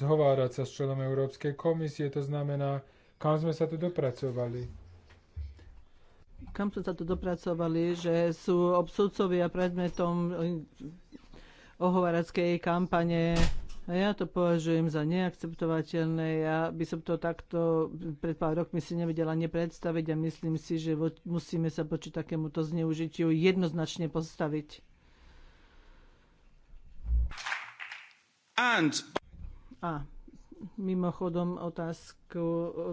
Zhovárať sa s členom Európskej komisie, to znamená, kam sme sa tu dopracovali kam sa to dopracovali, že sú obsudcovia predmetom ohovarackej kampane. A ja to považujem za neakceptovateľné. Ja by som to takto pred pár rokmi si nevedela nepredstaviť a myslím si, že musíme sa poči takémuto zneužitiu jednoznačne postaviť. And... A mimochodom otázku,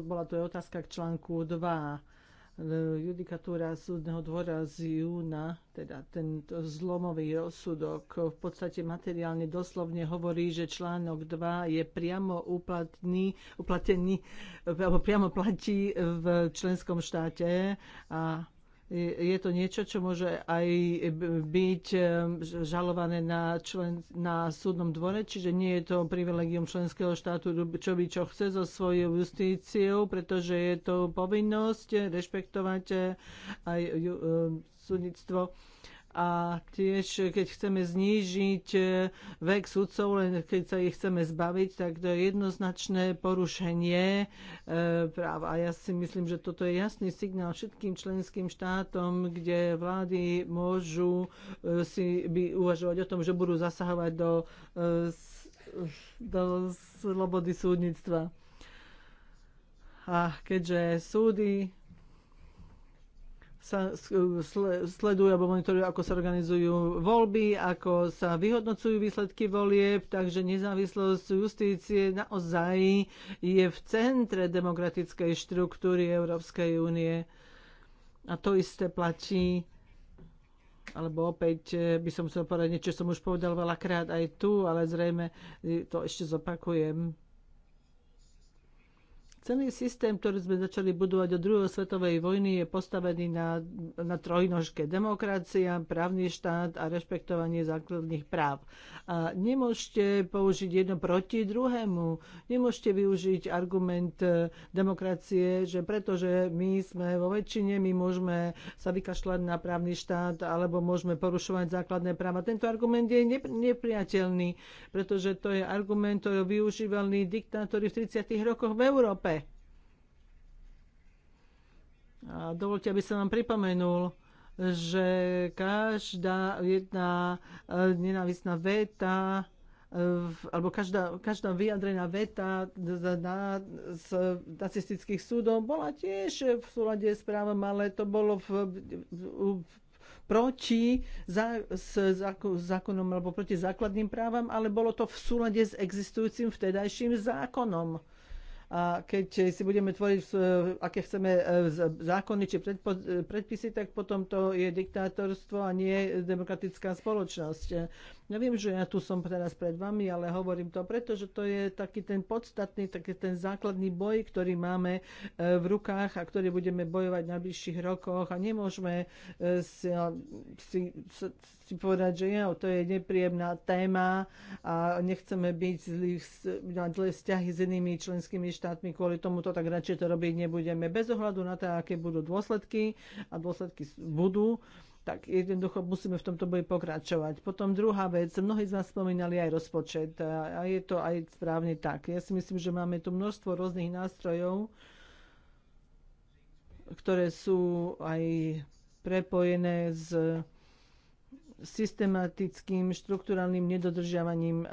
bola to je otázka k článku 2 E, judikatúra súdneho dvora z júna, teda tento zlomový rozsudok, v podstate materiálne doslovne hovorí, že článok 2 je priamo uplatný, uplatený, alebo priamo platí v členskom štáte a je to niečo, čo môže aj byť e, žalované na, člen, na súdnom dvore, čiže nie je to privilegium členského štátu, čo by čo chce so svojou justíciou, pretože je to povinnosť rešpektovať e, aj e, súdnictvo a tiež keď chceme znížiť eh, vek sudcov, len keď sa ich chceme zbaviť, tak to je jednoznačné porušenie eh, práv. A ja si myslím, že toto je jasný signál všetkým členským štátom, kde vlády môžu eh, si by uvažovať o tom, že budú zasahovať do, do slobody súdnictva. A keďže súdy sa sledujú alebo monitorujú, ako sa organizujú voľby, ako sa vyhodnocujú výsledky volieb, takže nezávislosť justície naozaj je v centre demokratickej štruktúry Európskej únie. A to isté platí alebo opäť e, by som chcel povedať niečo, som už povedal veľakrát aj tu, ale zrejme e, to ešte zopakujem Celý systém, ktorý sme začali budovať od druhej svetovej vojny, je postavený na, na trojnožke. Demokracia, právny štát a rešpektovanie základných práv. A nemôžete použiť jedno proti druhému. Nemôžete využiť argument e, demokracie, že pretože my sme vo väčšine, my môžeme sa vykašľať na právny štát alebo môžeme porušovať základné práva. Tento argument je nepr- nepriateľný, pretože to je argument, ktorý využívali diktátori v 30. rokoch v Európe. A dovolte, aby som vám pripomenul, že každá jedna e, nenávisná veta e, alebo každá, každá vyjadrená veta na, z nacistických súdov bola tiež v súlade s právom, ale to bolo v, v, v proti za, s zákonom alebo proti základným právam, ale bolo to v súlade s existujúcim vtedajším zákonom. A keď si budeme tvoriť, e, aké chceme e, zákony či predpisy, tak potom to je diktátorstvo a nie demokratická spoločnosť. Ja no viem, že ja tu som teraz pred vami, ale hovorím to preto, že to je taký ten podstatný, taký ten základný boj, ktorý máme e, v rukách a ktorý budeme bojovať v najbližších rokoch a nemôžeme e, si, si, si povedať, že jo, to je nepríjemná téma a nechceme byť zlý, mať zlé vzťahy s inými členskými štátmi kvôli to tak radšej to robiť nebudeme. Bez ohľadu na to, aké budú dôsledky a dôsledky budú, tak jednoducho musíme v tomto boji pokračovať. Potom druhá vec, mnohí z vás spomínali aj rozpočet a je to aj správne tak. Ja si myslím, že máme tu množstvo rôznych nástrojov, ktoré sú aj prepojené s systematickým štruktúralným nedodržiavaním eh,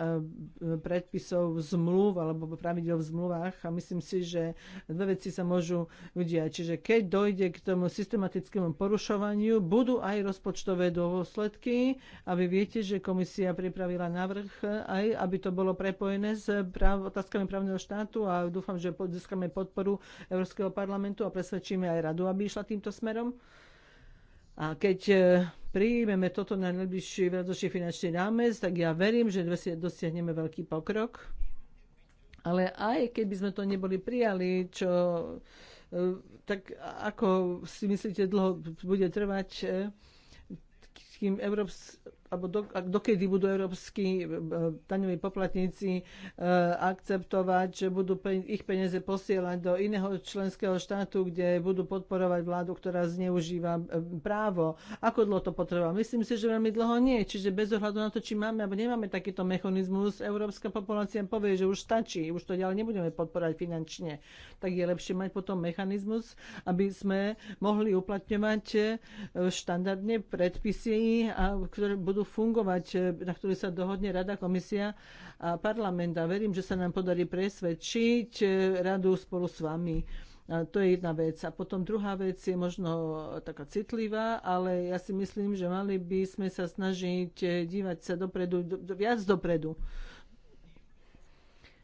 predpisov zmluv alebo pravidel v zmluvách a myslím si, že dve veci sa môžu udiať. Čiže keď dojde k tomu systematickému porušovaniu, budú aj rozpočtové dôsledky a vy viete, že komisia pripravila návrh aj, aby to bolo prepojené s práv, otázkami právneho štátu a dúfam, že získame podporu Európskeho parlamentu a presvedčíme aj radu, aby išla týmto smerom. A keď e, príjmeme toto na najbližší veľdočný finančný rámec, tak ja verím, že dosiahneme veľký pokrok. Ale aj keby sme to neboli prijali, čo, e, tak ako si myslíte, dlho bude trvať, e, kým Európs- alebo do, dokedy budú európsky e, daňoví poplatníci e, akceptovať, že budú ich peniaze posielať do iného členského štátu, kde budú podporovať vládu, ktorá zneužíva e, právo. Ako dlho to potreba? Myslím si, že veľmi dlho nie. Čiže bez ohľadu na to, či máme alebo nemáme takýto mechanizmus, európska populácia povie, že už stačí, už to ďalej nebudeme podporovať finančne. Tak je lepšie mať potom mechanizmus, aby sme mohli uplatňovať štandardne predpisy, ktoré budú budú fungovať, e, na ktorých sa dohodne Rada, Komisia a parlament. A verím, že sa nám podarí presvedčiť e, Radu spolu s vami. A to je jedna vec. A potom druhá vec je možno taká citlivá, ale ja si myslím, že mali by sme sa snažiť e, dívať sa dopredu, do, do, viac dopredu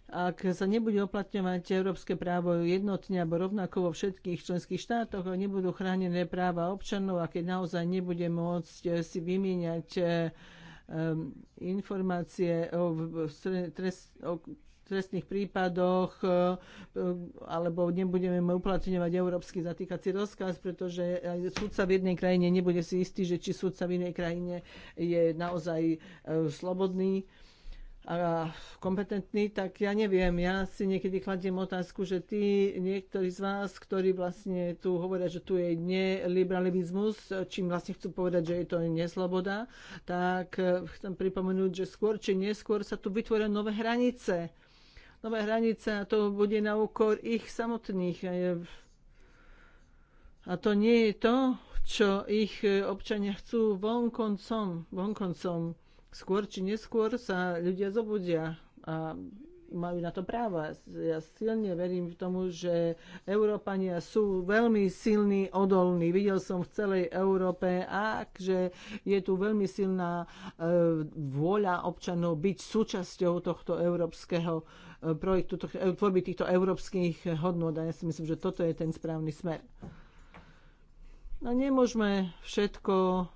ak sa nebude oplatňovať európske právo jednotne alebo rovnako vo všetkých členských štátoch, nebudú chránené práva občanov a keď naozaj nebude môcť eh, si vymieňať eh, informácie o, o trestných prípadoch eh, alebo nebudeme uplatňovať európsky zatýkací rozkaz, pretože aj súdca v jednej krajine nebude si istý, že či súdca v inej krajine je naozaj slobodný a kompetentní, tak ja neviem. Ja si niekedy kladiem otázku, že tí niektorí z vás, ktorí vlastne tu hovoria, že tu je neliberalizmus, čím vlastne chcú povedať, že je to nesloboda, tak eh, chcem pripomenúť, že skôr či neskôr sa tu vytvoria nové hranice. Nové hranice a to bude na úkor ich samotných. A to nie je to, čo ich eh, občania chcú vonkoncom. vonkoncom skôr či neskôr sa ľudia zobudia a majú na to práva. Ja silne verím v tomu, že Európania sú veľmi silní, odolní. Videl som v celej Európe, ak, že je tu veľmi silná e, vôľa občanov byť súčasťou tohto európskeho e, projektu, e, tvorby týchto európskych hodnot. A ja si myslím, že toto je ten správny smer. No nemôžeme všetko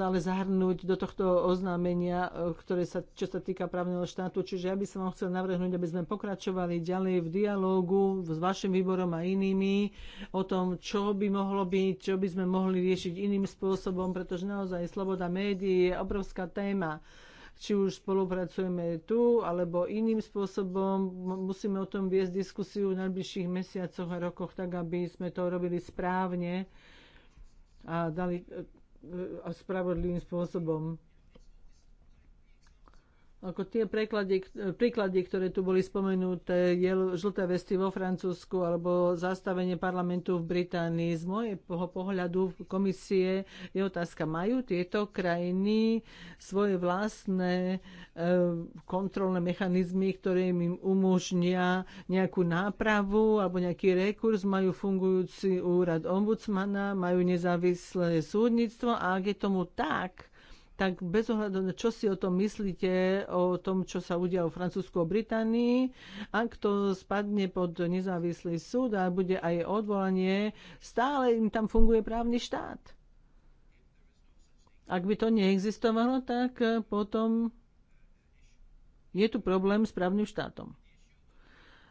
ale zahrnúť do tohto oznámenia, e, ktoré sa, čo sa týka právneho štátu. Čiže ja by som vám chcel navrhnúť, aby sme pokračovali ďalej v dialógu s vašim výborom a inými o tom, čo by mohlo byť, čo by sme mohli riešiť iným spôsobom, pretože naozaj sloboda médií je obrovská téma či už spolupracujeme tu alebo iným spôsobom. Musíme o tom viesť diskusiu v najbližších mesiacoch a rokoch, tak aby sme to robili správne a dali e, E, a spravodlivým spôsobom ako tie preklady, príklady, ktoré tu boli spomenuté, žlté vesty vo Francúzsku alebo zastavenie parlamentu v Británii. Z môjho pohľadu komisie je otázka, majú tieto krajiny svoje vlastné e, kontrolné mechanizmy, ktoré im umožnia nejakú nápravu alebo nejaký rekurs, majú fungujúci úrad ombudsmana, majú nezávislé súdnictvo a ak je tomu tak, tak bez ohľadu na čo si o tom myslíte, o tom, čo sa udia o Francúzsku a Británii, ak to spadne pod nezávislý súd a bude aj odvolanie, stále im tam funguje právny štát. Ak by to neexistovalo, tak eh, potom je tu problém s právnym štátom.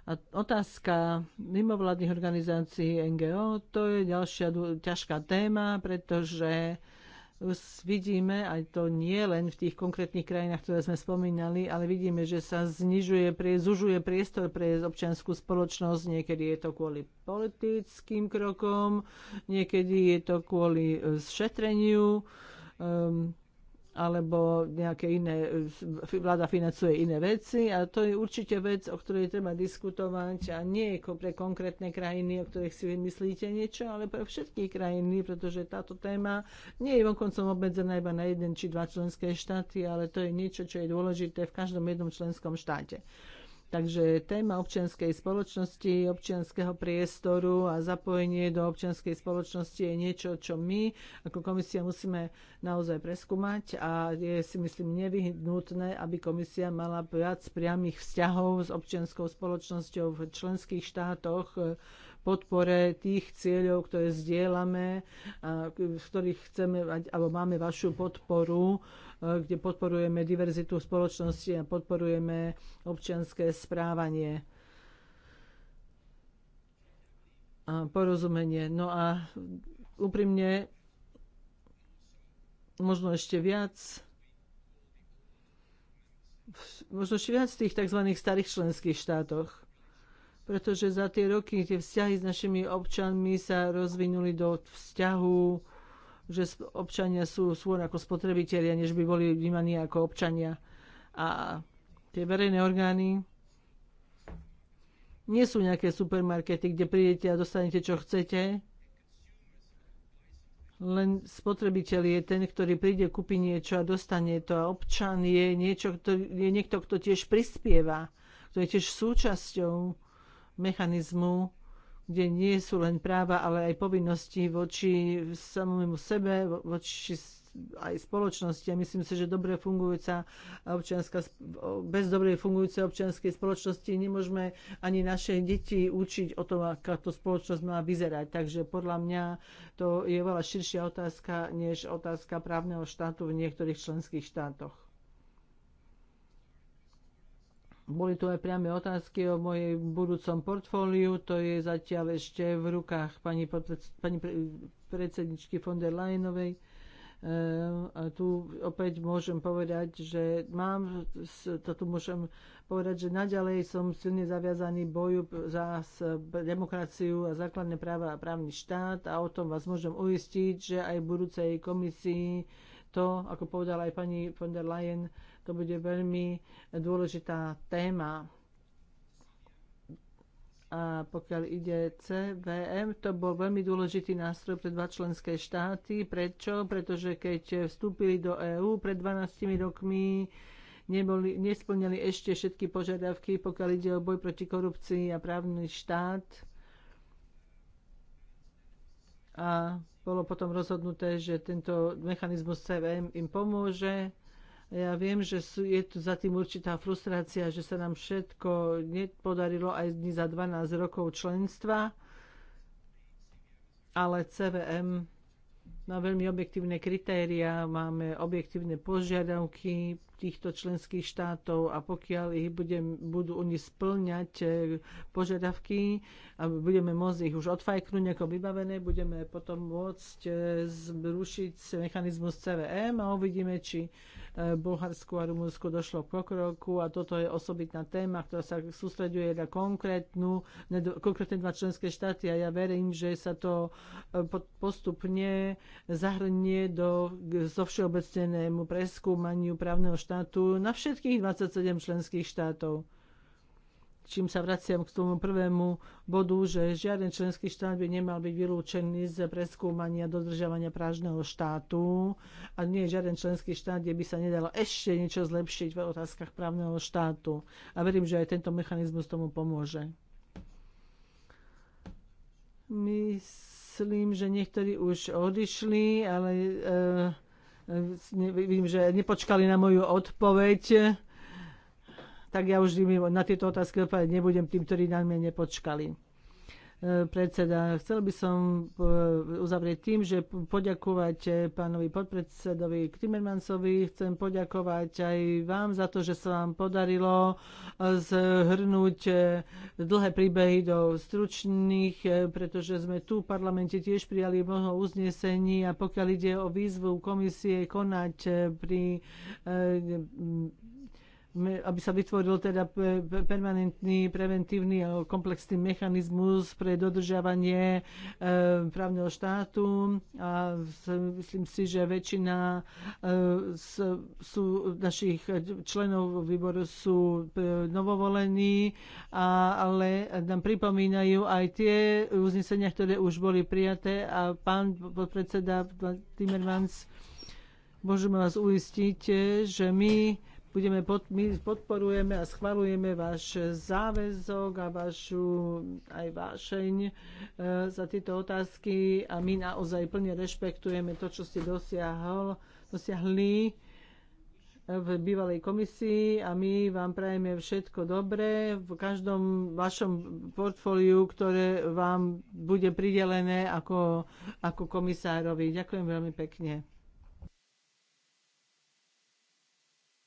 A otázka mimovládnych organizácií NGO, to je ďalšia ťažká téma, pretože vidíme, aj to nie len v tých konkrétnych krajinách, ktoré sme spomínali, ale vidíme, že sa znižuje, zužuje priestor pre občianskú spoločnosť. Niekedy je to kvôli politickým krokom, niekedy je to kvôli e, šetreniu. Um, alebo nejaké iné, e, vláda financuje iné veci a to je určite vec, o ktorej treba diskutovať a nie pre konkrétne krajiny, o ktorých si myslíte niečo, ale pre všetky krajiny, pretože táto téma nie je vonkoncom obmedzená iba na jeden či dva členské štáty, ale to je niečo, čo je dôležité v každom jednom členskom štáte. Takže téma občianskej spoločnosti, občianského priestoru a zapojenie do občianskej spoločnosti je niečo, čo my ako komisia musíme naozaj preskúmať a je si myslím nevyhnutné, aby komisia mala viac priamých vzťahov s občianskou spoločnosťou v členských štátoch podpore tých cieľov, ktoré zdieľame, v ktorých chceme, alebo máme vašu podporu kde podporujeme diverzitu spoločnosti a podporujeme občianské správanie a porozumenie. No a úprimne, možno ešte viac možno ešte viac v tých tzv. starých členských štátoch pretože za tie roky tie vzťahy s našimi občanmi sa rozvinuli do vzťahu že občania sú skôr ako spotrebitelia, než by boli vnímaní ako občania. A tie verejné orgány nie sú nejaké supermarkety, kde prídete a dostanete, čo chcete. Len spotrebiteľ je ten, ktorý príde, kúpi niečo a dostane to. A občan je, niečo, je niekto, kto tiež prispieva, kto je tiež súčasťou mechanizmu kde nie sú len práva, ale aj povinnosti voči samému sebe, voči aj spoločnosti. A ja myslím si, že dobre fungujúca občianska, bez dobrej fungujúcej občianskej spoločnosti nemôžeme ani naše deti učiť o tom, aká to spoločnosť má vyzerať. Takže podľa mňa to je veľa širšia otázka, než otázka právneho štátu v niektorých členských štátoch. Boli tu aj priame otázky o mojej budúcom portfóliu, to je zatiaľ ešte v rukách pani, pani predsedničky von der Leyenovej. Ehm, a tu opäť môžem povedať, že mám, to tu môžem povedať, že naďalej som silne zaviazaný boju za demokraciu a základné práva a právny štát a o tom vás môžem uistiť, že aj v budúcej komisii to, ako povedala aj pani von der Leyen, to bude veľmi dôležitá téma. A pokiaľ ide CVM, to bol veľmi dôležitý nástroj pre dva členské štáty. Prečo? Pretože keď vstúpili do EÚ pred 12 rokmi, neboli, nesplňali ešte všetky požiadavky, pokiaľ ide o boj proti korupcii a právny štát. A bolo potom rozhodnuté, že tento mechanizmus CVM im pomôže ja viem, že sú, je tu za tým určitá frustrácia, že sa nám všetko nepodarilo aj dní za 12 rokov členstva, ale CVM má veľmi objektívne kritéria, máme objektívne požiadavky týchto členských štátov a pokiaľ ich budem, budú oni splňať eh, požiadavky a budeme môcť ich už odfajknúť ako vybavené, budeme potom môcť eh, zrušiť mechanizmus CVM a uvidíme, či Eh, Bulharsku a Rumunsku došlo k pokroku a toto je osobitná téma, ktorá sa sústreďuje na konkrétnu, konkrétne dva členské štáty a ja verím, že sa to eh, postupne zahrnie do eh, všeobecnenému preskúmaniu právneho štátu na všetkých 27 členských štátov čím sa vraciam k tomu prvému bodu, že žiaden členský štát by nemal byť vylúčený z preskúmania dodržiavania prážneho štátu a nie je žiaden členský štát, kde by sa nedalo ešte niečo zlepšiť v otázkach právneho štátu. A verím, že aj tento mechanizmus tomu pomôže. Myslím, že niektorí už odišli, ale e, vidím, že nepočkali na moju odpoveď tak ja už na tieto otázky odpovedať nebudem tým, ktorí na mňa nepočkali e, predseda. Chcel by som e, uzavrieť tým, že poďakovať e, pánovi podpredsedovi Timmermansovi. Chcem poďakovať aj vám za to, že sa vám podarilo zhrnúť dlhé príbehy do stručných, pretože sme tu v parlamente tiež prijali mnoho uznesení a pokiaľ ide o výzvu komisie konať pri aby sa vytvoril teda permanentný, preventívny a komplexný mechanizmus pre dodržiavanie e, právneho štátu a myslím si, že väčšina e, sú našich členov výboru sú e, novovolení, ale nám pripomínajú aj tie uznesenia, ktoré už boli prijaté a pán podpredseda Timmermans, môžeme vás uistiť, že my budeme pod, my podporujeme a schvalujeme váš záväzok a vašu aj vášeň e, za tieto otázky a my naozaj plne rešpektujeme to, čo ste dosiahol, dosiahli v bývalej komisii a my vám prajeme všetko dobré v každom vašom portfóliu, ktoré vám bude pridelené ako, ako komisárovi. Ďakujem veľmi pekne.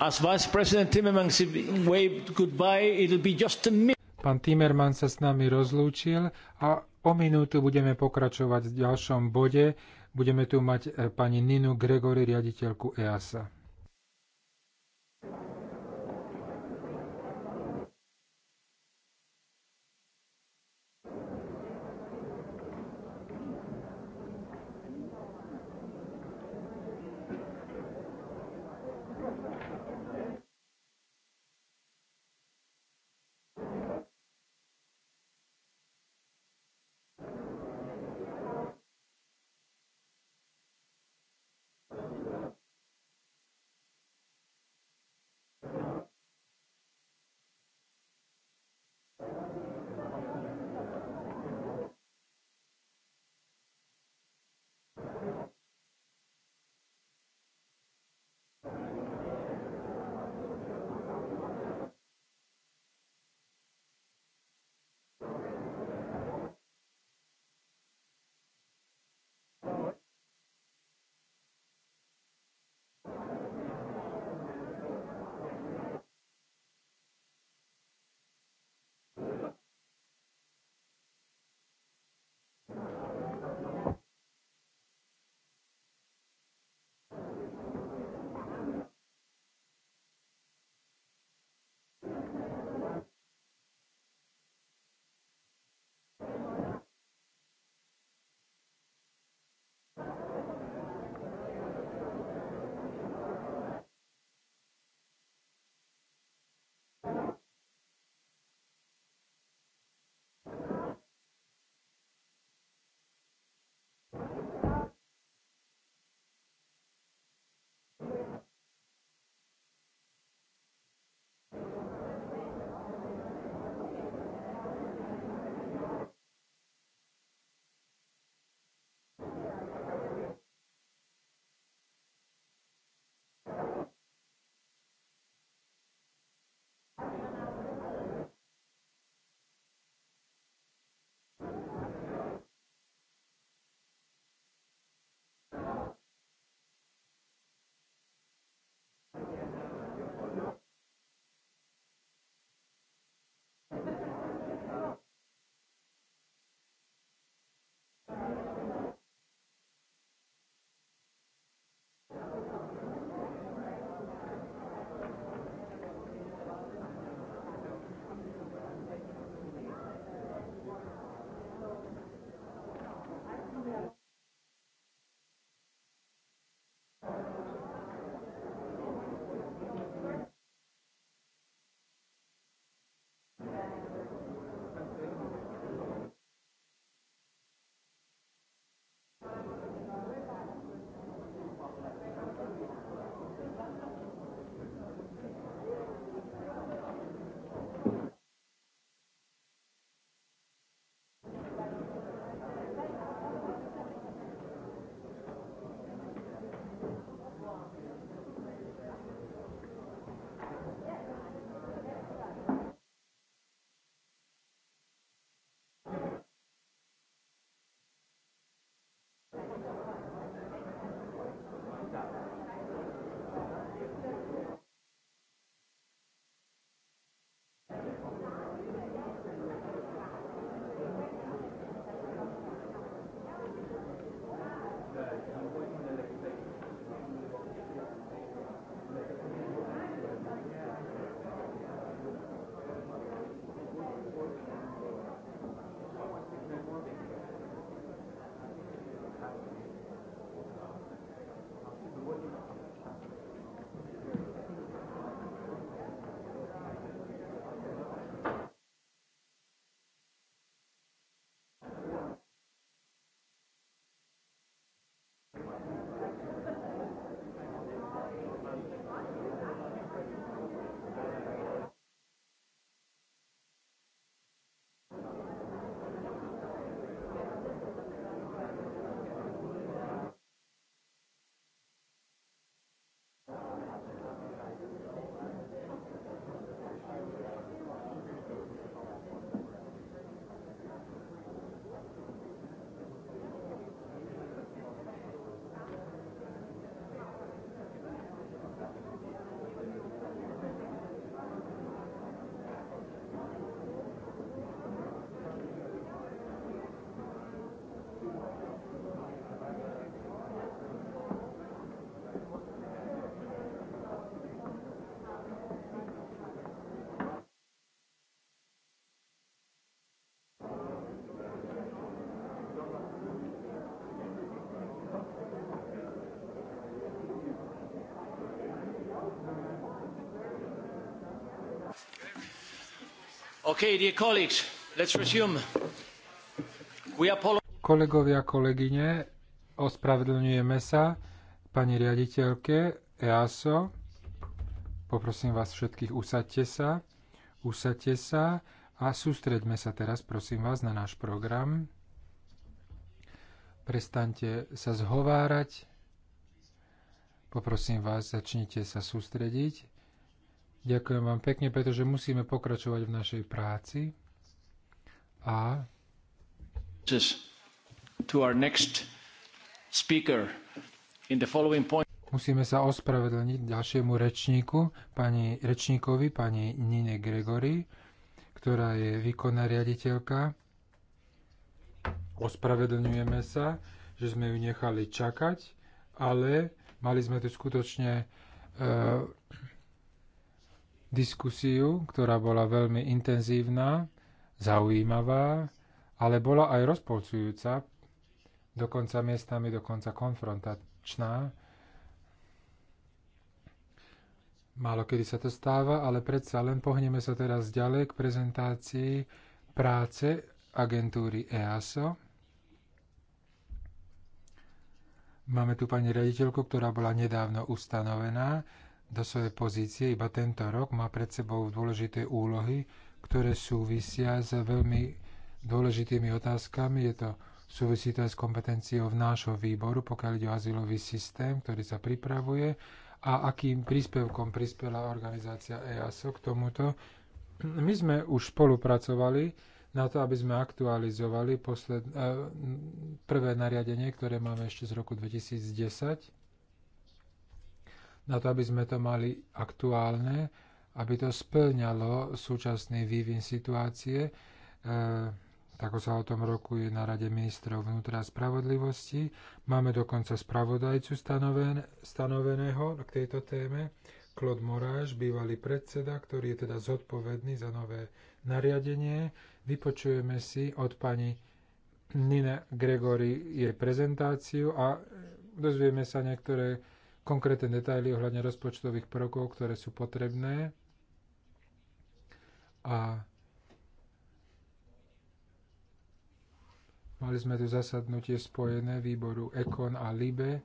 As Vice President Timmermans waved goodbye, it'll be just a minute. Pán Timerman sa s nami rozlúčil a o minútu budeme pokračovať v ďalšom bode. Budeme tu mať eh, pani Ninu Gregory, riaditeľku EASA. Kolegovia, kolegyne, ospravedlňujeme sa pani riaditeľke EASO. Poprosím vás všetkých, usadte sa, usadte sa a sústreďme sa teraz, prosím vás, na náš program. Prestaňte sa zhovárať. Poprosím vás, začnite sa sústrediť Ďakujem vám pekne, pretože musíme pokračovať v našej práci. A to our next speaker in the following point. Musíme sa ospravedlniť ďalšiemu rečníku, pani rečníkovi, pani Nine Gregory, ktorá je výkonná riaditeľka. Ospravedlňujeme sa, že sme ju nechali čakať, ale mali sme tu skutočne uh, diskusiu, ktorá bola veľmi intenzívna, zaujímavá, ale bola aj rozpolcujúca, dokonca miestami dokonca konfrontačná. Málo kedy sa to stáva, ale predsa len pohneme sa teraz ďalej k prezentácii práce agentúry EASO. Máme tu pani rediteľku, ktorá bola nedávno ustanovená do svojej pozície iba tento rok, má pred sebou dôležité úlohy, ktoré súvisia s veľmi dôležitými otázkami. Je to súvisí to aj s kompetenciou v nášho výboru, pokiaľ ide o azylový systém, ktorý sa pripravuje a akým príspevkom prispela organizácia EASO k tomuto. My sme už spolupracovali na to, aby sme aktualizovali posled, eh, prvé nariadenie, ktoré máme ešte z roku 2010 na to, aby sme to mali aktuálne, aby to splňalo súčasný vývin situácie. E, tako sa o tom rokuje na Rade ministrov vnútra a spravodlivosti. Máme dokonca spravodajcu stanoven, stanoveného k tejto téme. Claude Moráš, bývalý predseda, ktorý je teda zodpovedný za nové nariadenie. Vypočujeme si od pani Nina Gregory jej prezentáciu a dozvieme sa niektoré konkrétne detaily ohľadne rozpočtových prvkov, ktoré sú potrebné. A mali sme tu zasadnutie spojené výboru Ekon a Libe,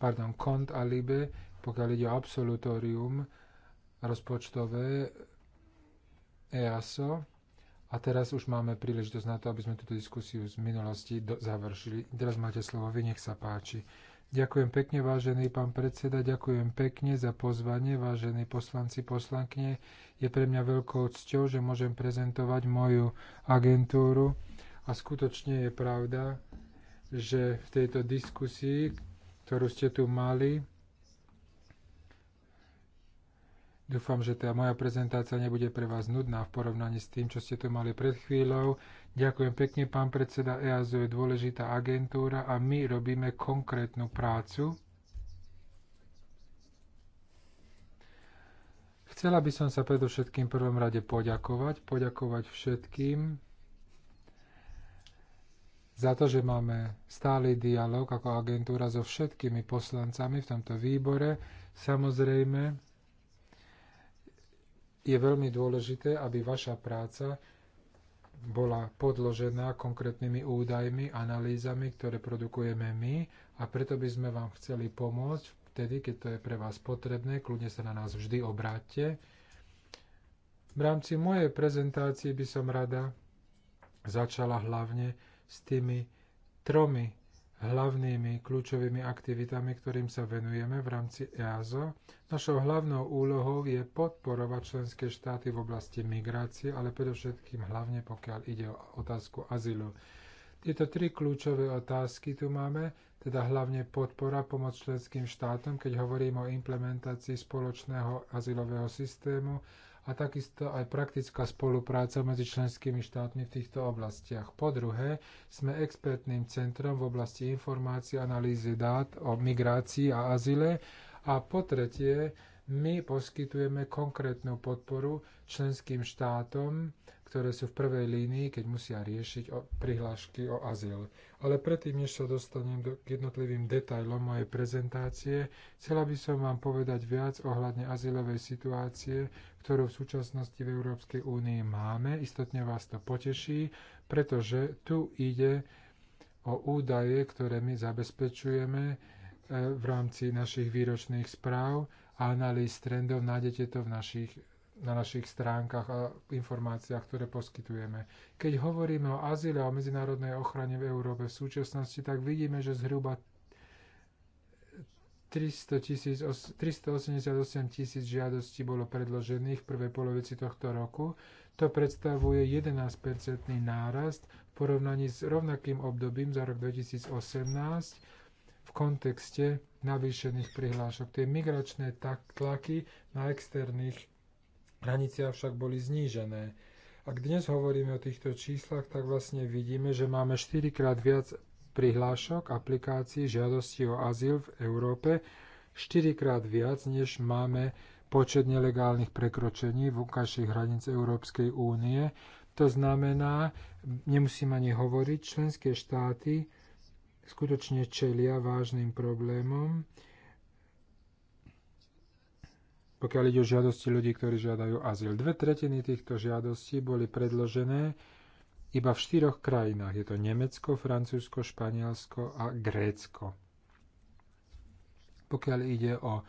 pardon, Kont a Libe, pokiaľ ide o absolutórium rozpočtové EASO. A teraz už máme príležitosť na to, aby sme túto diskusiu z minulosti završili. Teraz máte slovo, vy nech sa páči. Ďakujem pekne, vážený pán predseda, ďakujem pekne za pozvanie, vážení poslanci, poslankne. Je pre mňa veľkou cťou, že môžem prezentovať moju agentúru a skutočne je pravda, že v tejto diskusii, ktorú ste tu mali, Dúfam, že tá moja prezentácia nebude pre vás nudná v porovnaní s tým, čo ste tu mali pred chvíľou. Ďakujem pekne, pán predseda. EASO je dôležitá agentúra a my robíme konkrétnu prácu. Chcela by som sa predovšetkým v prvom rade poďakovať, poďakovať všetkým za to, že máme stály dialog ako agentúra so všetkými poslancami v tomto výbore. Samozrejme, je veľmi dôležité, aby vaša práca bola podložená konkrétnymi údajmi, analýzami, ktoré produkujeme my a preto by sme vám chceli pomôcť vtedy, keď to je pre vás potrebné, kľudne sa na nás vždy obráťte. V rámci mojej prezentácie by som rada začala hlavne s tými tromi hlavnými kľúčovými aktivitami, ktorým sa venujeme v rámci EASO. Našou hlavnou úlohou je podporovať členské štáty v oblasti migrácie, ale predovšetkým hlavne pokiaľ ide o otázku azylu. Tieto tri kľúčové otázky tu máme, teda hlavne podpora pomoc členským štátom, keď hovoríme o implementácii spoločného azylového systému, a takisto aj praktická spolupráca medzi členskými štátmi v týchto oblastiach. Po druhé, sme expertným centrom v oblasti informácií, analýzy dát o migrácii a azile a po tretie, my poskytujeme konkrétnu podporu členským štátom ktoré sú v prvej línii, keď musia riešiť o prihlášky o azyl. Ale predtým, než sa dostanem do, k jednotlivým detailom mojej prezentácie, chcela by som vám povedať viac ohľadne azylovej situácie, ktorú v súčasnosti v Európskej únii máme. Istotne vás to poteší, pretože tu ide o údaje, ktoré my zabezpečujeme e, v rámci našich výročných správ a analýz trendov. Nájdete to v našich na našich stránkach a informáciách, ktoré poskytujeme. Keď hovoríme o azyle a o medzinárodnej ochrane v Európe v súčasnosti, tak vidíme, že zhruba 300 tisíc, 388 tisíc žiadostí bolo predložených v prvej polovici tohto roku. To predstavuje 11-percentný nárast v porovnaní s rovnakým obdobím za rok 2018 v kontexte navýšených prihlášok. Tie migračné tlaky na externých Hranice však boli znížené. Ak dnes hovoríme o týchto číslach, tak vlastne vidíme, že máme 4 krát viac prihlášok, aplikácií, žiadosti o azyl v Európe, 4 krát viac, než máme počet nelegálnych prekročení v vonkajších hranic Európskej únie. To znamená, nemusím ani hovoriť, členské štáty skutočne čelia vážnym problémom pokiaľ ide o žiadosti ľudí, ktorí žiadajú azyl. Dve tretiny týchto žiadostí boli predložené iba v štyroch krajinách. Je to Nemecko, Francúzsko, Španielsko a Grécko. Pokiaľ ide o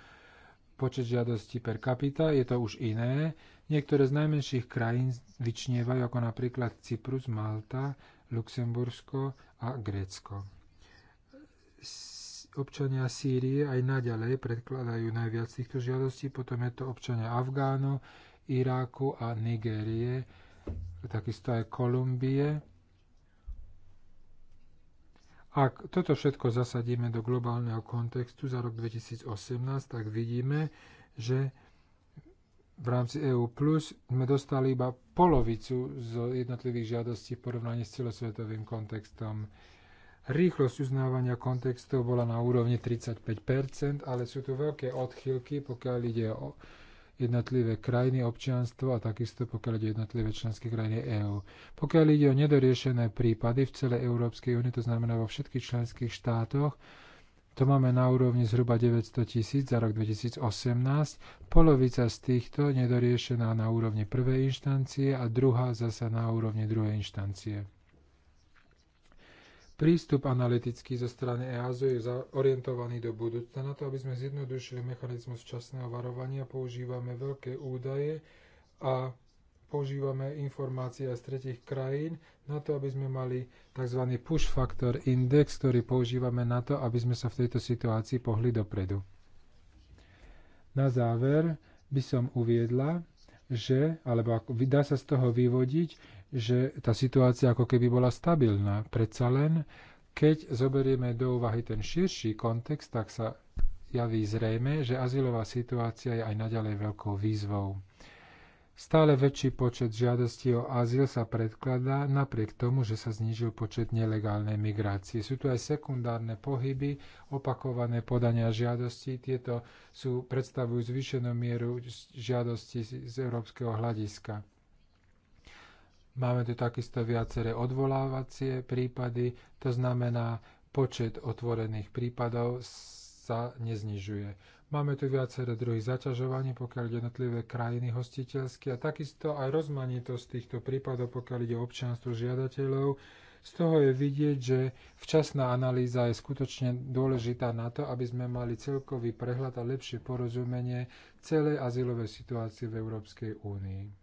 počet žiadostí per capita, je to už iné. Niektoré z najmenších krajín vyčnievajú, ako napríklad Cyprus, Malta, Luxembursko a Grécko občania Sýrie aj naďalej predkladajú najviac týchto žiadostí, potom je to občania Afgánu, Iráku a Nigérie, takisto aj Kolumbie. Ak toto všetko zasadíme do globálneho kontextu za rok 2018, tak vidíme, že v rámci EU Plus sme dostali iba polovicu z jednotlivých žiadostí v porovnaní s celosvetovým kontextom. Rýchlosť uznávania kontextov bola na úrovni 35%, ale sú tu veľké odchylky, pokiaľ ide o jednotlivé krajiny občianstvo a takisto pokiaľ ide o jednotlivé členské krajiny EÚ. Pokiaľ ide o nedoriešené prípady v celej Európskej únii, to znamená vo všetkých členských štátoch, to máme na úrovni zhruba 900 tisíc za rok 2018. Polovica z týchto nedoriešená na úrovni prvej inštancie a druhá zasa na úrovni druhej inštancie. Prístup analytický zo strany EASO je orientovaný do budúcna. Na to, aby sme zjednodušili mechanizmus včasného varovania, používame veľké údaje a používame informácie aj z tretich krajín na to, aby sme mali tzv. push factor index, ktorý používame na to, aby sme sa v tejto situácii pohli dopredu. Na záver by som uviedla, že, alebo dá sa z toho vyvodiť, že tá situácia ako keby bola stabilná. Predsa len, keď zoberieme do úvahy ten širší kontext, tak sa javí zrejme, že azylová situácia je aj naďalej veľkou výzvou. Stále väčší počet žiadostí o azyl sa predkladá napriek tomu, že sa znížil počet nelegálnej migrácie. Sú tu aj sekundárne pohyby, opakované podania žiadostí. Tieto sú, predstavujú zvýšenú mieru žiadostí z, z európskeho hľadiska. Máme tu takisto viaceré odvolávacie prípady, to znamená, počet otvorených prípadov sa neznižuje. Máme tu viaceré druhy zaťažovania, pokiaľ ide jednotlivé krajiny hostiteľské a takisto aj rozmanitosť týchto prípadov, pokiaľ ide o občianstvo žiadateľov. Z toho je vidieť, že včasná analýza je skutočne dôležitá na to, aby sme mali celkový prehľad a lepšie porozumenie celej azylovej situácie v Európskej únii.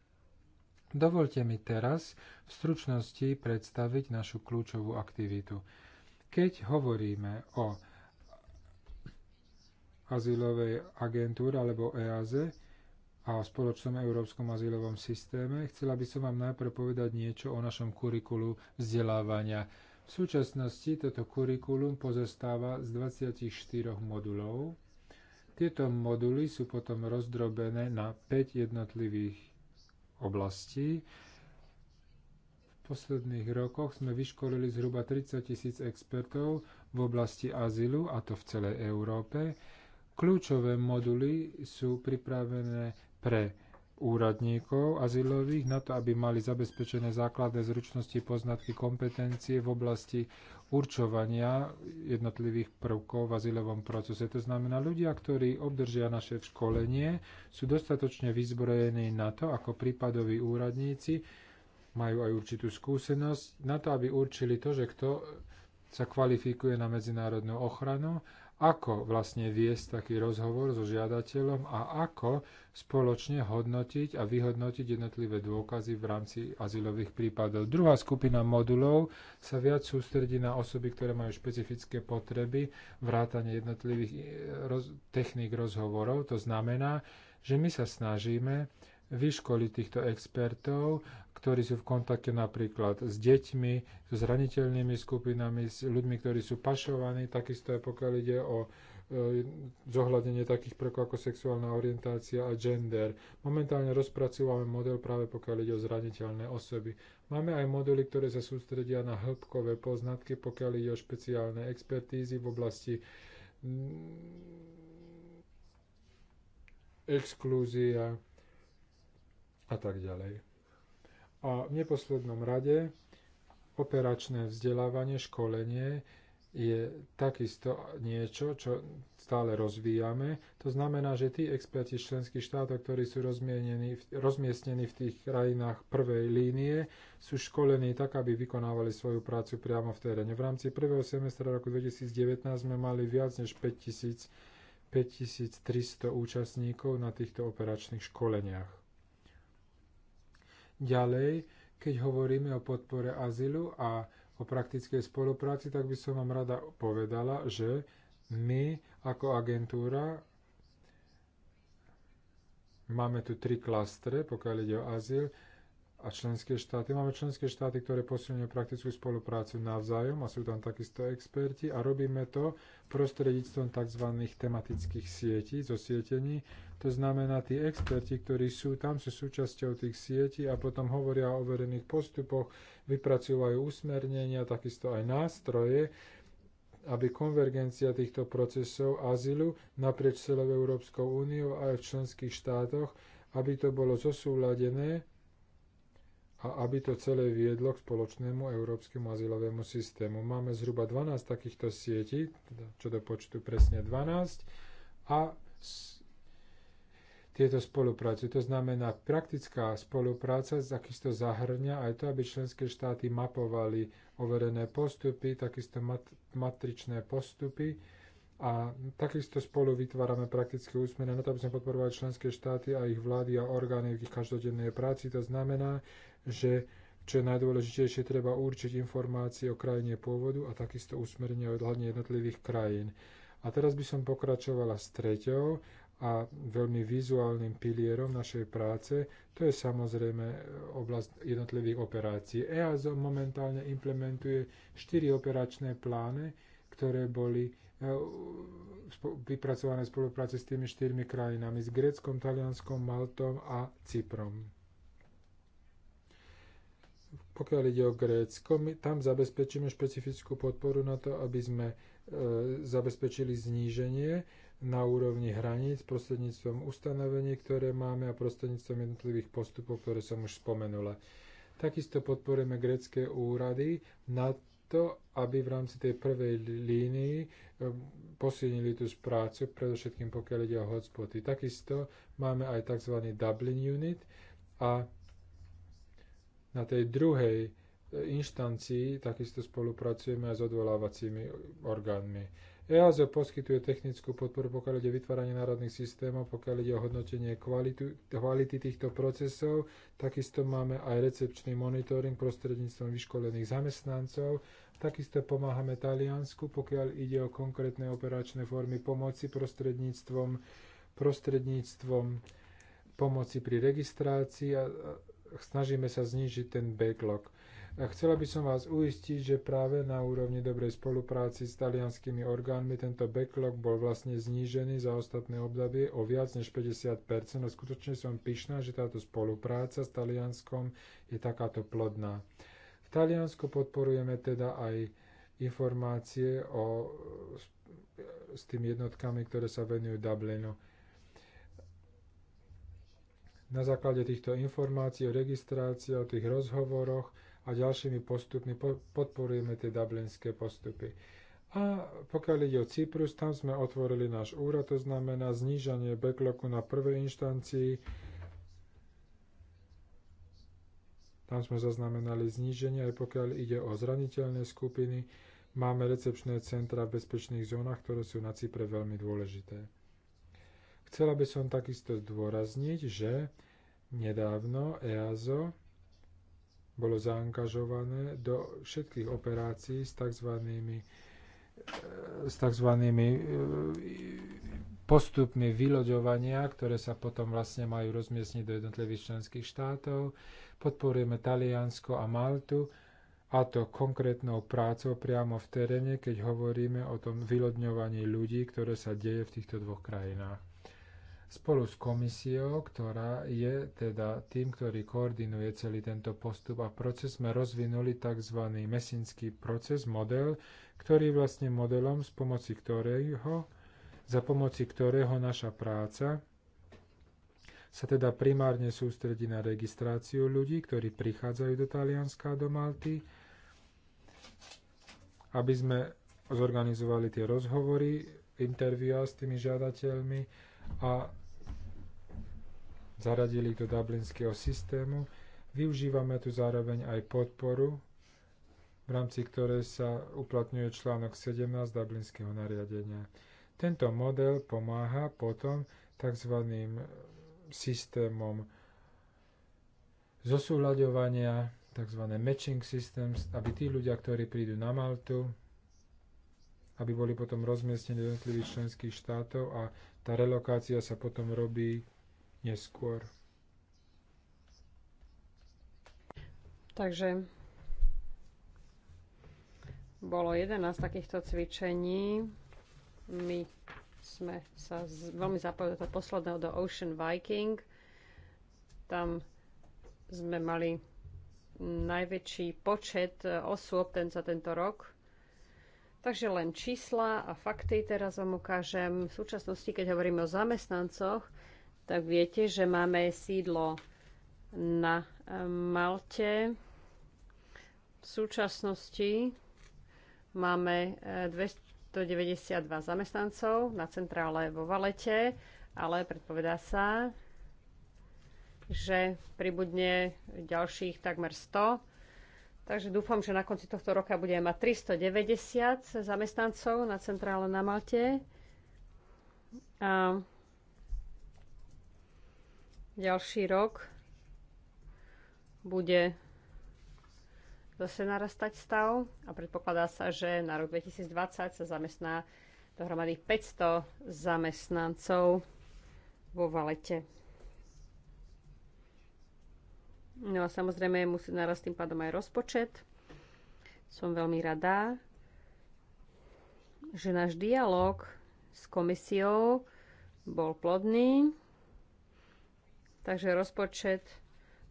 Dovolte mi teraz v stručnosti predstaviť našu kľúčovú aktivitu. Keď hovoríme o azylovej agentúre alebo EAZE a o spoločnom európskom azylovom systéme, chcela by som vám najprv povedať niečo o našom kurikulu vzdelávania. V súčasnosti toto kurikulum pozostáva z 24 modulov. Tieto moduly sú potom rozdrobené na 5 jednotlivých oblastí. V posledných rokoch sme vyškolili zhruba 30 tisíc expertov v oblasti azylu, a to v celej Európe. Kľúčové moduly sú pripravené pre úradníkov azylových na to, aby mali zabezpečené základné zručnosti, poznatky, kompetencie v oblasti určovania jednotlivých prvkov v azylovom procese. To znamená, ľudia, ktorí obdržia naše školenie, sú dostatočne vyzbrojení na to, ako prípadoví úradníci, majú aj určitú skúsenosť na to, aby určili to, že kto sa kvalifikuje na medzinárodnú ochranu ako vlastne viesť taký rozhovor so žiadateľom a ako spoločne hodnotiť a vyhodnotiť jednotlivé dôkazy v rámci azylových prípadov. Druhá skupina modulov sa viac sústredí na osoby, ktoré majú špecifické potreby, vrátane jednotlivých eh, roz- techník rozhovorov. To znamená, že my sa snažíme vyškoliť týchto expertov ktorí sú v kontakte napríklad s deťmi, s zraniteľnými skupinami, s ľuďmi, ktorí sú pašovaní, takisto aj pokiaľ ide o e, zohľadenie takých prvkov ako sexuálna orientácia a gender. Momentálne rozpracúvame model práve pokiaľ ide o zraniteľné osoby. Máme aj moduly, ktoré sa sústredia na hĺbkové poznatky, pokiaľ ide o špeciálne expertízy v oblasti mm, exklúzia a tak ďalej. A v neposlednom rade operačné vzdelávanie, školenie je takisto niečo, čo stále rozvíjame. To znamená, že tí experti z členských štátov, ktorí sú rozmiestnení v tých krajinách prvej línie, sú školení tak, aby vykonávali svoju prácu priamo v teréne. V rámci prvého semestra roku 2019 sme mali viac než 5000 5300 účastníkov na týchto operačných školeniach. Ďalej, keď hovoríme o podpore azylu a o praktickej spolupráci, tak by som vám rada povedala, že my ako agentúra máme tu tri klastre, pokiaľ ide o azyl a členské štáty. Máme členské štáty, ktoré posilňujú praktickú spoluprácu navzájom a sú tam takisto experti a robíme to prostredníctvom tzv. tematických sietí, zo sietení. To znamená, tí experti, ktorí sú tam, sú súčasťou tých sietí a potom hovoria o overených postupoch, vypracúvajú usmernenia, takisto aj nástroje, aby konvergencia týchto procesov azylu naprieč celou Európskou úniou a aj v členských štátoch, aby to bolo zosúladené a aby to celé viedlo k spoločnému európskemu azylovému systému. Máme zhruba 12 takýchto sietí, teda čo do počtu presne 12, a tieto spolupráce, To znamená, praktická spolupráca takisto zahrňa aj to, aby členské štáty mapovali overené postupy, takisto mat- matričné postupy, a takisto spolu vytvárame praktické úsmene na to, aby sme podporovali členské štáty a ich vlády a orgány v ich každodennej práci. To znamená, že čo je najdôležitejšie, treba určiť informácie o krajine pôvodu a takisto usmerenia odhľadne jednotlivých krajín. A teraz by som pokračovala s treťou a veľmi vizuálnym pilierom našej práce, to je samozrejme oblasť jednotlivých operácií. EASO momentálne implementuje štyri operačné plány, ktoré boli e, vypracované v spolupráci s tými štyrmi krajinami, s Gréckom, Talianskom, Maltom a Cyprom. Pokiaľ ide o Grécko, my tam zabezpečíme špecifickú podporu na to, aby sme e, zabezpečili zníženie na úrovni hraníc prostredníctvom ustanovení, ktoré máme a prostredníctvom jednotlivých postupov, ktoré som už spomenula. Takisto podporujeme grecké úrady na to, aby v rámci tej prvej línii e, posilnili tú prácu, predovšetkým pokiaľ ide o hotspoty. Takisto máme aj tzv. Dublin Unit a na tej druhej e, inštancii takisto spolupracujeme aj s odvolávacími orgánmi. EASO poskytuje technickú podporu, pokiaľ ide vytváranie národných systémov, pokiaľ ide o hodnotenie kvalitu, kvality týchto procesov. Takisto máme aj recepčný monitoring prostredníctvom vyškolených zamestnancov. Takisto pomáhame Taliansku, pokiaľ ide o konkrétne operačné formy pomoci prostredníctvom, prostredníctvom pomoci pri registrácii a, snažíme sa znižiť ten backlog. Chcela by som vás uistiť, že práve na úrovni dobrej spolupráci s talianskými orgánmi tento backlog bol vlastne znížený za ostatné obdobie o viac než 50 a skutočne som pyšná, že táto spolupráca s Talianskom je takáto plodná. V Taliansku podporujeme teda aj informácie o, s tými jednotkami, ktoré sa venujú Dublinu. Na základe týchto informácií o registrácii, o tých rozhovoroch a ďalšími postupmi podporujeme tie dublinské postupy. A pokiaľ ide o Cyprus, tam sme otvorili náš úrad, to znamená znížanie backlogu na prvej inštancii. Tam sme zaznamenali zníženie, aj pokiaľ ide o zraniteľné skupiny. Máme recepčné centra v bezpečných zónach, ktoré sú na Cypre veľmi dôležité. Chcela by som takisto zdôrazniť, že nedávno EASO bolo zaangažované do všetkých operácií s tzv. E, s tzv. E, postupmi vyloďovania, ktoré sa potom vlastne majú rozmiestniť do jednotlivých členských štátov. Podporujeme Taliansko a Maltu, a to konkrétnou prácou priamo v teréne, keď hovoríme o tom vyloďňovaní ľudí, ktoré sa deje v týchto dvoch krajinách spolu s komisiou, ktorá je teda tým, ktorý koordinuje celý tento postup a proces, sme rozvinuli tzv. mesinský proces, model, ktorý je vlastne modelom, s pomoci ktorého, za pomoci ktorého naša práca sa teda primárne sústredí na registráciu ľudí, ktorí prichádzajú do Talianska a do Malty, aby sme zorganizovali tie rozhovory, interviá s tými žiadateľmi a zaradili do dublinského systému. Využívame tu zároveň aj podporu, v rámci ktorej sa uplatňuje článok 17 dublinského nariadenia. Tento model pomáha potom tzv. systémom zosúľaďovania, tzv. matching systems, aby tí ľudia, ktorí prídu na Maltu, aby boli potom rozmiestnení do jednotlivých členských štátov a tá relokácia sa potom robí neskôr. Takže bolo 11 takýchto cvičení. My sme sa z, veľmi zapojili do posledného, do Ocean Viking. Tam sme mali najväčší počet e, osôb ten za tento rok. Takže len čísla a fakty teraz vám ukážem. V súčasnosti, keď hovoríme o zamestnancoch, tak viete, že máme sídlo na eh, Malte. V súčasnosti máme 292 eh, zamestnancov na centrále vo Valete, ale predpovedá sa, že pribudne ďalších takmer 100. Takže dúfam, že na konci tohto roka budeme mať 390 zamestnancov na centrále na Malte. A ďalší rok bude zase narastať stav a predpokladá sa, že na rok 2020 sa zamestná dohromady 500 zamestnancov vo Valete. No a samozrejme musí narast tým pádom aj rozpočet. Som veľmi rada, že náš dialog s komisiou bol plodný. Takže rozpočet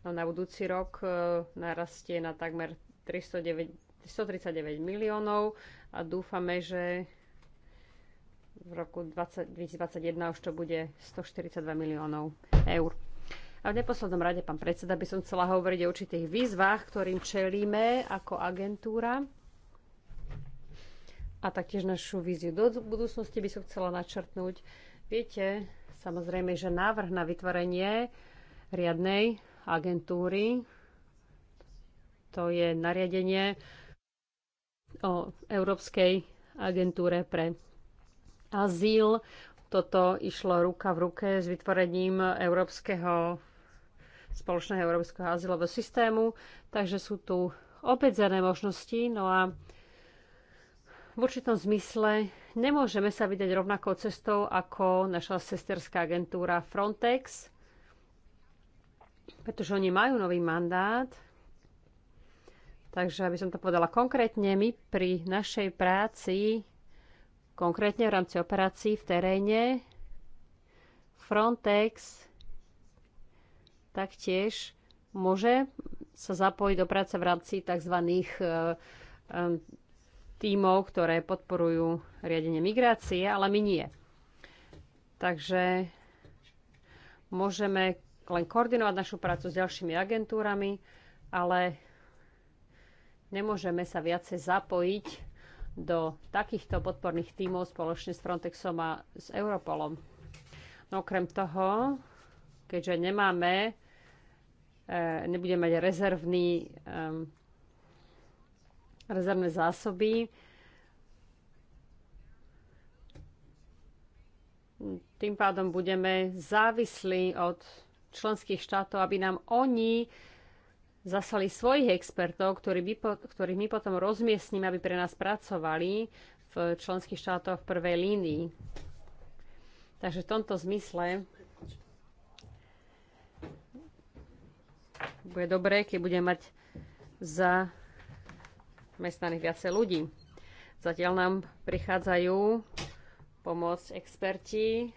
no, na budúci rok e, narastie na takmer 309, 139 miliónov a dúfame, že v roku 20, 2021 už to bude 142 miliónov eur. A v neposlednom rade, pán predseda, by som chcela hovoriť o určitých výzvach, ktorým čelíme ako agentúra. A taktiež našu víziu do budúcnosti by som chcela načrtnúť. Viete, samozrejme, že návrh na vytvorenie riadnej agentúry. To je nariadenie o Európskej agentúre pre azyl. Toto išlo ruka v ruke s vytvorením Európskeho spoločného európskeho azylového systému, takže sú tu obmedzené možnosti. No a v určitom zmysle nemôžeme sa vydať rovnakou cestou ako naša sesterská agentúra Frontex, pretože oni majú nový mandát. Takže aby som to povedala konkrétne, my pri našej práci, konkrétne v rámci operácií v teréne, Frontex taktiež môže sa zapojiť do práce v rámci tzv. E, e, tímov, ktoré podporujú riadenie migrácie, ale my nie. Takže môžeme len koordinovať našu prácu s ďalšími agentúrami, ale nemôžeme sa viacej zapojiť do takýchto podporných tímov spoločne s Frontexom a s Europolom. No okrem toho, keďže nemáme, e, nebudeme mať rezervný, um, rezervné zásoby, tým pádom budeme závislí od členských štátov, aby nám oni zaslali svojich expertov, ktorých my, ktorých my potom rozmiestníme, aby pre nás pracovali v členských štátoch v prvej línii. Takže v tomto zmysle bude dobré, keď bude mať za mestnaných viacej ľudí. Zatiaľ nám prichádzajú pomôcť experti,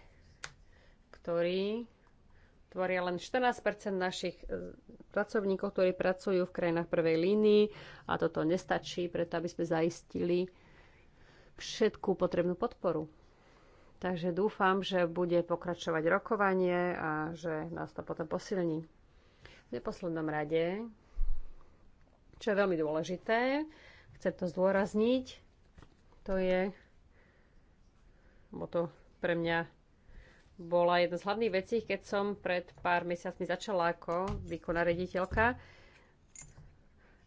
ktorí tvoria len 14 našich e, pracovníkov, ktorí pracujú v krajinách prvej línii a toto nestačí, preto aby sme zaistili všetkú potrebnú podporu. Takže dúfam, že bude pokračovať rokovanie a že nás to potom posilní. V neposlednom rade, čo je veľmi dôležité, chcem to zdôrazniť, to je, bo to pre mňa bola jedna z hlavných vecí, keď som pred pár mesiacmi začala ako výkonná rediteľka.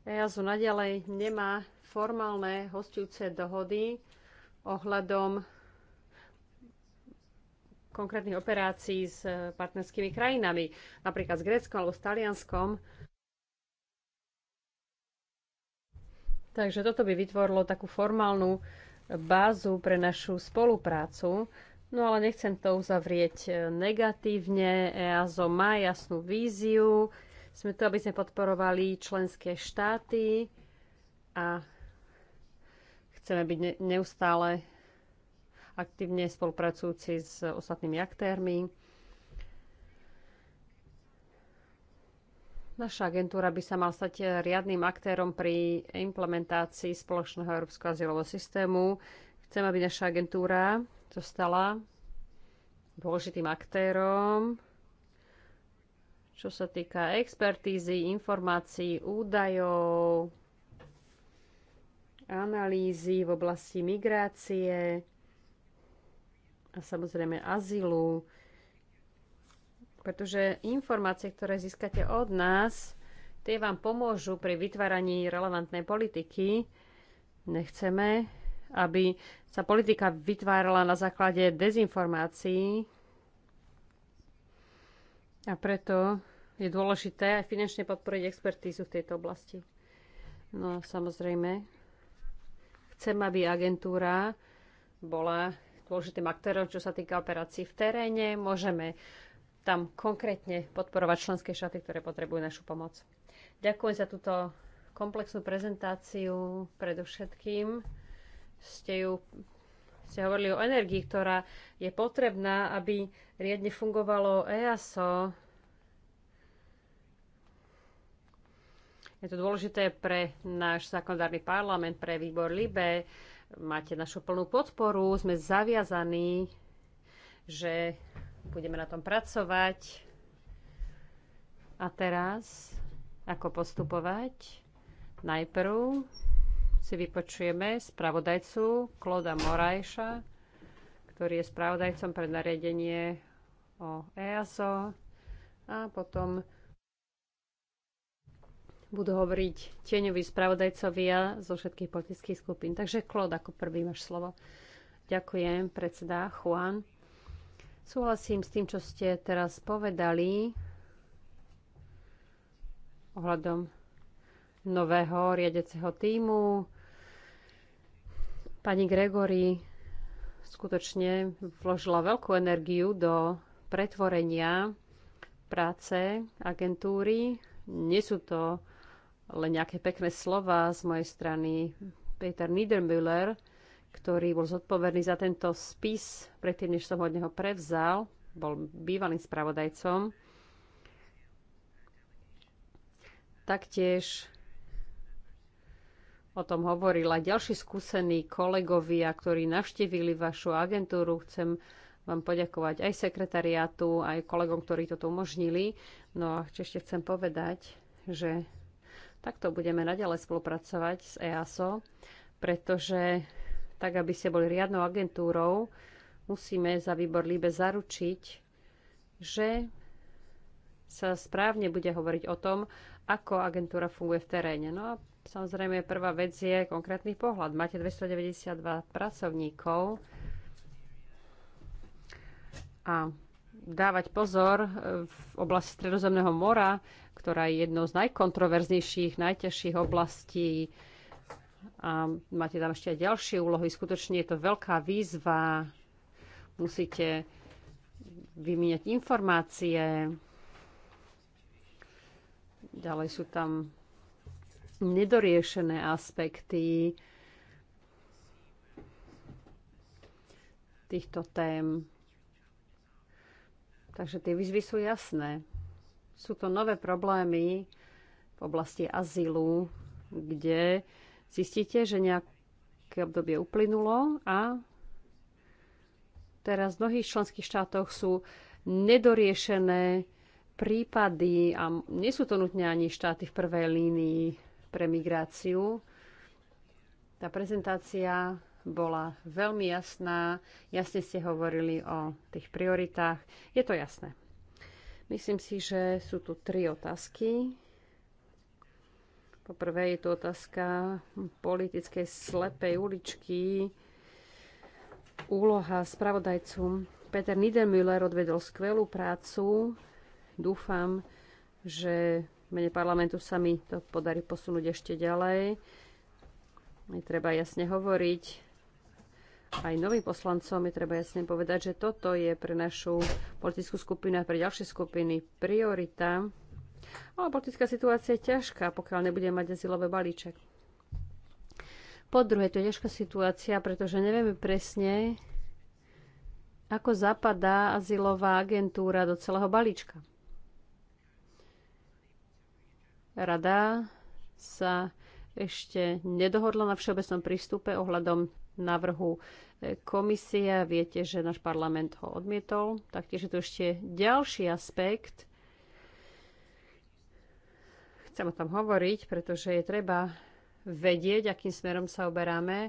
EASU nadalej nemá formálne hostujúce dohody ohľadom konkrétnych operácií s e, partnerskými krajinami, napríklad s Gréckom alebo s Talianskom. Takže toto by vytvorilo takú formálnu bázu pre našu spoluprácu No ale nechcem to uzavrieť e, negatívne. EASO má jasnú víziu. Sme tu, aby sme podporovali členské štáty a chceme byť neustále aktívne spolupracujúci s ostatnými aktérmi. Naša agentúra by sa mal stať riadným aktérom pri implementácii spoločného európskeho azylového systému. Chcem, aby naša agentúra to stala dôležitým aktérom, čo sa týka expertízy, informácií, údajov, analýzy v oblasti migrácie a samozrejme azylu, pretože informácie, ktoré získate od nás, tie vám pomôžu pri vytváraní relevantnej politiky. Nechceme, aby sa politika vytvárala na základe dezinformácií a preto je dôležité aj finančne podporiť expertízu v tejto oblasti. No samozrejme, chcem, aby agentúra bola dôležitým aktérom, čo sa týka operácií v teréne. Môžeme tam konkrétne podporovať členské štáty, ktoré potrebujú našu pomoc. Ďakujem za túto komplexnú prezentáciu predovšetkým ste ju ste hovorili o energii, ktorá je potrebná, aby riadne fungovalo EASO. Je to dôležité pre náš zákonodárny parlament, pre výbor LIBE. Máte našu plnú podporu, sme zaviazaní, že budeme na tom pracovať. A teraz, ako postupovať? Najprv si vypočujeme spravodajcu Kloda Morajša, ktorý je spravodajcom pre nariadenie o EASO a potom budú hovoriť tieňoví spravodajcovia zo všetkých politických skupín. Takže Klod, ako prvý máš slovo. Ďakujem, predseda Juan. Súhlasím s tým, čo ste teraz povedali ohľadom nového riadeceho týmu. Pani Gregory skutočne vložila veľkú energiu do pretvorenia práce agentúry. Nie sú to len nejaké pekné slova z mojej strany. Peter Niedermüller, ktorý bol zodpovedný za tento spis, predtým, než som od neho prevzal, bol bývalým spravodajcom. Taktiež o tom hovorila. Ďalší skúsení kolegovia, ktorí navštívili vašu agentúru, chcem vám poďakovať aj sekretariátu, aj kolegom, ktorí toto umožnili. No a ešte chcem povedať, že takto budeme naďalej spolupracovať s EASO, pretože tak, aby ste boli riadnou agentúrou, musíme za výbor líbe zaručiť, že sa správne bude hovoriť o tom, ako agentúra funguje v teréne. No a Samozrejme, prvá vec je konkrétny pohľad. Máte 292 pracovníkov a dávať pozor e, v oblasti Stredozemného mora, ktorá je jednou z najkontroverznejších, najťažších oblastí. A máte tam ešte aj ďalšie úlohy. Skutočne je to veľká výzva. Musíte vymieňať informácie. Ďalej sú tam nedoriešené aspekty týchto tém. Takže tie výzvy sú jasné. Sú to nové problémy v oblasti azylu, kde zistíte, že nejaké obdobie uplynulo a teraz v mnohých členských štátoch sú nedoriešené prípady a nie sú to nutne ani štáty v prvej línii pre migráciu. Tá prezentácia bola veľmi jasná. Jasne ste hovorili o tých prioritách. Je to jasné. Myslím si, že sú tu tri otázky. Poprvé je tu otázka politickej slepej uličky. Úloha spravodajcu. Peter Niedermüller odvedol skvelú prácu. Dúfam, že mene parlamentu sa mi to podarí posunúť ešte ďalej. Je treba jasne hovoriť. Aj novým poslancom je treba jasne povedať, že toto je pre našu politickú skupinu a pre ďalšie skupiny priorita. Ale politická situácia je ťažká, pokiaľ nebudeme mať azylové balíček. Po druhé, to je ťažká situácia, pretože nevieme presne, ako zapadá azylová agentúra do celého balíčka. Rada sa ešte nedohodla na všeobecnom prístupe ohľadom návrhu e, komisia. Viete, že náš parlament ho odmietol. Taktiež je tu ešte ďalší aspekt. Chcem o tom hovoriť, pretože je treba vedieť, akým smerom sa oberáme.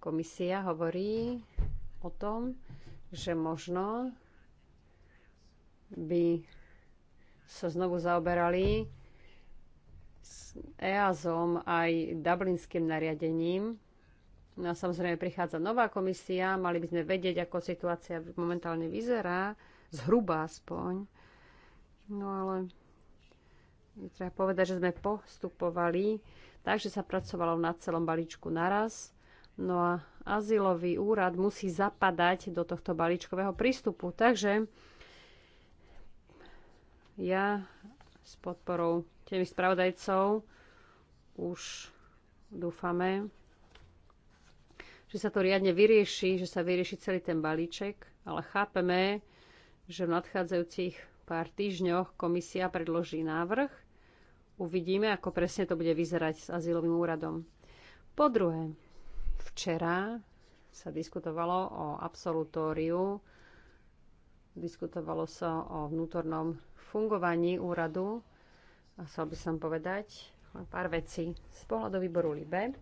Komisia hovorí o tom, že možno by sa znovu zaoberali s EASom aj dublinským nariadením. No a samozrejme prichádza nová komisia, mali by sme vedieť, ako situácia momentálne vyzerá, zhruba aspoň. No ale treba povedať, že sme postupovali, takže sa pracovalo na celom balíčku naraz. No a azylový úrad musí zapadať do tohto balíčkového prístupu. Takže ja s podporou tými spravodajcov už dúfame, že sa to riadne vyrieši, že sa vyrieši celý ten balíček, ale chápeme, že v nadchádzajúcich pár týždňoch komisia predloží návrh. Uvidíme, ako presne to bude vyzerať s azylovým úradom. Po druhé, včera sa diskutovalo o absolutóriu, diskutovalo sa o vnútornom fungovaní úradu a chcel by som povedať pár vecí z pohľadu výboru LIBE.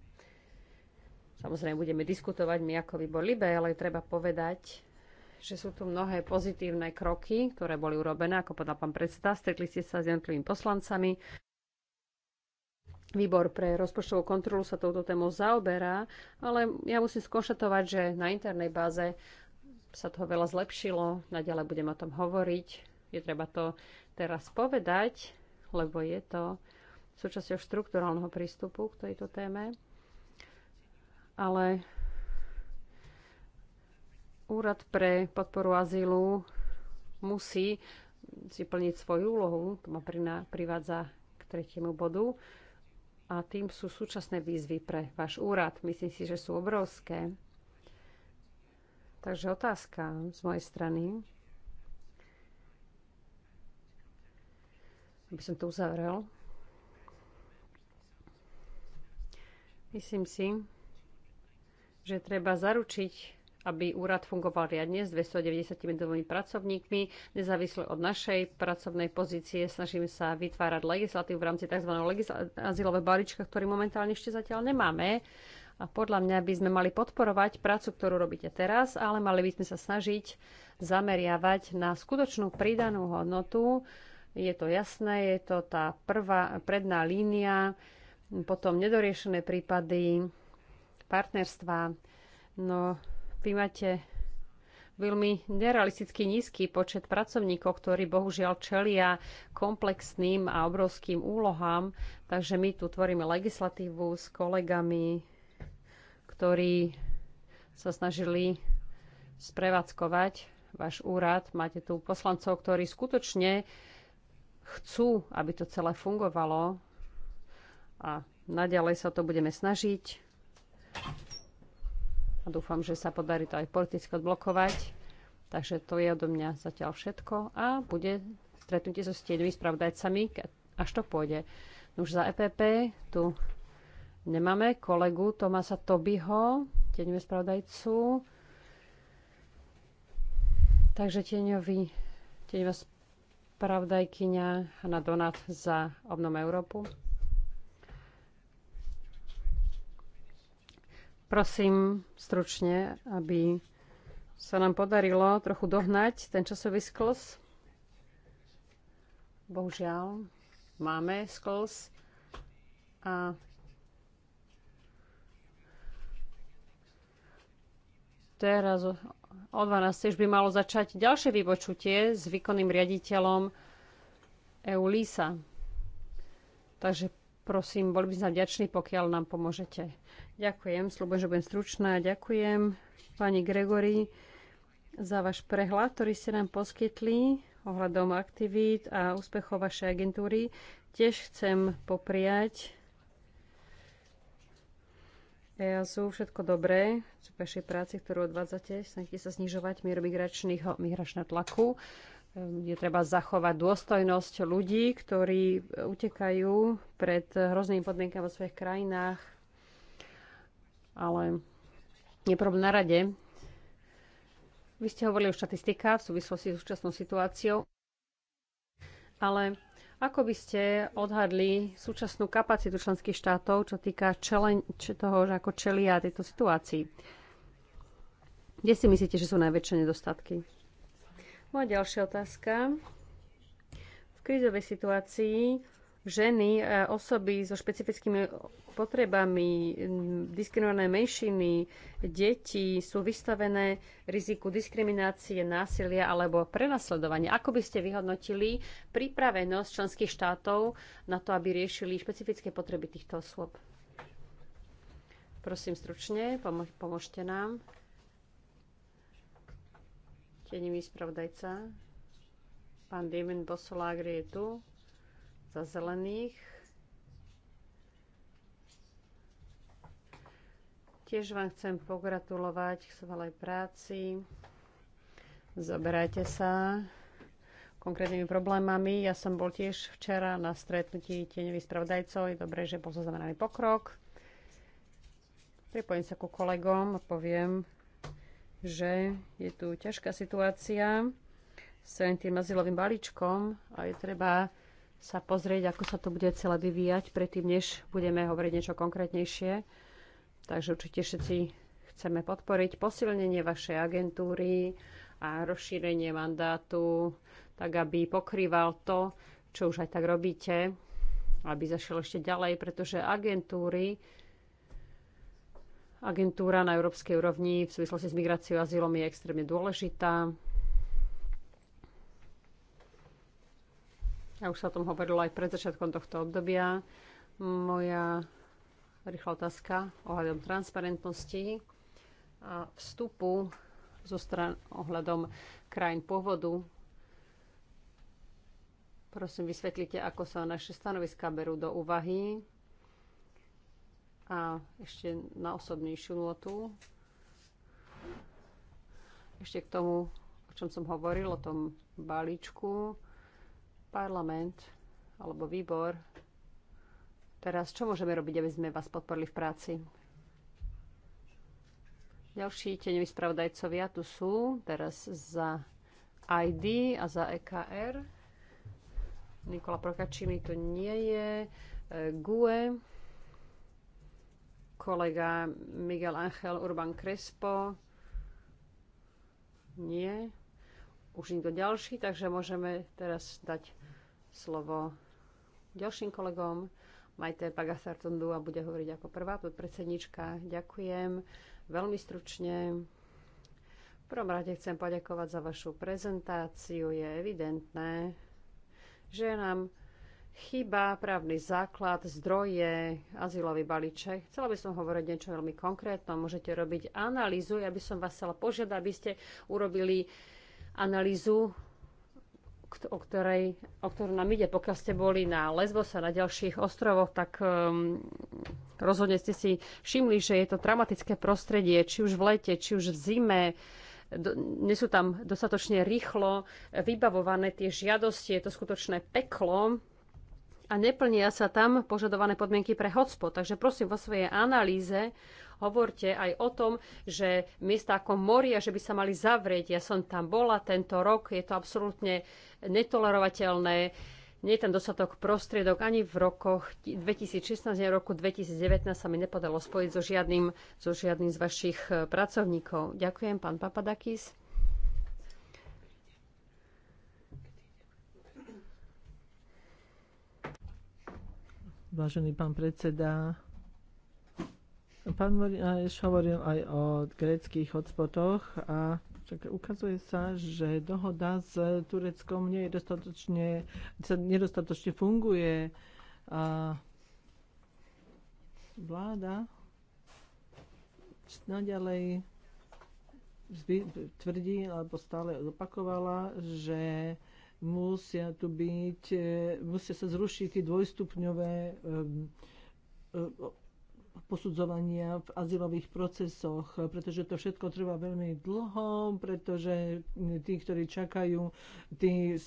Samozrejme, budeme diskutovať my ako výbor LIBE, ale treba povedať, že sú tu mnohé pozitívne kroky, ktoré boli urobené, ako povedal pán predseda. Stretli ste sa s jednotlivými poslancami. Výbor pre rozpočtovú kontrolu sa touto témou zaoberá, ale ja musím skonštatovať, že na internej báze sa toho veľa zlepšilo, naďalej budem o tom hovoriť. Je treba to teraz povedať, lebo je to súčasťou štruktúrálneho prístupu k tejto téme. Ale Úrad pre podporu azylu musí si plniť svoju úlohu, to ma privádza k tretiemu bodu, a tým sú súčasné výzvy pre váš úrad. Myslím si, že sú obrovské. Takže otázka z mojej strany. aby som to uzavrel. Myslím si, že treba zaručiť, aby úrad fungoval riadne s 290 medovými pracovníkmi, nezávisle od našej pracovnej pozície. Snažíme sa vytvárať legislatívu v rámci tzv. Legisla- azylového balíčka, ktorý momentálne ešte zatiaľ nemáme. A podľa mňa by sme mali podporovať prácu, ktorú robíte teraz, ale mali by sme sa snažiť zameriavať na skutočnú pridanú hodnotu, je to jasné, je to tá prvá predná línia, potom nedoriešené prípady, partnerstva. No, vy máte veľmi nerealisticky nízky počet pracovníkov, ktorí bohužiaľ čelia komplexným a obrovským úlohám. Takže my tu tvoríme legislatívu s kolegami, ktorí sa snažili sprevádzkovať váš úrad. Máte tu poslancov, ktorí skutočne chcú, aby to celé fungovalo a naďalej sa to budeme snažiť. A dúfam, že sa podarí to aj politicky odblokovať. Takže to je odo mňa zatiaľ všetko a bude stretnutie so stejnými spravodajcami, až to pôjde. No už za EPP tu nemáme kolegu Tomasa Tobyho, tieňové spravodajcu. Takže tieňový, tieňová spravodajkyňa Hanna Donat za Obnom Európu. Prosím stručne, aby sa nám podarilo trochu dohnať ten časový sklz. Bohužiaľ, máme sklz. A teraz O 12. už by malo začať ďalšie vypočutie s výkonným riaditeľom EULISA. Takže prosím, boli by sme vďační, pokiaľ nám pomôžete. Ďakujem, slúbujem, že budem stručná. Ďakujem pani Gregory za váš prehľad, ktorý ste nám poskytli ohľadom aktivít a úspechov vašej agentúry. Tiež chcem popriať EASu, všetko dobré v vašej práci, ktorú odvádzate. Snažíte sa znižovať mieru migračného tlaku. Je ehm, treba zachovať dôstojnosť ľudí, ktorí utekajú pred hroznými podmienkami vo svojich krajinách. Ale je problém na rade. Vy ste hovorili o štatistikách v súvislosti s súčasnou situáciou, ale ako by ste odhadli súčasnú kapacitu členských štátov, čo týka čelen, čo toho, že ako čelia tejto situácii? Kde si myslíte, že sú najväčšie nedostatky? Moja ďalšia otázka. V krízovej situácii ženy, e, osoby so špecifickými potrebami, diskriminované menšiny, deti sú vystavené riziku diskriminácie, násilia alebo prenasledovania. Ako by ste vyhodnotili pripravenosť členských štátov na to, aby riešili špecifické potreby týchto osôb? Prosím stručne, pomo- pomôžte nám. Tenivý spravodajca. Pán Damon Bosolagri je tu za zelených. Tiež vám chcem pogratulovať k svalej práci. Zoberajte sa konkrétnymi problémami. Ja som bol tiež včera na stretnutí tieňových spravodajcov. Je dobré, že bol zaznamenaný pokrok. Pripojím sa ku kolegom a poviem, že je tu ťažká situácia s tým azylovým balíčkom a je treba sa pozrieť, ako sa to bude celé vyvíjať, predtým, než budeme hovoriť niečo konkrétnejšie. Takže určite všetci chceme podporiť posilnenie vašej agentúry a rozšírenie mandátu, tak aby pokrýval to, čo už aj tak robíte, aby zašiel ešte ďalej, pretože agentúry, agentúra na európskej úrovni v súvislosti s migráciou a azylom je extrémne dôležitá. Ja už sa o tom hovorilo aj pred začiatkom tohto obdobia. Moja rýchla otázka ohľadom transparentnosti a vstupu zo stran ohľadom krajín pôvodu. Prosím, vysvetlite, ako sa naše stanoviská berú do úvahy. A ešte na osobnejšiu notu. Ešte k tomu, o čom som hovoril, o tom balíčku parlament alebo výbor, teraz čo môžeme robiť, aby sme vás podporili v práci? Ďalší teneví spravodajcovia tu sú teraz za ID a za EKR. Nikola Prokačiny tu nie je. E, GUE. Kolega Miguel Angel Urban Crespo. Nie už nikto ďalší, takže môžeme teraz dať slovo ďalším kolegom. Majte Pagasartundu a bude hovoriť ako prvá podpredsednička. Ďakujem veľmi stručne. V prvom rade chcem poďakovať za vašu prezentáciu. Je evidentné, že nám chyba právny základ, zdroje, azylový balíček. Chcela by som hovoriť niečo veľmi konkrétne. Môžete robiť analýzu. Ja by som vás chcela požiadať, aby ste urobili analýzu, o, ktorej, o ktorú nám ide. Pokiaľ ste boli na Lesbos a na ďalších ostrovoch, tak um, rozhodne ste si všimli, že je to dramatické prostredie, či už v lete, či už v zime. Do, nie sú tam dostatočne rýchlo vybavované tie žiadosti, je to skutočné peklo a neplnia sa tam požadované podmienky pre hotspot. Takže prosím, vo svojej analýze hovorte aj o tom, že miesta ako moria, že by sa mali zavrieť. Ja som tam bola tento rok, je to absolútne netolerovateľné. Nie je tam dostatok prostriedok ani v rokoch 2016, ani v roku 2019 sa mi nepodalo spojiť so žiadnym, so žiadnym z vašich e, pracovníkov. Ďakujem, pán Papadakis. Vážený pán predseda, Pán Morineš hovoril aj o gréckých hotspotoch a tak ukazuje sa, že dohoda s Tureckom nie je dostatočne, sa nedostatočne funguje. A vláda naďalej tvrdí alebo stále opakovala, že musia tu byť, e, musia sa zrušiť tie dvojstupňové e, e, posudzovania v azylových procesoch, pretože to všetko trvá veľmi dlho, pretože tí, ktorí čakajú, tí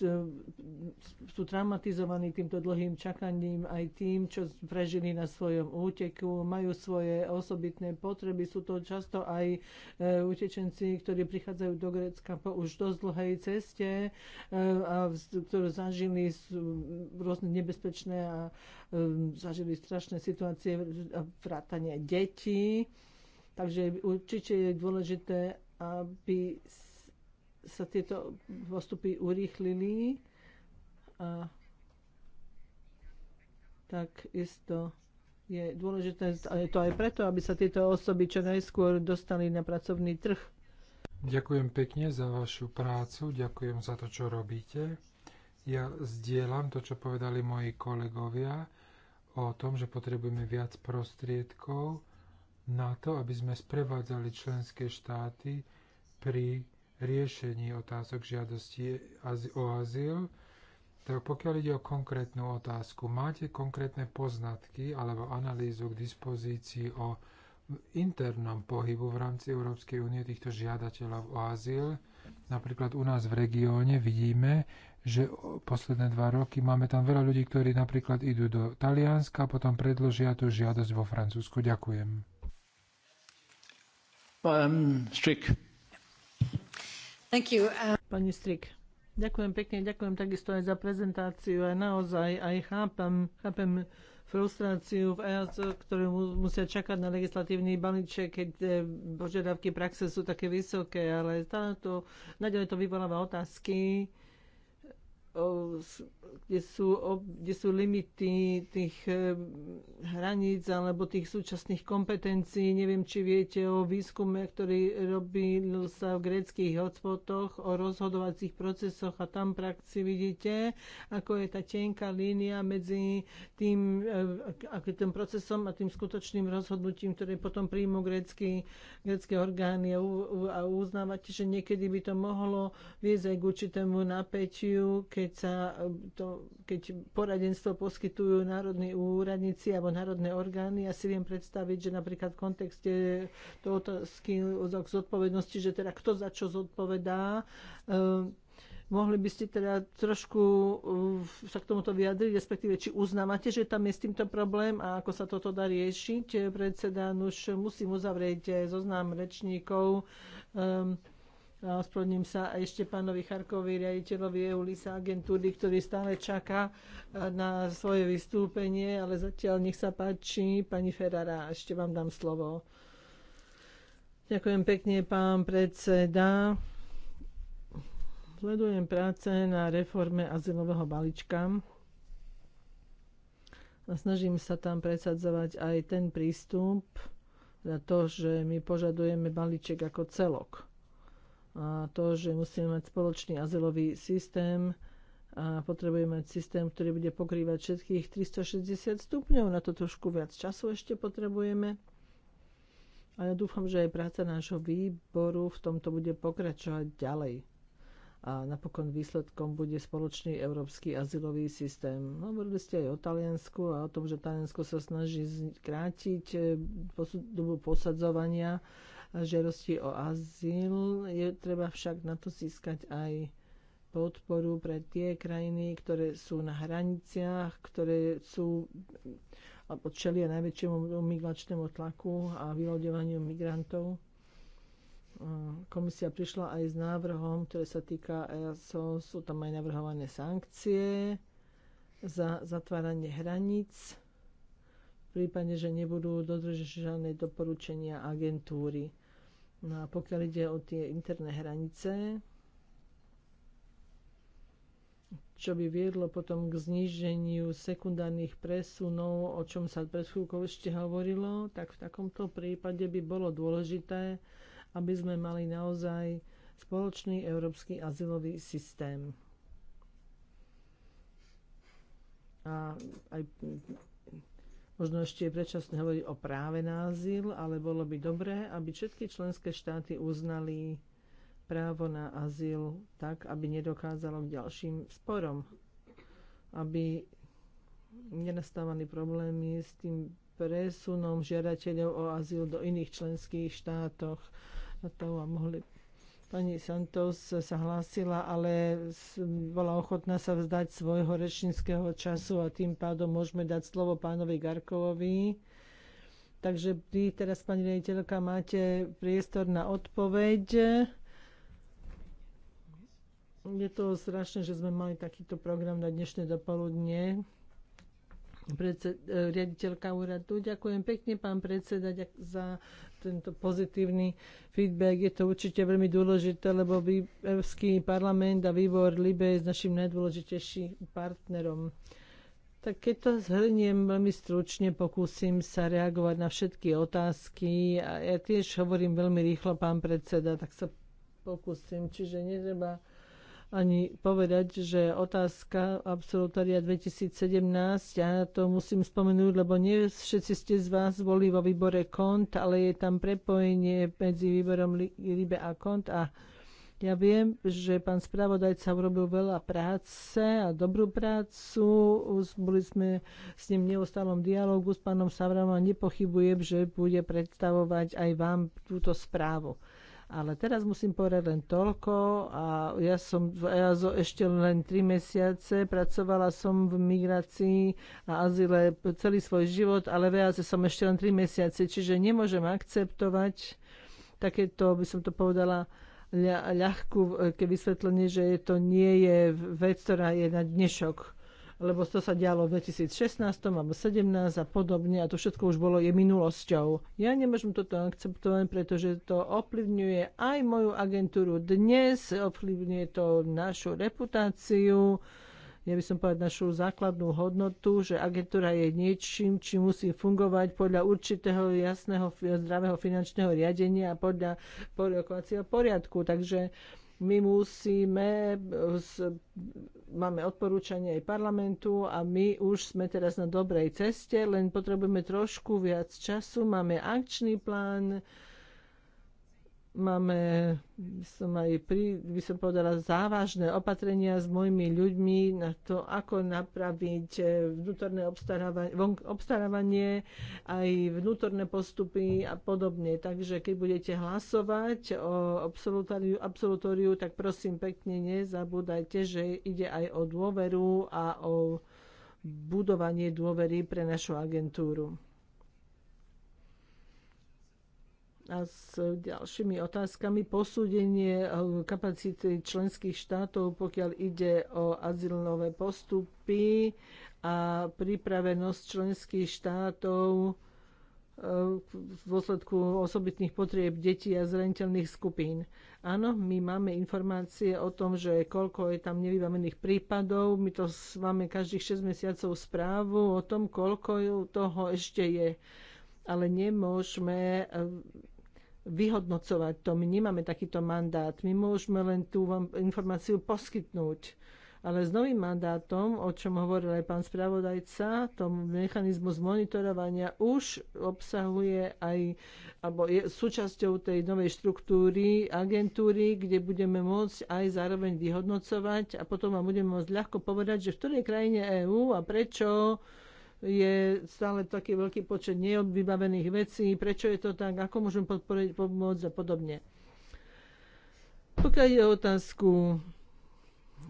sú traumatizovaní týmto dlhým čakaním aj tým, čo prežili na svojom úteku, majú svoje osobitné potreby. Sú to často aj e, utečenci, ktorí prichádzajú do Grécka po už dosť dlhej ceste e, a ktorú zažili rôzne nebezpečné a Ehm, zažili strašné situácie vrátania detí. Takže určite je dôležité, aby sa tieto postupy urýchlili a tak isto je dôležité, a je to aj preto, aby sa tieto osoby čo najskôr dostali na pracovný trh. Ďakujem pekne za vašu prácu, ďakujem za to, čo robíte. Ja zdieľam to, čo povedali moji kolegovia o tom, že potrebujeme viac prostriedkov na to, aby sme sprevádzali členské štáty pri riešení otázok žiadosti o azyl. Tak pokiaľ ide o konkrétnu otázku, máte konkrétne poznatky alebo analýzu k dispozícii o internom pohybu v rámci Európskej únie týchto žiadateľov o azyl? Napríklad u nás v regióne vidíme, že posledné dva roky máme tam veľa ľudí, ktorí napríklad idú do Talianska a potom predložia tú žiadosť vo Francúzsku. Ďakujem. Um, Strik. Thank you. Um... Pani Strik. Ďakujem pekne, ďakujem takisto aj za prezentáciu. Aj naozaj aj chápem, chápem frustráciu v EAS, ktorú musia čakať na legislatívny balíček, keď e, požiadavky praxe sú také vysoké, ale stále to, naďalej to vyvoláva otázky kde sú, kde sú limity tých e, hraníc alebo tých súčasných kompetencií. Neviem, či viete o výskume, ktorý robil sa v gréckých hotspotoch, o rozhodovacích procesoch a tam praxi vidíte, ako je tá tenká línia medzi tým, tým e, procesom a tým skutočným rozhodnutím, ktoré potom príjmu grécky, grécké orgány a uznávate, že niekedy by to mohlo viesť aj k určitému napätiu, keď keď, sa e, to, keď poradenstvo poskytujú národní úradníci alebo národné orgány, ja si viem predstaviť, že napríklad v kontexte toho otázky zodpovednosti, že teda kto za čo zodpovedá, e, Mohli by ste teda trošku e, sa k tomuto vyjadriť, respektíve či uznávate, že tam je s týmto problém a ako sa toto dá riešiť. Predseda už musím uzavrieť zoznam rečníkov. Um, Ospravedlňujem sa ešte pánovi Charkovi, riaditeľovi EULISA agentúry, ktorý stále čaká e, na svoje vystúpenie, ale zatiaľ nech sa páči. Pani Ferrara, ešte vám dám slovo. Ďakujem pekne, pán predseda. Sledujem práce na reforme azylového balíčka a snažím sa tam presadzovať aj ten prístup za to, že my požadujeme balíček ako celok a to, že musíme mať spoločný azylový systém a potrebujeme mať systém, ktorý bude pokrývať všetkých 360 stupňov. Na to trošku viac času ešte potrebujeme. A ja dúfam, že aj práca nášho výboru v tomto bude pokračovať ďalej. A napokon výsledkom bude spoločný európsky azylový systém. Hovorili ste aj o Taliansku a o tom, že Taliansko sa snaží skrátiť eh, dobu posadzovania žiadosti o azyl. Je treba však na to získať aj podporu pre tie krajiny, ktoré sú na hraniciach, ktoré sú alebo čelia najväčšiemu migračnému tlaku a vyloďovaniu migrantov. Komisia prišla aj s návrhom, ktoré sa týka EASO, sú tam aj navrhované sankcie za zatváranie hraníc v prípade, že nebudú dodržané doporučenia agentúry No a pokiaľ ide o tie interné hranice, čo by viedlo potom k zníženiu sekundárnych presunov, o čom sa pred chvíľkou ešte hovorilo, tak v takomto prípade by bolo dôležité, aby sme mali naozaj spoločný európsky azylový systém. A aj Možno ešte je predčasné hovoriť o práve na azyl, ale bolo by dobré, aby všetky členské štáty uznali právo na azyl tak, aby nedokázalo k ďalším sporom. Aby nenastávali problémy s tým presunom žiadateľov o azyl do iných členských štátoch a mohli Pani Santos sa hlásila, ale bola ochotná sa vzdať svojho rečníckého času a tým pádom môžeme dať slovo pánovi Garkovovi. Takže vy teraz, pani riaditeľka, máte priestor na odpoveď. Je to strašné, že sme mali takýto program na dnešné dopoludne. Predsed, riaditeľka úradu. Ďakujem pekne, pán predseda, za tento pozitívny feedback. Je to určite veľmi dôležité, lebo Európsky parlament a výbor LIBE je našim najdôležitejším partnerom. Tak keď to zhrniem veľmi stručne, pokúsim sa reagovať na všetky otázky. A ja tiež hovorím veľmi rýchlo, pán predseda, tak sa pokúsim. Čiže netreba ani povedať, že otázka absolutória 2017, ja to musím spomenúť, lebo nie všetci ste z vás boli vo výbore KONT, ale je tam prepojenie medzi výborom LIBE a KONT a ja viem, že pán spravodajca urobil veľa práce a dobrú prácu. Boli sme s ním v neustálom dialogu s pánom Savramom a nepochybujem, že bude predstavovať aj vám túto správu. Ale teraz musím povedať len toľko a ja som v EASO ešte len 3 mesiace, pracovala som v migrácii a azile celý svoj život, ale v EASO som ešte len 3 mesiace, čiže nemôžem akceptovať takéto, by som to povedala, ľahkú e, vysvetlenie, že to nie je vec, ktorá je na dnešok lebo to sa dialo v 2016 alebo 17 a podobne a to všetko už bolo je minulosťou. Ja nemôžem toto akceptovať, pretože to ovplyvňuje aj moju agentúru dnes, ovplyvňuje to našu reputáciu, ja by som povedať našu základnú hodnotu, že agentúra je niečím, či musí fungovať podľa určitého jasného zdravého finančného riadenia a podľa porokovacieho poriadku. Takže my musíme, eh, máme odporúčanie aj parlamentu a my už sme teraz na dobrej ceste, len potrebujeme trošku viac času, máme akčný plán, máme, by som aj pri, by som povedala, závažné opatrenia s mojimi ľuďmi na to, ako napraviť eh, vnútorné obstarávanie, obstarávanie aj vnútorné postupy a podobne. Takže keď budete hlasovať o absolutóriu, absolutóriu tak prosím pekne nezabúdajte, že ide aj o dôveru a o budovanie dôvery pre našu agentúru. a s ďalšími otázkami posúdenie eh, kapacity členských štátov, pokiaľ ide o azylové postupy a pripravenosť členských štátov eh, v dôsledku osobitných potrieb detí a zraniteľných skupín. Áno, my máme informácie o tom, že koľko je tam nevybavených prípadov. My to máme každých 6 mesiacov správu o tom, koľko toho ešte je. Ale nemôžeme eh, vyhodnocovať to. My nemáme takýto mandát. My môžeme len tú vám informáciu poskytnúť. Ale s novým mandátom, o čom hovoril aj pán spravodajca, to mechanizmus monitorovania už obsahuje aj, alebo je súčasťou tej novej štruktúry agentúry, kde budeme môcť aj zároveň vyhodnocovať a potom vám budeme môcť ľahko povedať, že v ktorej krajine EÚ a prečo je stále taký veľký počet neodvybavených vecí, prečo je to tak, ako môžem podporiť, pomôcť a podobne. Pokiaľ je otázku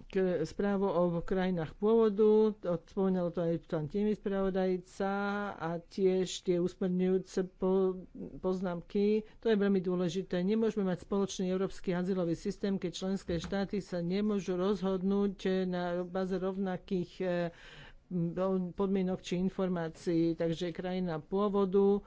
k správu o krajinách pôvodu, spomínal to aj pán Tiemi spravodajca a tiež tie usmerňujúce po, poznámky. To je veľmi dôležité. Nemôžeme mať spoločný európsky azylový systém, keď členské štáty sa nemôžu rozhodnúť na baze rovnakých eh, podmienok či informácií, takže krajina pôvodu,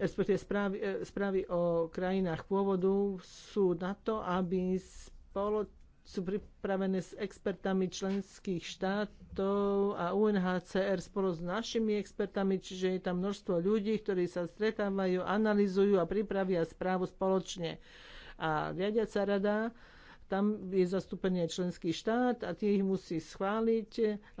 respektíve správy, e, správy o krajinách pôvodu sú na to, aby spolo, sú pripravené s expertami členských štátov a UNHCR spolu s našimi expertami, čiže je tam množstvo ľudí, ktorí sa stretávajú, analizujú a pripravia správu spoločne. A riadiaca rada tam je zastúpený aj členský štát a tie ich musí schváliť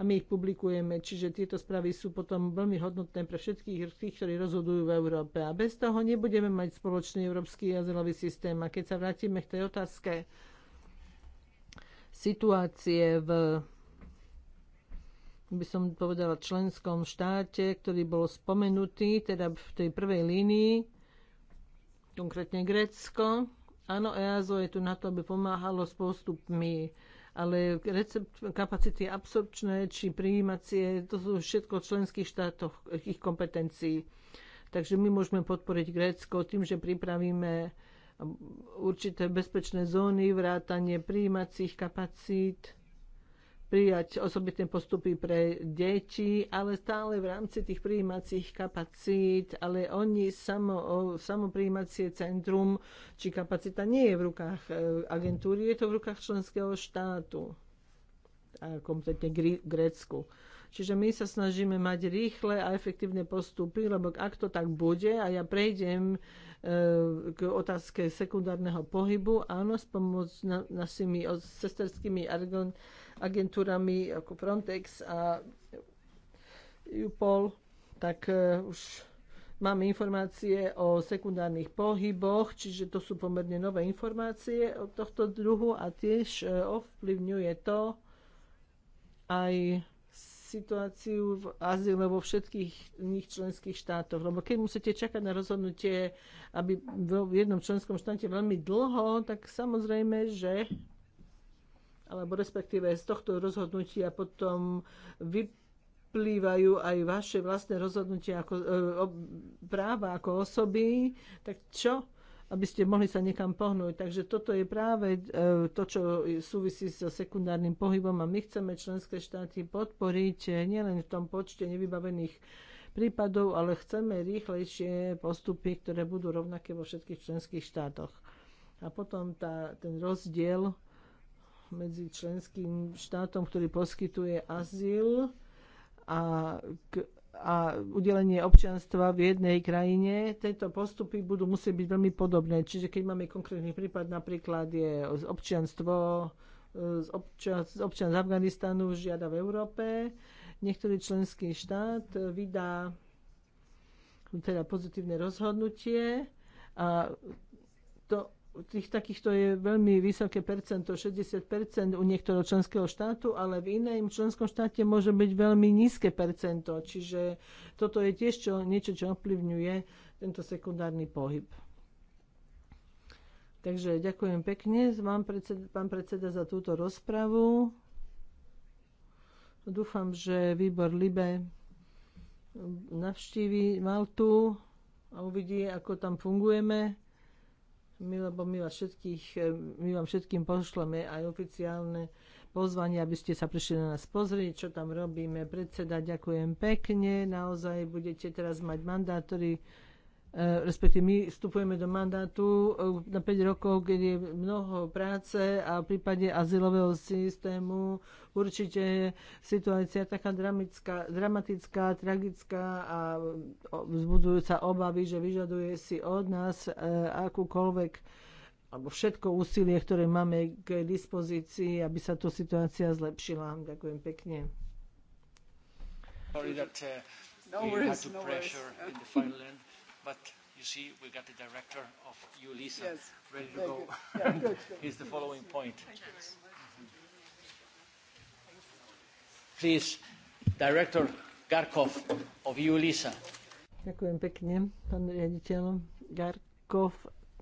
a my ich publikujeme. Čiže tieto správy sú potom veľmi hodnotné pre všetkých tých, ktorí rozhodujú v Európe. A bez toho nebudeme mať spoločný európsky azylový systém. A keď sa vrátime k tej otázke situácie v by som povedala, členskom štáte, ktorý bol spomenutý, teda v tej prvej línii, konkrétne Grécko, Áno, EASO je tu na to, aby pomáhalo s postupmi, ale recept, kapacity absorpčné či prijímacie, to sú všetko v členských štátoch ich kompetencií. Takže my môžeme podporiť Grécko tým, že pripravíme určité bezpečné zóny, vrátanie prijímacích kapacít, prijať osobitné postupy pre deti, ale stále v rámci tých prijímacích kapacít, ale oni samo, samo prijímacie centrum či kapacita nie je v rukách e, agentúry, je to v rukách členského štátu, a kompletne Grécku. Čiže my sa snažíme mať rýchle a efektívne postupy, lebo ak to tak bude a ja prejdem e, k otázke sekundárneho pohybu, áno, s pomoc našimi sesterskými agentúrami, agentúrami ako Frontex a UPOL, tak e, už máme informácie o sekundárnych pohyboch, čiže to sú pomerne nové informácie od tohto druhu a tiež e, ovplyvňuje to aj situáciu v azyle vo všetkých iných členských štátoch. Lebo keď musíte čakať na rozhodnutie, aby v jednom členskom štáte veľmi dlho, tak samozrejme, že alebo respektíve z tohto rozhodnutia potom vyplývajú aj vaše vlastné rozhodnutia ako, e, práva ako osoby, tak čo? aby ste mohli sa niekam pohnúť. Takže toto je práve e, to, čo súvisí so sekundárnym pohybom a my chceme členské štáty podporiť e, nielen v tom počte nevybavených prípadov, ale chceme rýchlejšie postupy, ktoré budú rovnaké vo všetkých členských štátoch. A potom tá, ten rozdiel medzi členským štátom, ktorý poskytuje azyl a, k, a udelenie občianstva v jednej krajine, tieto postupy budú musieť byť veľmi podobné. Čiže keď máme konkrétny prípad, napríklad je občianstvo e, z občan, z občan z Afganistanu žiada v Európe, niektorý členský štát e, vydá teda pozitívne rozhodnutie a to tých takýchto je veľmi vysoké percento, 60% u niektorého členského štátu, ale v iném členskom štáte môže byť veľmi nízke percento. Čiže toto je tiež čo, niečo, čo ovplyvňuje tento sekundárny pohyb. Takže ďakujem pekne vám, predseda, pán predseda, za túto rozpravu. Dúfam, že výbor Libe navštívi Maltu a uvidí, ako tam fungujeme my, lebo my, vás všetkých, e, my vám všetkým pošleme aj oficiálne pozvanie, aby ste sa prišli na nás pozrieť, čo tam robíme. Predseda, ďakujem pekne. Naozaj budete teraz mať mandát, ktorý E, respektíve my vstupujeme do mandátu e, na 5 rokov, keď je mnoho práce a v prípade azylového systému určite je situácia taká dramická, dramatická, tragická a vzbudzujú sa obavy, že vyžaduje si od nás e, akúkoľvek alebo všetko úsilie, ktoré máme k dispozícii, aby sa tu situácia zlepšila. Ďakujem pekne. Sorry that, uh, no worries, no worries but you see, we got the director of ULISA yes. ready to Thank go. Yeah, good, good. Here's the following point. Thank you very much. Please, director Garkov of ULISA. Ďakujem pekne, pán riaditeľ Garkov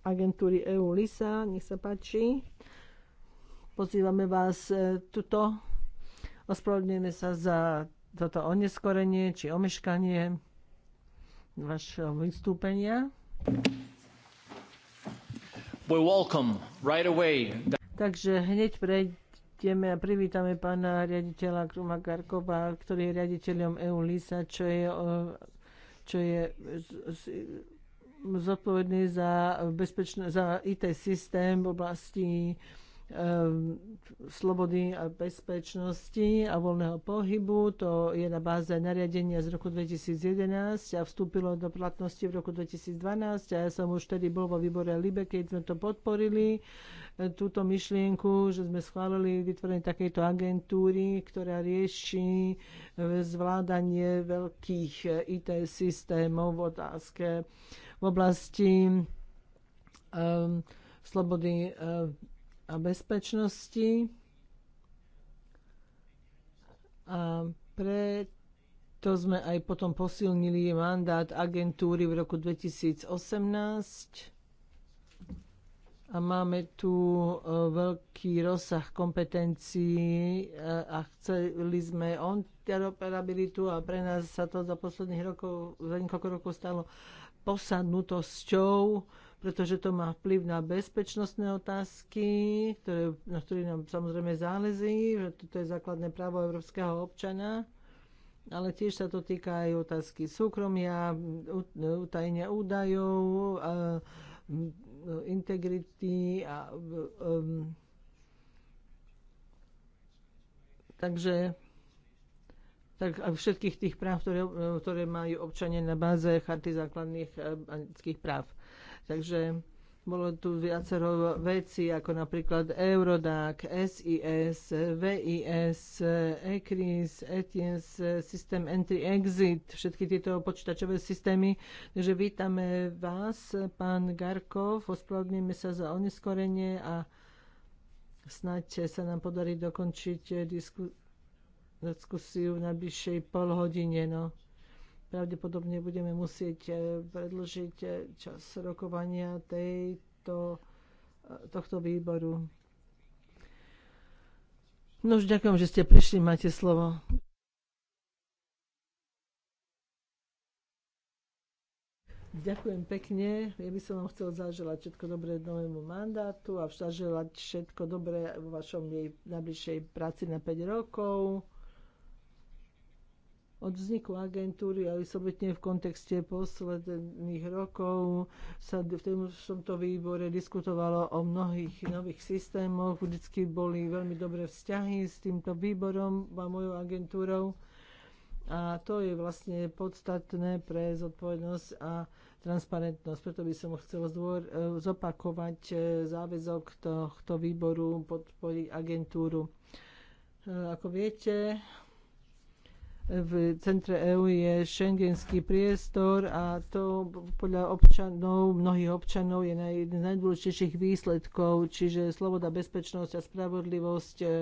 agentúry EULISA. Nech sa páči. Pozývame vás e, tuto. Ospravedlňujeme sa za toto oneskorenie či omeškanie vašho vystúpenia. We welcome right away. Takže hneď prejdeme a privítame pána riaditeľa Kruma Karkova, ktorý je riaditeľom EULISA, čo je, čo je zodpovedný za, bezpečné, za IT systém v oblasti Eh, slobody a bezpečnosti a voľného pohybu. To je na báze nariadenia z roku 2011 a vstúpilo do platnosti v roku 2012 a ja som už vtedy bol vo výbore LIBE, keď sme to podporili, eh, túto myšlienku, že sme schválili vytvorenie takejto agentúry, ktorá rieši eh, zvládanie veľkých IT systémov v otázke v oblasti um, slobody um, a bezpečnosti. A preto sme aj potom posilnili mandát agentúry v roku 2018 a máme tu e, veľký rozsah kompetencií e, a chceli sme interoperabilitu a pre nás sa to za posledných rokov, za niekoľko rokov stalo posadnutosťou pretože to má vplyv na bezpečnostné otázky, ktoré, na ktorých nám samozrejme záleží, že toto je základné právo európskeho občana, ale tiež sa to týka aj otázky súkromia, utajenia údajov, a, integrity a um, takže tak a všetkých tých práv, ktoré, ktoré majú občania na báze charty základných eh, ľudských práv. Takže bolo tu viacero veci, ako napríklad Eurodac, SIS, VIS, ECRIS, ETIS, systém Entry-Exit, všetky tieto počítačové systémy. Takže vítame vás, pán Garkov, ospravedlňujeme sa za oneskorenie a snáď sa nám podarí dokončiť disku- diskusiu v najbližšej polhodine. No pravdepodobne budeme musieť e, predlžiť e, čas rokovania tejto, e, tohto výboru. No už ďakujem, že ste prišli, máte slovo. Ďakujem pekne. Ja by som vám chcel zaželať všetko dobré novému mandátu a zaželať všetko dobré vo vašom najbližšej práci na 5 rokov. Od vzniku agentúry, ale sobotne v kontexte posledných rokov sa v tomto výbore diskutovalo o mnohých nových systémoch. Vždycky boli veľmi dobré vzťahy s týmto výborom a mojou agentúrou. A to je vlastne podstatné pre zodpovednosť a transparentnosť. Preto by som chcela zopakovať e, záväzok tohto výboru podporiť agentúru. E, ako viete, v centre EÚ je šengenský priestor a to podľa občanov, mnohých občanov je jeden z najdôležitejších výsledkov, čiže sloboda, bezpečnosť a spravodlivosť e, e,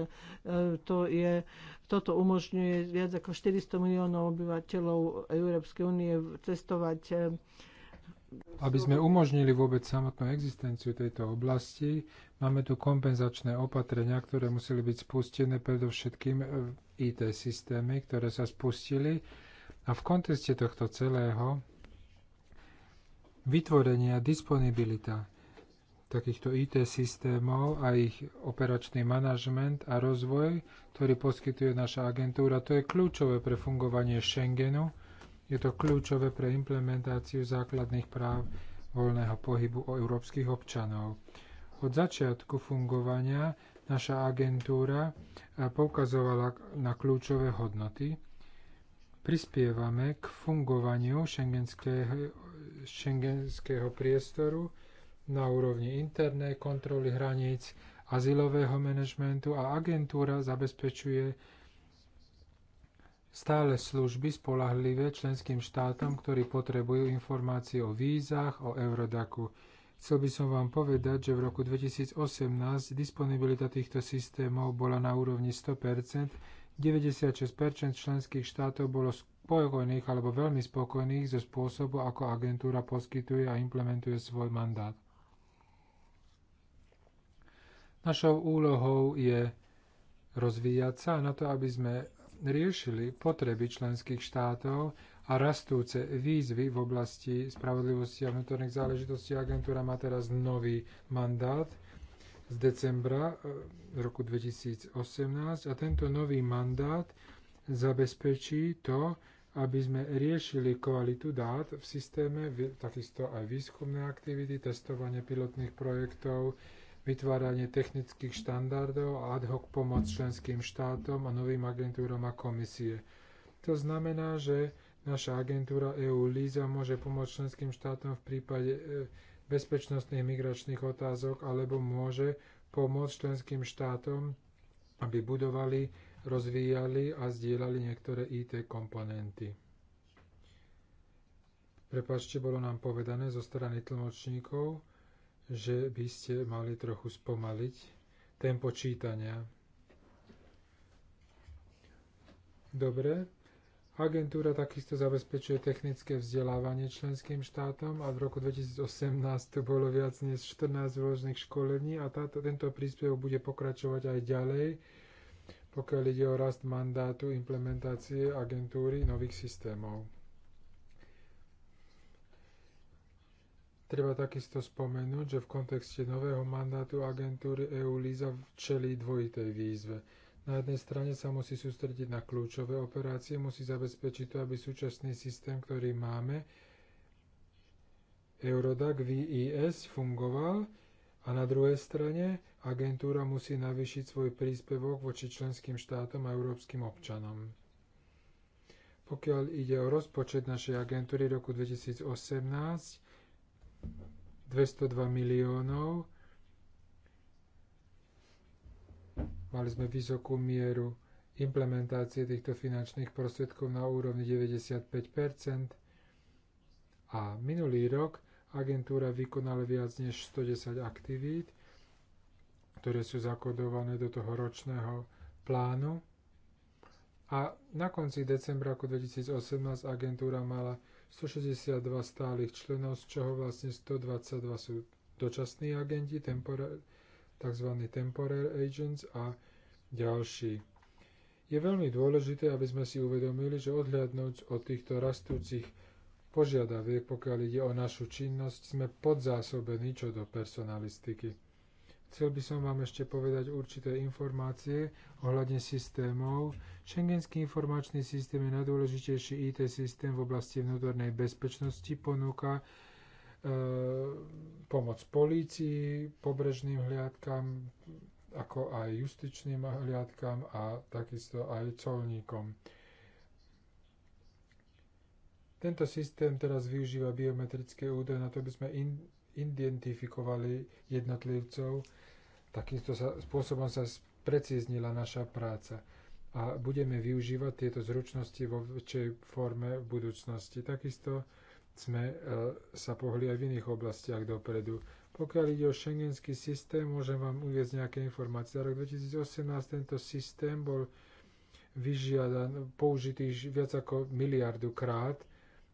to je, toto umožňuje viac ako 400 miliónov obyvateľov Európskej únie cestovať e, aby sme umožnili vôbec samotnú existenciu tejto oblasti, máme tu kompenzačné opatrenia, ktoré museli byť spustené predovšetkým v e, IT systémy, ktoré sa spustili. A v kontexte tohto celého vytvorenie a disponibilita takýchto IT systémov a ich operačný manažment a rozvoj, ktorý poskytuje naša agentúra, to je kľúčové pre fungovanie Schengenu je to kľúčové pre implementáciu základných práv voľného pohybu o európskych občanov. Od začiatku fungovania naša agentúra poukazovala na kľúčové hodnoty. Prispievame k fungovaniu šengenského, šengenského priestoru na úrovni internej kontroly hraníc, azylového manažmentu a agentúra zabezpečuje stále služby spolahlivé členským štátom, ktorí potrebujú informácie o vízach, o Eurodaku. Chcel by som vám povedať, že v roku 2018 disponibilita týchto systémov bola na úrovni 100%, 96% členských štátov bolo spokojných alebo veľmi spokojných zo spôsobu, ako agentúra poskytuje a implementuje svoj mandát. Našou úlohou je rozvíjať sa na to, aby sme riešili potreby členských štátov a rastúce výzvy v oblasti spravodlivosti a vnútorných záležitostí. Agentúra má teraz nový mandát z decembra eh, roku 2018 a tento nový mandát zabezpečí to, aby sme riešili kvalitu dát v systéme, takisto aj výskumné aktivity, testovanie pilotných projektov, vytváranie technických štandardov a ad hoc pomoc členským štátom a novým agentúram a komisie. To znamená, že naša agentúra EU LISA môže pomôcť členským štátom v prípade e, bezpečnostných migračných otázok alebo môže pomôcť členským štátom, aby budovali, rozvíjali a zdieľali niektoré IT komponenty. Prepačte, bolo nám povedané zo strany tlmočníkov, že by ste mali trochu spomaliť tempo čítania. Dobre. Agentúra takisto zabezpečuje technické vzdelávanie členským štátom a v roku 2018 tu bolo viac než 14 rôznych školení a táto, tento príspevok bude pokračovať aj ďalej, pokiaľ ide o rast mandátu implementácie agentúry nových systémov. Treba takisto spomenúť, že v kontexte nového mandátu agentúry EU LISA čelí dvojitej výzve. Na jednej strane sa musí sústrediť na kľúčové operácie, musí zabezpečiť to, aby súčasný systém, ktorý máme, Eurodac VIS, fungoval a na druhej strane agentúra musí navýšiť svoj príspevok voči členským štátom a európskym občanom. Pokiaľ ide o rozpočet našej agentúry roku 2018, 202 miliónov. Mali sme vysokú mieru implementácie týchto finančných prostriedkov na úrovni 95 a minulý rok agentúra vykonala viac než 110 aktivít, ktoré sú zakodované do toho ročného plánu. A na konci decembra roku 2018 agentúra mala 162 stálych členov, z čoho vlastne 122 sú dočasní agenti, tzv. temporary agents a ďalší. Je veľmi dôležité, aby sme si uvedomili, že odhľadnúť od týchto rastúcich požiadaviek, pokiaľ ide o našu činnosť, sme podzásobení čo do personalistiky. Chcel by som vám ešte povedať určité informácie ohľadne systémov. Schengenský informačný systém je najdôležitejší IT systém v oblasti vnútornej bezpečnosti, ponúka e, pomoc polícii, pobrežným hliadkam, ako aj justičným hliadkam a takisto aj colníkom. Tento systém teraz využíva biometrické údaje na to, aby sme in, identifikovali jednotlivcov. Takýmto sa, spôsobom sa precíznila naša práca a budeme využívať tieto zručnosti vo väčšej forme v budúcnosti. Takisto sme e, sa pohli aj v iných oblastiach dopredu. Pokiaľ ide o šengenský systém, môžem vám uvieť nejaké informácie. Za rok 2018 tento systém bol vyžiadan, použitý viac ako miliardu krát.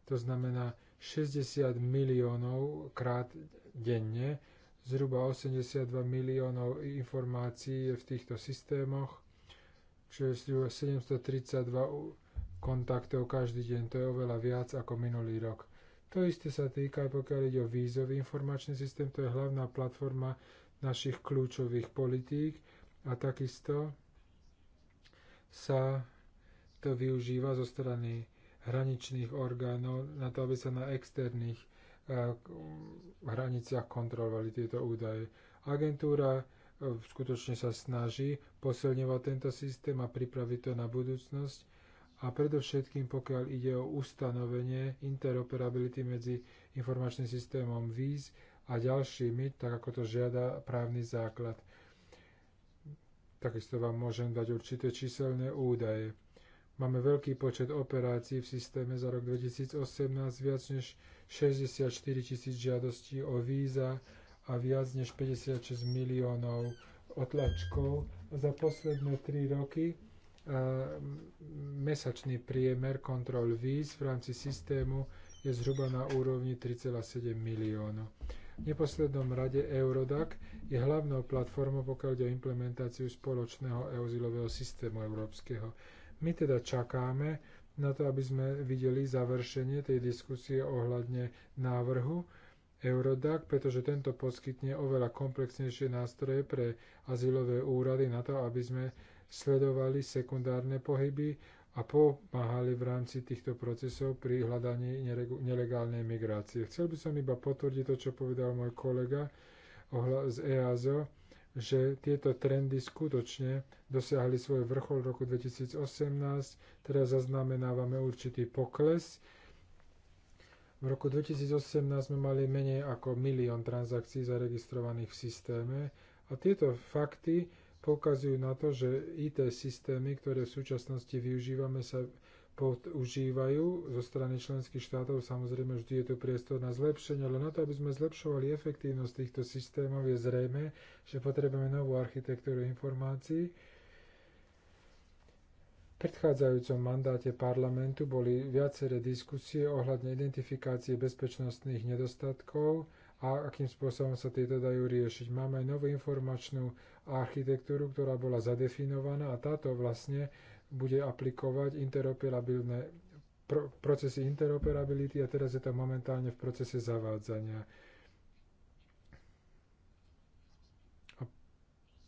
To znamená, 60 miliónov krát denne, zhruba 82 miliónov informácií je v týchto systémoch, čo je 732 kontaktov každý deň, to je oveľa viac ako minulý rok. To isté sa týka aj pokiaľ ide o vízový informačný systém, to je hlavná platforma našich kľúčových politík a takisto sa to využíva zo strany hraničných orgánov na to, aby sa na externých eh, hraniciach kontrolovali tieto údaje. Agentúra eh, skutočne sa snaží posilňovať tento systém a pripraviť to na budúcnosť a predovšetkým pokiaľ ide o ustanovenie interoperability medzi informačným systémom VIS a ďalšími, tak ako to žiada právny základ. Takisto vám môžem dať určité číselné údaje. Máme veľký počet operácií v systéme za rok 2018, viac než 64 tisíc žiadostí o víza a viac než 56 miliónov otlačkov. Za posledné 3 roky e, mesačný priemer kontrol víz v rámci systému je zhruba na úrovni 3,7 miliónov. V neposlednom rade Eurodac je hlavnou platformou, pokiaľ ide o implementáciu spoločného euzilového systému európskeho. My teda čakáme na to, aby sme videli završenie tej diskusie ohľadne návrhu Eurodac, pretože tento poskytne oveľa komplexnejšie nástroje pre azylové úrady na to, aby sme sledovali sekundárne pohyby a pomáhali v rámci týchto procesov pri hľadaní nelegálnej migrácie. Chcel by som iba potvrdiť to, čo povedal môj kolega z EASO, že tieto trendy skutočne dosiahli svoj vrchol v roku 2018. Teraz zaznamenávame určitý pokles. V roku 2018 sme mali menej ako milión transakcií zaregistrovaných v systéme a tieto fakty poukazujú na to, že IT systémy, ktoré v súčasnosti využívame, sa používajú zo strany členských štátov. Samozrejme, vždy je tu priestor na zlepšenie, ale na to, aby sme zlepšovali efektívnosť týchto systémov, je zrejme, že potrebujeme novú architektúru informácií. V predchádzajúcom mandáte parlamentu boli viaceré diskusie ohľadne identifikácie bezpečnostných nedostatkov a akým spôsobom sa tieto dajú riešiť. Máme aj novú informačnú architektúru, ktorá bola zadefinovaná a táto vlastne bude aplikovať interoperabilné procesy interoperability a teraz je to momentálne v procese zavádzania. A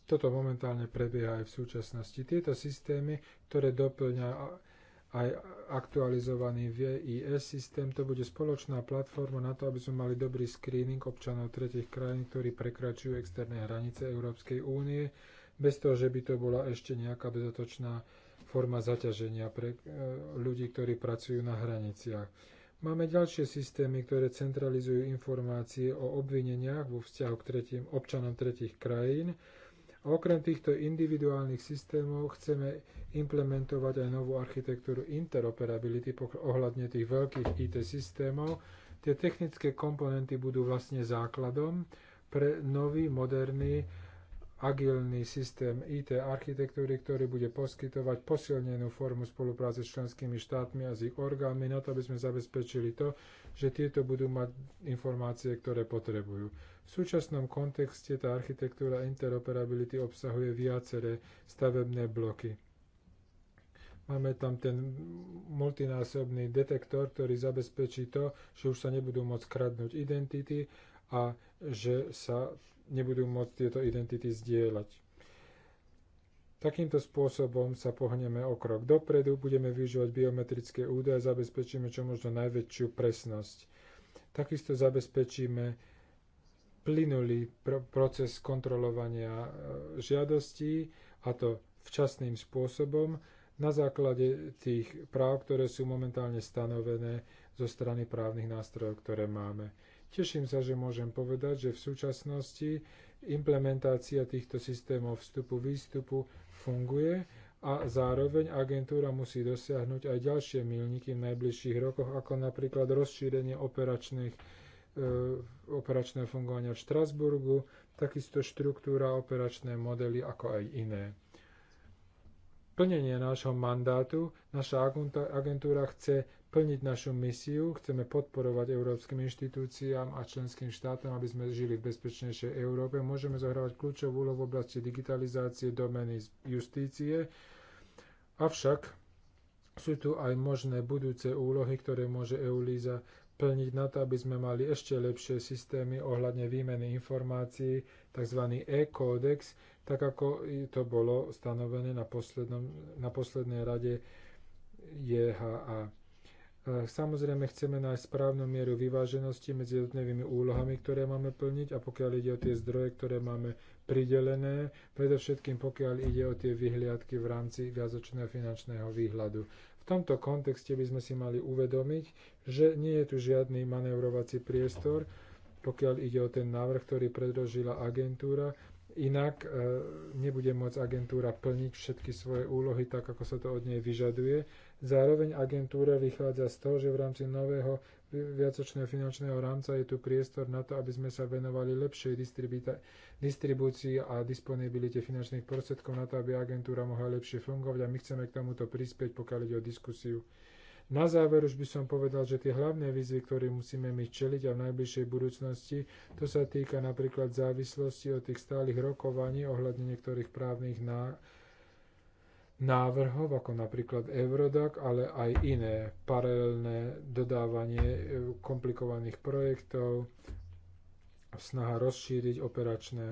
toto momentálne prebieha aj v súčasnosti. Tieto systémy, ktoré doplňa aj aktualizovaný VIS systém, to bude spoločná platforma na to, aby sme mali dobrý screening občanov tretich krajín, ktorí prekračujú externé hranice Európskej únie, bez toho, že by to bola ešte nejaká dodatočná forma zaťaženia pre e, ľudí, ktorí pracujú na hraniciach. Máme ďalšie systémy, ktoré centralizujú informácie o obvineniach vo vzťahu k tretím, občanom tretich krajín. A okrem týchto individuálnych systémov chceme implementovať aj novú architektúru interoperability ohľadne tých veľkých IT systémov. Tie technické komponenty budú vlastne základom pre nový moderný agilný systém IT architektúry, ktorý bude poskytovať posilnenú formu spolupráce s členskými štátmi a s ich orgánmi na to, aby sme zabezpečili to, že tieto budú mať informácie, ktoré potrebujú. V súčasnom kontexte tá architektúra interoperability obsahuje viaceré stavebné bloky. Máme tam ten multinásobný detektor, ktorý zabezpečí to, že už sa nebudú môcť kradnúť identity a že sa nebudú môcť tieto identity zdieľať. Takýmto spôsobom sa pohneme o krok dopredu, budeme využívať biometrické údaje, a zabezpečíme čo možno najväčšiu presnosť. Takisto zabezpečíme plynulý proces kontrolovania e, žiadostí, a to včasným spôsobom, na základe tých práv, ktoré sú momentálne stanovené zo strany právnych nástrojov, ktoré máme. Teším sa, že môžem povedať, že v súčasnosti implementácia týchto systémov vstupu-výstupu funguje a zároveň agentúra musí dosiahnuť aj ďalšie milníky v najbližších rokoch, ako napríklad rozšírenie operačných, e, operačného fungovania v Štrasburgu, takisto štruktúra operačné modely, ako aj iné. Plnenie nášho mandátu naša agentúra chce plniť našu misiu, chceme podporovať európskym inštitúciám a členským štátom, aby sme žili v bezpečnejšej Európe. Môžeme zohrávať kľúčovú úlohu v oblasti digitalizácie domény justície, avšak sú tu aj možné budúce úlohy, ktoré môže EULISA plniť na to, aby sme mali ešte lepšie systémy ohľadne výmeny informácií, tzv. e-kódex, tak ako to bolo stanovené na, poslednom, na poslednej rade JHA. Samozrejme chceme nájsť správnu mieru vyváženosti medzi jednotlivými úlohami, ktoré máme plniť a pokiaľ ide o tie zdroje, ktoré máme pridelené, predovšetkým pokiaľ ide o tie vyhliadky v rámci viazočného finančného výhľadu. V tomto kontexte by sme si mali uvedomiť, že nie je tu žiadny manevrovací priestor, pokiaľ ide o ten návrh, ktorý predložila agentúra, Inak e, nebude môcť agentúra plniť všetky svoje úlohy tak, ako sa to od nej vyžaduje. Zároveň agentúra vychádza z toho, že v rámci nového viacočného finančného rámca je tu priestor na to, aby sme sa venovali lepšej distribúcii a disponibilite finančných prostriedkov na to, aby agentúra mohla lepšie fungovať a my chceme k tomuto prispieť, pokiaľ ide o diskusiu na záver už by som povedal, že tie hlavné výzvy, ktoré musíme my čeliť a v najbližšej budúcnosti, to sa týka napríklad závislosti od tých stálych rokovaní ohľadne niektorých právnych ná návrhov, ako napríklad Eurodac, ale aj iné paralelné dodávanie e, komplikovaných projektov, snaha rozšíriť operačné,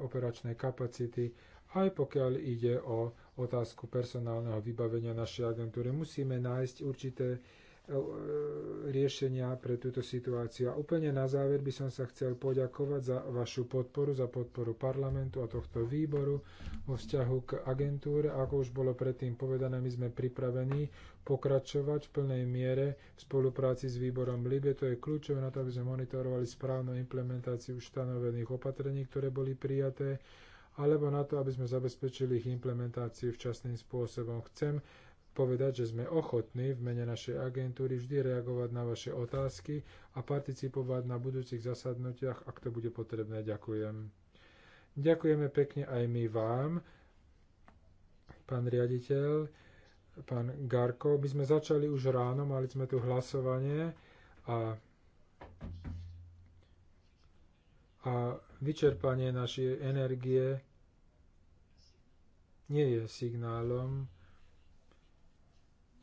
operačné kapacity, aj pokiaľ ide o otázku personálneho vybavenia našej agentúry. Musíme nájsť určité e, e, riešenia pre túto situáciu. A úplne na záver by som sa chcel poďakovať za vašu podporu, za podporu parlamentu a tohto výboru vo vzťahu k agentúre. Ako už bolo predtým povedané, my sme pripravení pokračovať v plnej miere v spolupráci s výborom LIBE. To je kľúčové na to, aby sme monitorovali správnu implementáciu stanovených opatrení, ktoré boli prijaté alebo na to, aby sme zabezpečili ich implementáciu včasným spôsobom. Chcem povedať, že sme ochotní v mene našej agentúry vždy reagovať na vaše otázky a participovať na budúcich zasadnutiach, ak to bude potrebné. Ďakujem. Ďakujeme pekne aj my vám, pán riaditeľ, pán Garko. My sme začali už ráno, mali sme tu hlasovanie a, a vyčerpanie našej energie nie je signálom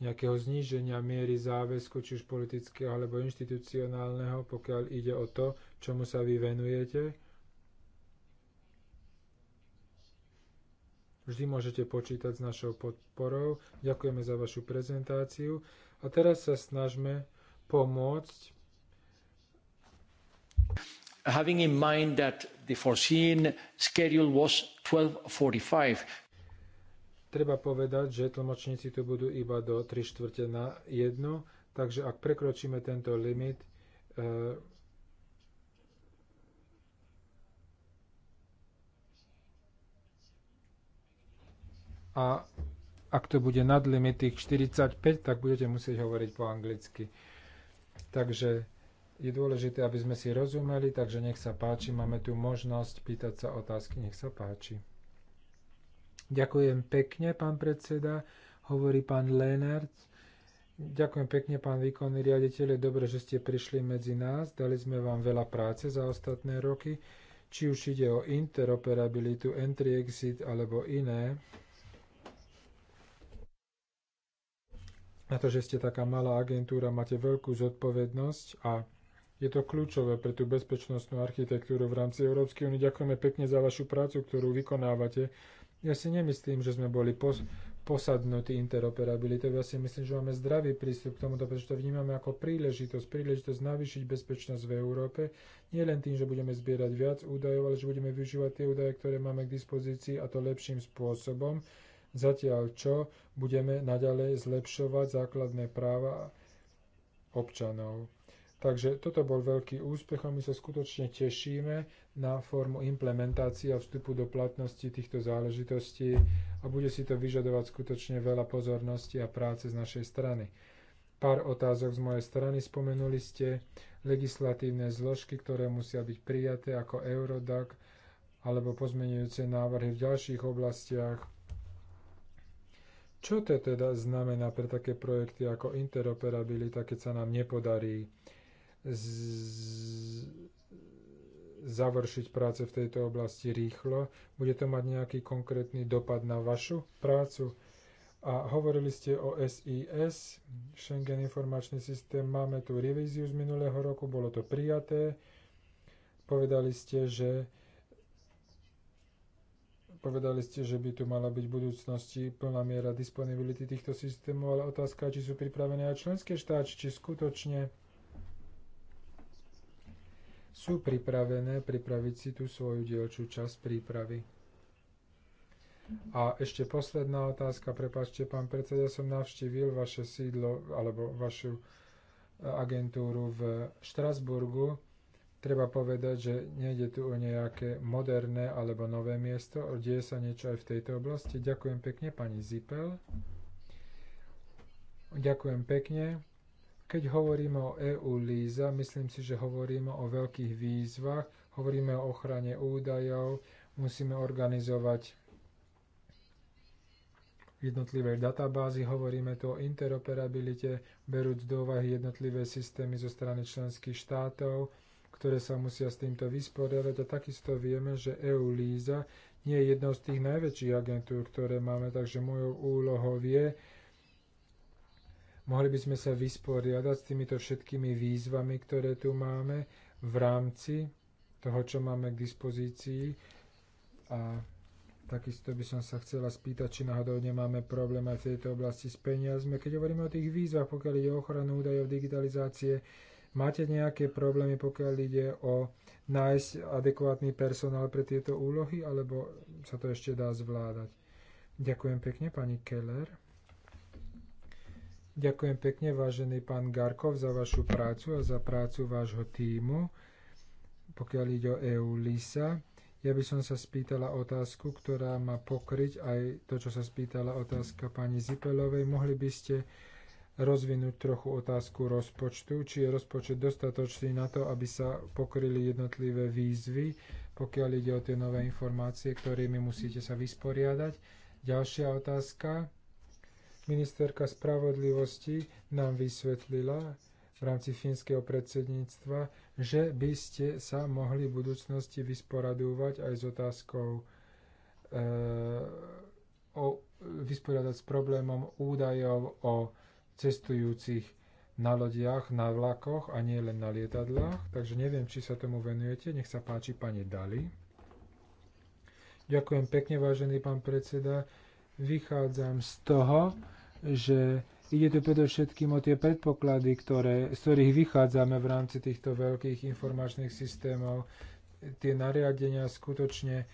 nejakého zníženia miery záväzku, či už politického alebo inštitucionálneho, pokiaľ ide o to, čomu sa vy venujete. Vždy môžete počítať s našou podporou. Ďakujeme za vašu prezentáciu. A teraz sa snažme pomôcť. Having in mind that the foreseen schedule was 1245, Treba povedať, že tlmočníci tu budú iba do 3 štvrte na 1, takže ak prekročíme tento limit, e, a ak to bude nad limit tých 45, tak budete musieť hovoriť po anglicky. Takže je dôležité, aby sme si rozumeli, takže nech sa páči, máme tu možnosť pýtať sa otázky, nech sa páči. Ďakujem pekne, pán predseda, hovorí pán Lenard. Ďakujem pekne, pán výkonný riaditeľ. Je dobre, že ste prišli medzi nás. Dali sme vám veľa práce za ostatné roky, či už ide o interoperabilitu, entry-exit alebo iné. Na to, že ste taká malá agentúra, máte veľkú zodpovednosť a je to kľúčové pre tú bezpečnostnú architektúru v rámci Európskej únie. Ďakujeme pekne za vašu prácu, ktorú vykonávate ja si nemyslím, že sme boli pos- posadnutí interoperabilitou. Ja si myslím, že máme zdravý prístup k tomuto, pretože to vnímame ako príležitosť. Príležitosť navýšiť bezpečnosť v Európe. Nie len tým, že budeme zbierať viac údajov, ale že budeme využívať tie údaje, ktoré máme k dispozícii a to lepším spôsobom. Zatiaľ čo budeme naďalej zlepšovať základné práva občanov. Takže toto bol veľký úspech a my sa skutočne tešíme na formu implementácie a vstupu do platnosti týchto záležitostí a bude si to vyžadovať skutočne veľa pozornosti a práce z našej strany. Pár otázok z mojej strany spomenuli ste legislatívne zložky, ktoré musia byť prijaté ako Eurodac alebo pozmenujúce návrhy v ďalších oblastiach. Čo to teda znamená pre také projekty ako interoperabilita, keď sa nám nepodarí završiť práce v tejto oblasti rýchlo? Bude to mať nejaký konkrétny dopad na vašu prácu? A hovorili ste o SIS, Schengen informačný systém. Máme tu revíziu z minulého roku, bolo to prijaté. Povedali ste, že Povedali ste, že by tu mala byť v budúcnosti plná miera disponibility týchto systémov, ale otázka či sú pripravené aj členské štáty, či skutočne sú pripravené pripraviť si tú svoju dielčú časť prípravy. A ešte posledná otázka, prepáčte, pán predseda, som navštívil vaše sídlo alebo vašu e, agentúru v Štrasburgu. Treba povedať, že nejde tu o nejaké moderné alebo nové miesto, deje sa niečo aj v tejto oblasti. Ďakujem pekne, pani Zipel. Ďakujem pekne. Keď hovoríme o EU Líza, myslím si, že hovoríme o veľkých výzvach, hovoríme o ochrane údajov, musíme organizovať jednotlivé databázy, hovoríme tu o interoperabilite, berúc do úvahy jednotlivé systémy zo strany členských štátov, ktoré sa musia s týmto vysporiadať a takisto vieme, že EU Líza nie je jednou z tých najväčších agentúr, ktoré máme, takže mojou úlohou je Mohli by sme sa vysporiadať s týmito všetkými výzvami, ktoré tu máme v rámci toho, čo máme k dispozícii. A takisto by som sa chcela spýtať, či náhodou nemáme problém aj v tejto oblasti s peniazmi. Keď hovoríme o tých výzvach, pokiaľ ide o ochranu údajov, digitalizácie, Máte nejaké problémy, pokiaľ ide o nájsť adekvátny personál pre tieto úlohy, alebo sa to ešte dá zvládať? Ďakujem pekne, pani Keller. Ďakujem pekne, vážený pán Garkov, za vašu prácu a za prácu vášho týmu, pokiaľ ide o EU-LISA. Ja by som sa spýtala otázku, ktorá má pokryť aj to, čo sa spýtala otázka pani Zipelovej. Mohli by ste rozvinúť trochu otázku rozpočtu, či je rozpočet dostatočný na to, aby sa pokryli jednotlivé výzvy, pokiaľ ide o tie nové informácie, ktorými musíte sa vysporiadať. Ďalšia otázka Ministerka spravodlivosti nám vysvetlila v rámci fínskeho predsedníctva, že by ste sa mohli v budúcnosti vysporadúvať aj s otázkou e, o, vysporiadať s problémom údajov o cestujúcich na lodiach, na vlakoch a nie len na lietadlách. Takže neviem, či sa tomu venujete. Nech sa páči pani Dali. Ďakujem pekne, vážený pán predseda. Vychádzam z toho, že ide tu predovšetkým o tie predpoklady, ktoré, z ktorých vychádzame v rámci týchto veľkých informačných systémov. Tie nariadenia skutočne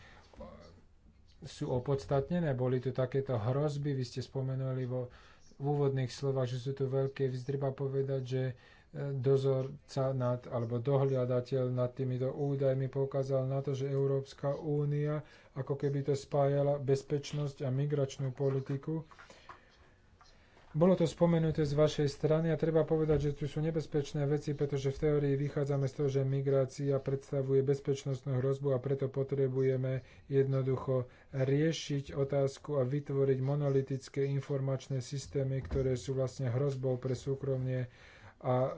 sú opodstatnené. Boli tu takéto hrozby, vy ste spomenuli vo v úvodných slovách, že sú tu veľké, treba povedať, že e, dozorca nad, alebo dohliadateľ nad týmito údajmi poukázal na to, že Európska únia ako keby to spájala bezpečnosť a migračnú politiku bolo to spomenuté z vašej strany a treba povedať, že tu sú nebezpečné veci, pretože v teórii vychádzame z toho, že migrácia predstavuje bezpečnostnú hrozbu a preto potrebujeme jednoducho riešiť otázku a vytvoriť monolitické informačné systémy, ktoré sú vlastne hrozbou pre súkromie a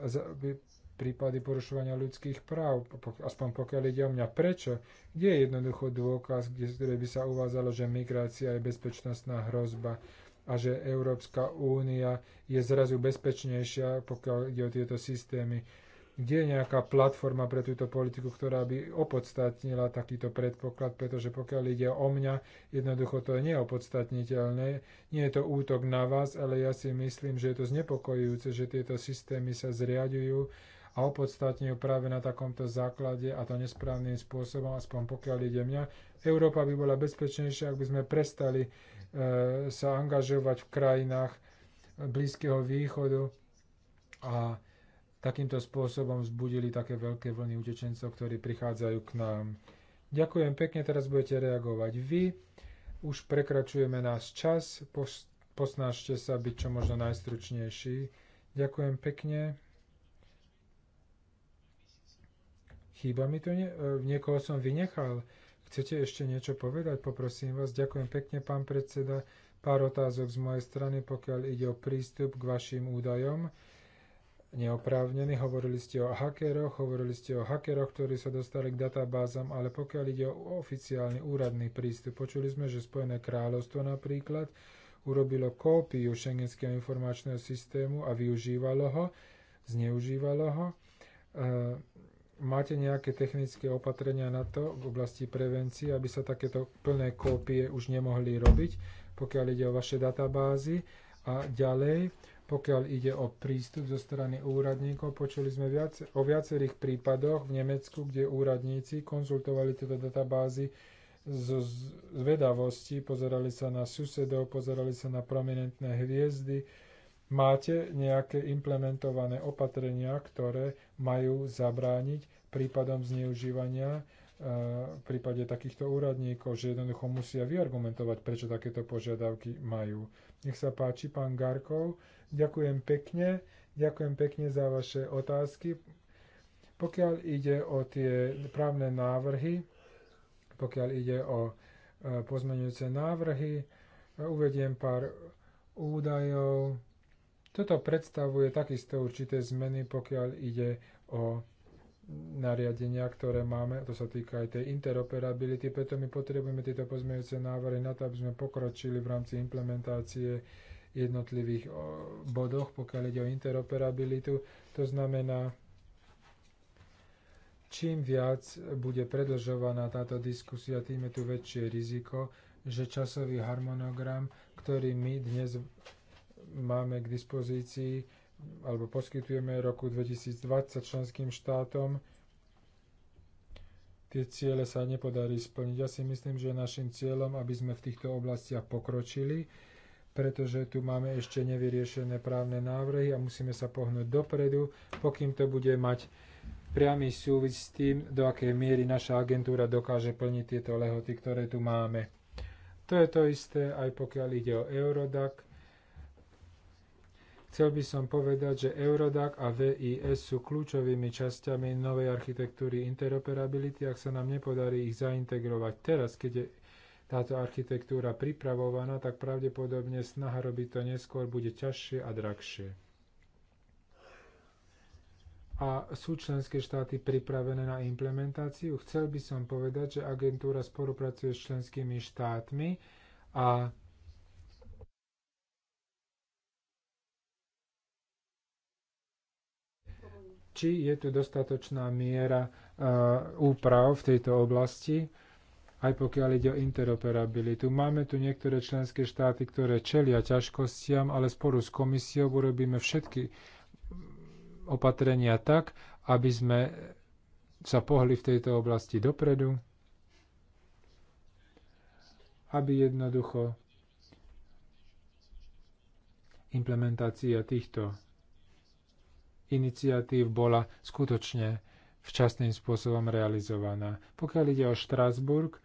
prípady porušovania ľudských práv, aspoň pokiaľ ide o mňa. Prečo? Kde je jednoducho dôkaz, kde, by sa uvádzalo, že migrácia je bezpečnostná hrozba? a že Európska únia je zrazu bezpečnejšia, pokiaľ ide o tieto systémy. Kde je nejaká platforma pre túto politiku, ktorá by opodstatnila takýto predpoklad, pretože pokiaľ ide o mňa, jednoducho to je opodstatniteľné. Nie je to útok na vás, ale ja si myslím, že je to znepokojujúce, že tieto systémy sa zriadujú a opodstatňujú práve na takomto základe a to nesprávnym spôsobom, aspoň pokiaľ ide mňa. Európa by bola bezpečnejšia, ak by sme prestali e, sa angažovať v krajinách Blízkeho východu a takýmto spôsobom vzbudili také veľké vlny utečencov, ktorí prichádzajú k nám. Ďakujem pekne, teraz budete reagovať vy. Už prekračujeme náš čas, posnážte sa byť čo možno najstručnejší. Ďakujem pekne. Chýba mi to, nie, e, niekoho som vynechal. Chcete ešte niečo povedať? Poprosím vás. Ďakujem pekne, pán predseda. Pár otázok z mojej strany, pokiaľ ide o prístup k vašim údajom. Neoprávnený, hovorili ste o hakeroch, hovorili ste o hakeroch, ktorí sa dostali k databázam, ale pokiaľ ide o oficiálny úradný prístup, počuli sme, že Spojené kráľovstvo napríklad urobilo kópiu šengenského informačného systému a využívalo ho, zneužívalo ho. E, Máte nejaké technické opatrenia na to v oblasti prevencie, aby sa takéto plné kópie už nemohli robiť, pokiaľ ide o vaše databázy? A ďalej, pokiaľ ide o prístup zo strany úradníkov, počuli sme viac, o viacerých prípadoch v Nemecku, kde úradníci konzultovali tieto databázy zo zvedavosti, pozerali sa na susedov, pozerali sa na prominentné hviezdy, Máte nejaké implementované opatrenia, ktoré majú zabrániť prípadom zneužívania e, v prípade takýchto úradníkov, že jednoducho musia vyargumentovať, prečo takéto požiadavky majú. Nech sa páči, pán Garkov. Ďakujem pekne. Ďakujem pekne za vaše otázky. Pokiaľ ide o tie právne návrhy, pokiaľ ide o e, pozmenujúce návrhy, e, uvediem pár údajov. Toto predstavuje takisto určité zmeny, pokiaľ ide o nariadenia, ktoré máme, to sa týka aj tej interoperability, preto my potrebujeme tieto pozmeňujúce návrhy na to, aby sme pokročili v rámci implementácie jednotlivých bodoch, pokiaľ ide o interoperabilitu. To znamená, čím viac bude predlžovaná táto diskusia, tým je tu väčšie riziko, že časový harmonogram, ktorý my dnes máme k dispozícii alebo poskytujeme roku 2020 členským štátom. Tie ciele sa nepodarí splniť. Ja si myslím, že našim cieľom, aby sme v týchto oblastiach pokročili, pretože tu máme ešte nevyriešené právne návrhy a musíme sa pohnúť dopredu, pokým to bude mať priamy súvis s tým, do akej miery naša agentúra dokáže plniť tieto lehoty, ktoré tu máme. To je to isté, aj pokiaľ ide o Eurodac. Chcel by som povedať, že Eurodac a VIS sú kľúčovými časťami novej architektúry interoperability, ak sa nám nepodarí ich zaintegrovať teraz, keď je táto architektúra pripravovaná, tak pravdepodobne snaha robiť to neskôr bude ťažšie a drahšie. A sú členské štáty pripravené na implementáciu? Chcel by som povedať, že agentúra spolupracuje s členskými štátmi a či je tu dostatočná miera e, úprav v tejto oblasti, aj pokiaľ ide o interoperabilitu. Máme tu niektoré členské štáty, ktoré čelia ťažkostiam, ale spolu s komisiou urobíme všetky opatrenia tak, aby sme sa pohli v tejto oblasti dopredu, aby jednoducho implementácia týchto iniciatív bola skutočne včasným spôsobom realizovaná. Pokiaľ ide o Štrasburg,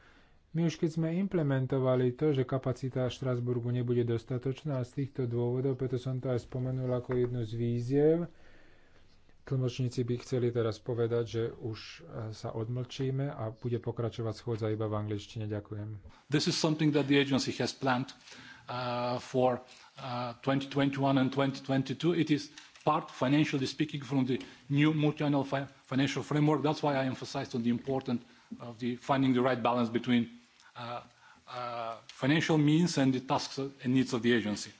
my už keď sme implementovali to, že kapacita Štrasburgu nebude dostatočná a z týchto dôvodov, preto som to aj spomenul ako jednu z víziev, Tlmočníci by chceli teraz povedať, že už e, sa odmlčíme a bude pokračovať schôdza iba v angličtine. Ďakujem. This is something that the agency has planned uh, for uh, 2021 and 2022. It is part, financially speaking, from the new multi-annual fi financial framework. That's why I emphasized on the importance of the finding the right balance between uh, uh, financial means and the tasks and needs of the agency.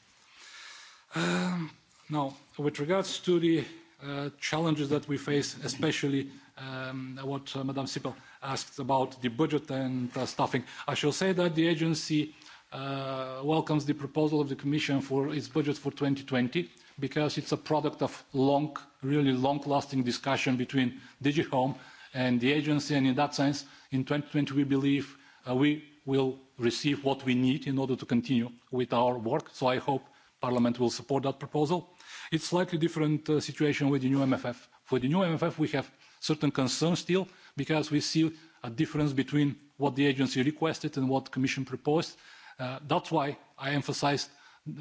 Um, now, with regards to the uh, challenges that we face, especially um, what uh, Madame Sipel asked about the budget and uh, staffing, I shall say that the agency uh, welcomes the proposal of the Commission for its budget for 2020 because it's a product of long, really long-lasting discussion between DigiHome and the agency. And in that sense, in 2020, we believe uh, we will receive what we need in order to continue with our work. So I hope Parliament will support that proposal. It's slightly different uh, situation with the new MFF. For the new MFF, we have certain concerns still because we see a difference between what the agency requested and what Commission proposed. Uh, that's why I emphasized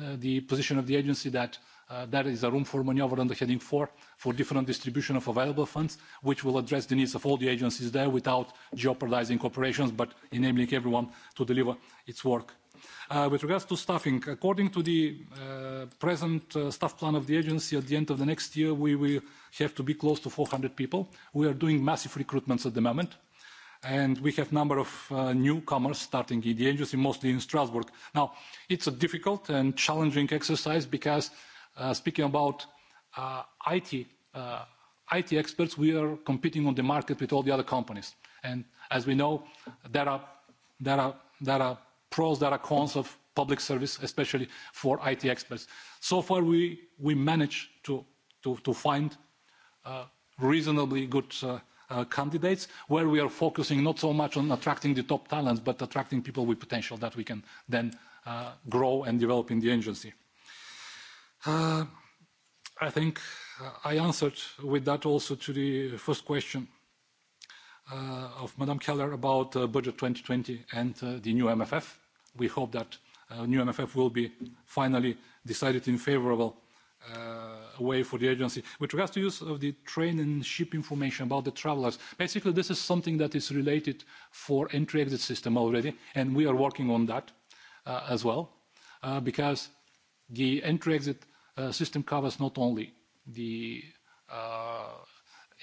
uh, the position of the agency that Uh, there is a room for maneuver under heading four for different distribution of available funds, which will address the needs of all the agencies there without jeopardizing operations, but enabling everyone to deliver its work. Uh, with regards to staffing, according to the uh, present uh, staff plan of the agency, at the end of the next year, we will have to be close to 400 people. We are doing massive recruitments at the moment, and we have a number of uh, newcomers starting in the agency, mostly in Strasbourg. Now, it's a difficult and challenging exercise because uh, speaking about uh, IT, uh, IT experts, we are competing on the market with all the other companies. And as we know, there are, there are, there are pros, there are cons of public service, especially for IT experts. So far, we, we managed to, to, to find uh, reasonably good uh, uh, candidates where we are focusing not so much on attracting the top talents, but attracting people with potential that we can then uh, grow and develop in the agency. Uh, I think uh, I answered with that also to the first question uh, of Madame Keller about uh, budget 2020 and uh, the new MFF. We hope that uh, new MFF will be finally decided in favorable uh, way for the agency. With regards to use of the train and ship information about the travelers, basically this is something that is related for entry-exit system already, and we are working on that uh, as well, uh, because the entry-exit uh, system covers not only the uh,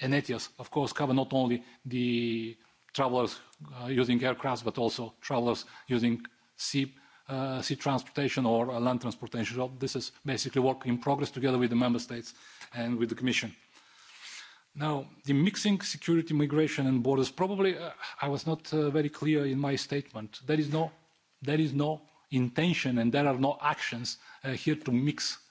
and ETIAS, of course, cover not only the travelers uh, using aircrafts, but also travelers using sea, uh, sea transportation or uh, land transportation. So this is basically work in progress together with the member states and with the Commission. Now, the mixing security, migration and borders, probably uh, I was not uh, very clear in my statement. There is no, there is no intention and there are no actions uh, here to mix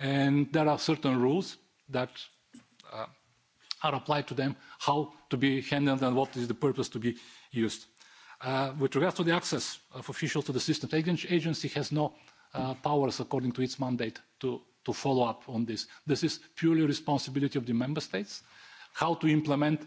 and there are certain rules that uh, are applied to them, how to be handled and what is the purpose to be used. Uh, with regards to the access of officials to the system, the agency has no uh, powers according to its mandate to, to follow up on this. This is purely responsibility of the member states, how to implement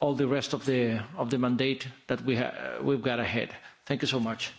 all the rest of the, of the mandate that we ha- we've got ahead. Thank you so much.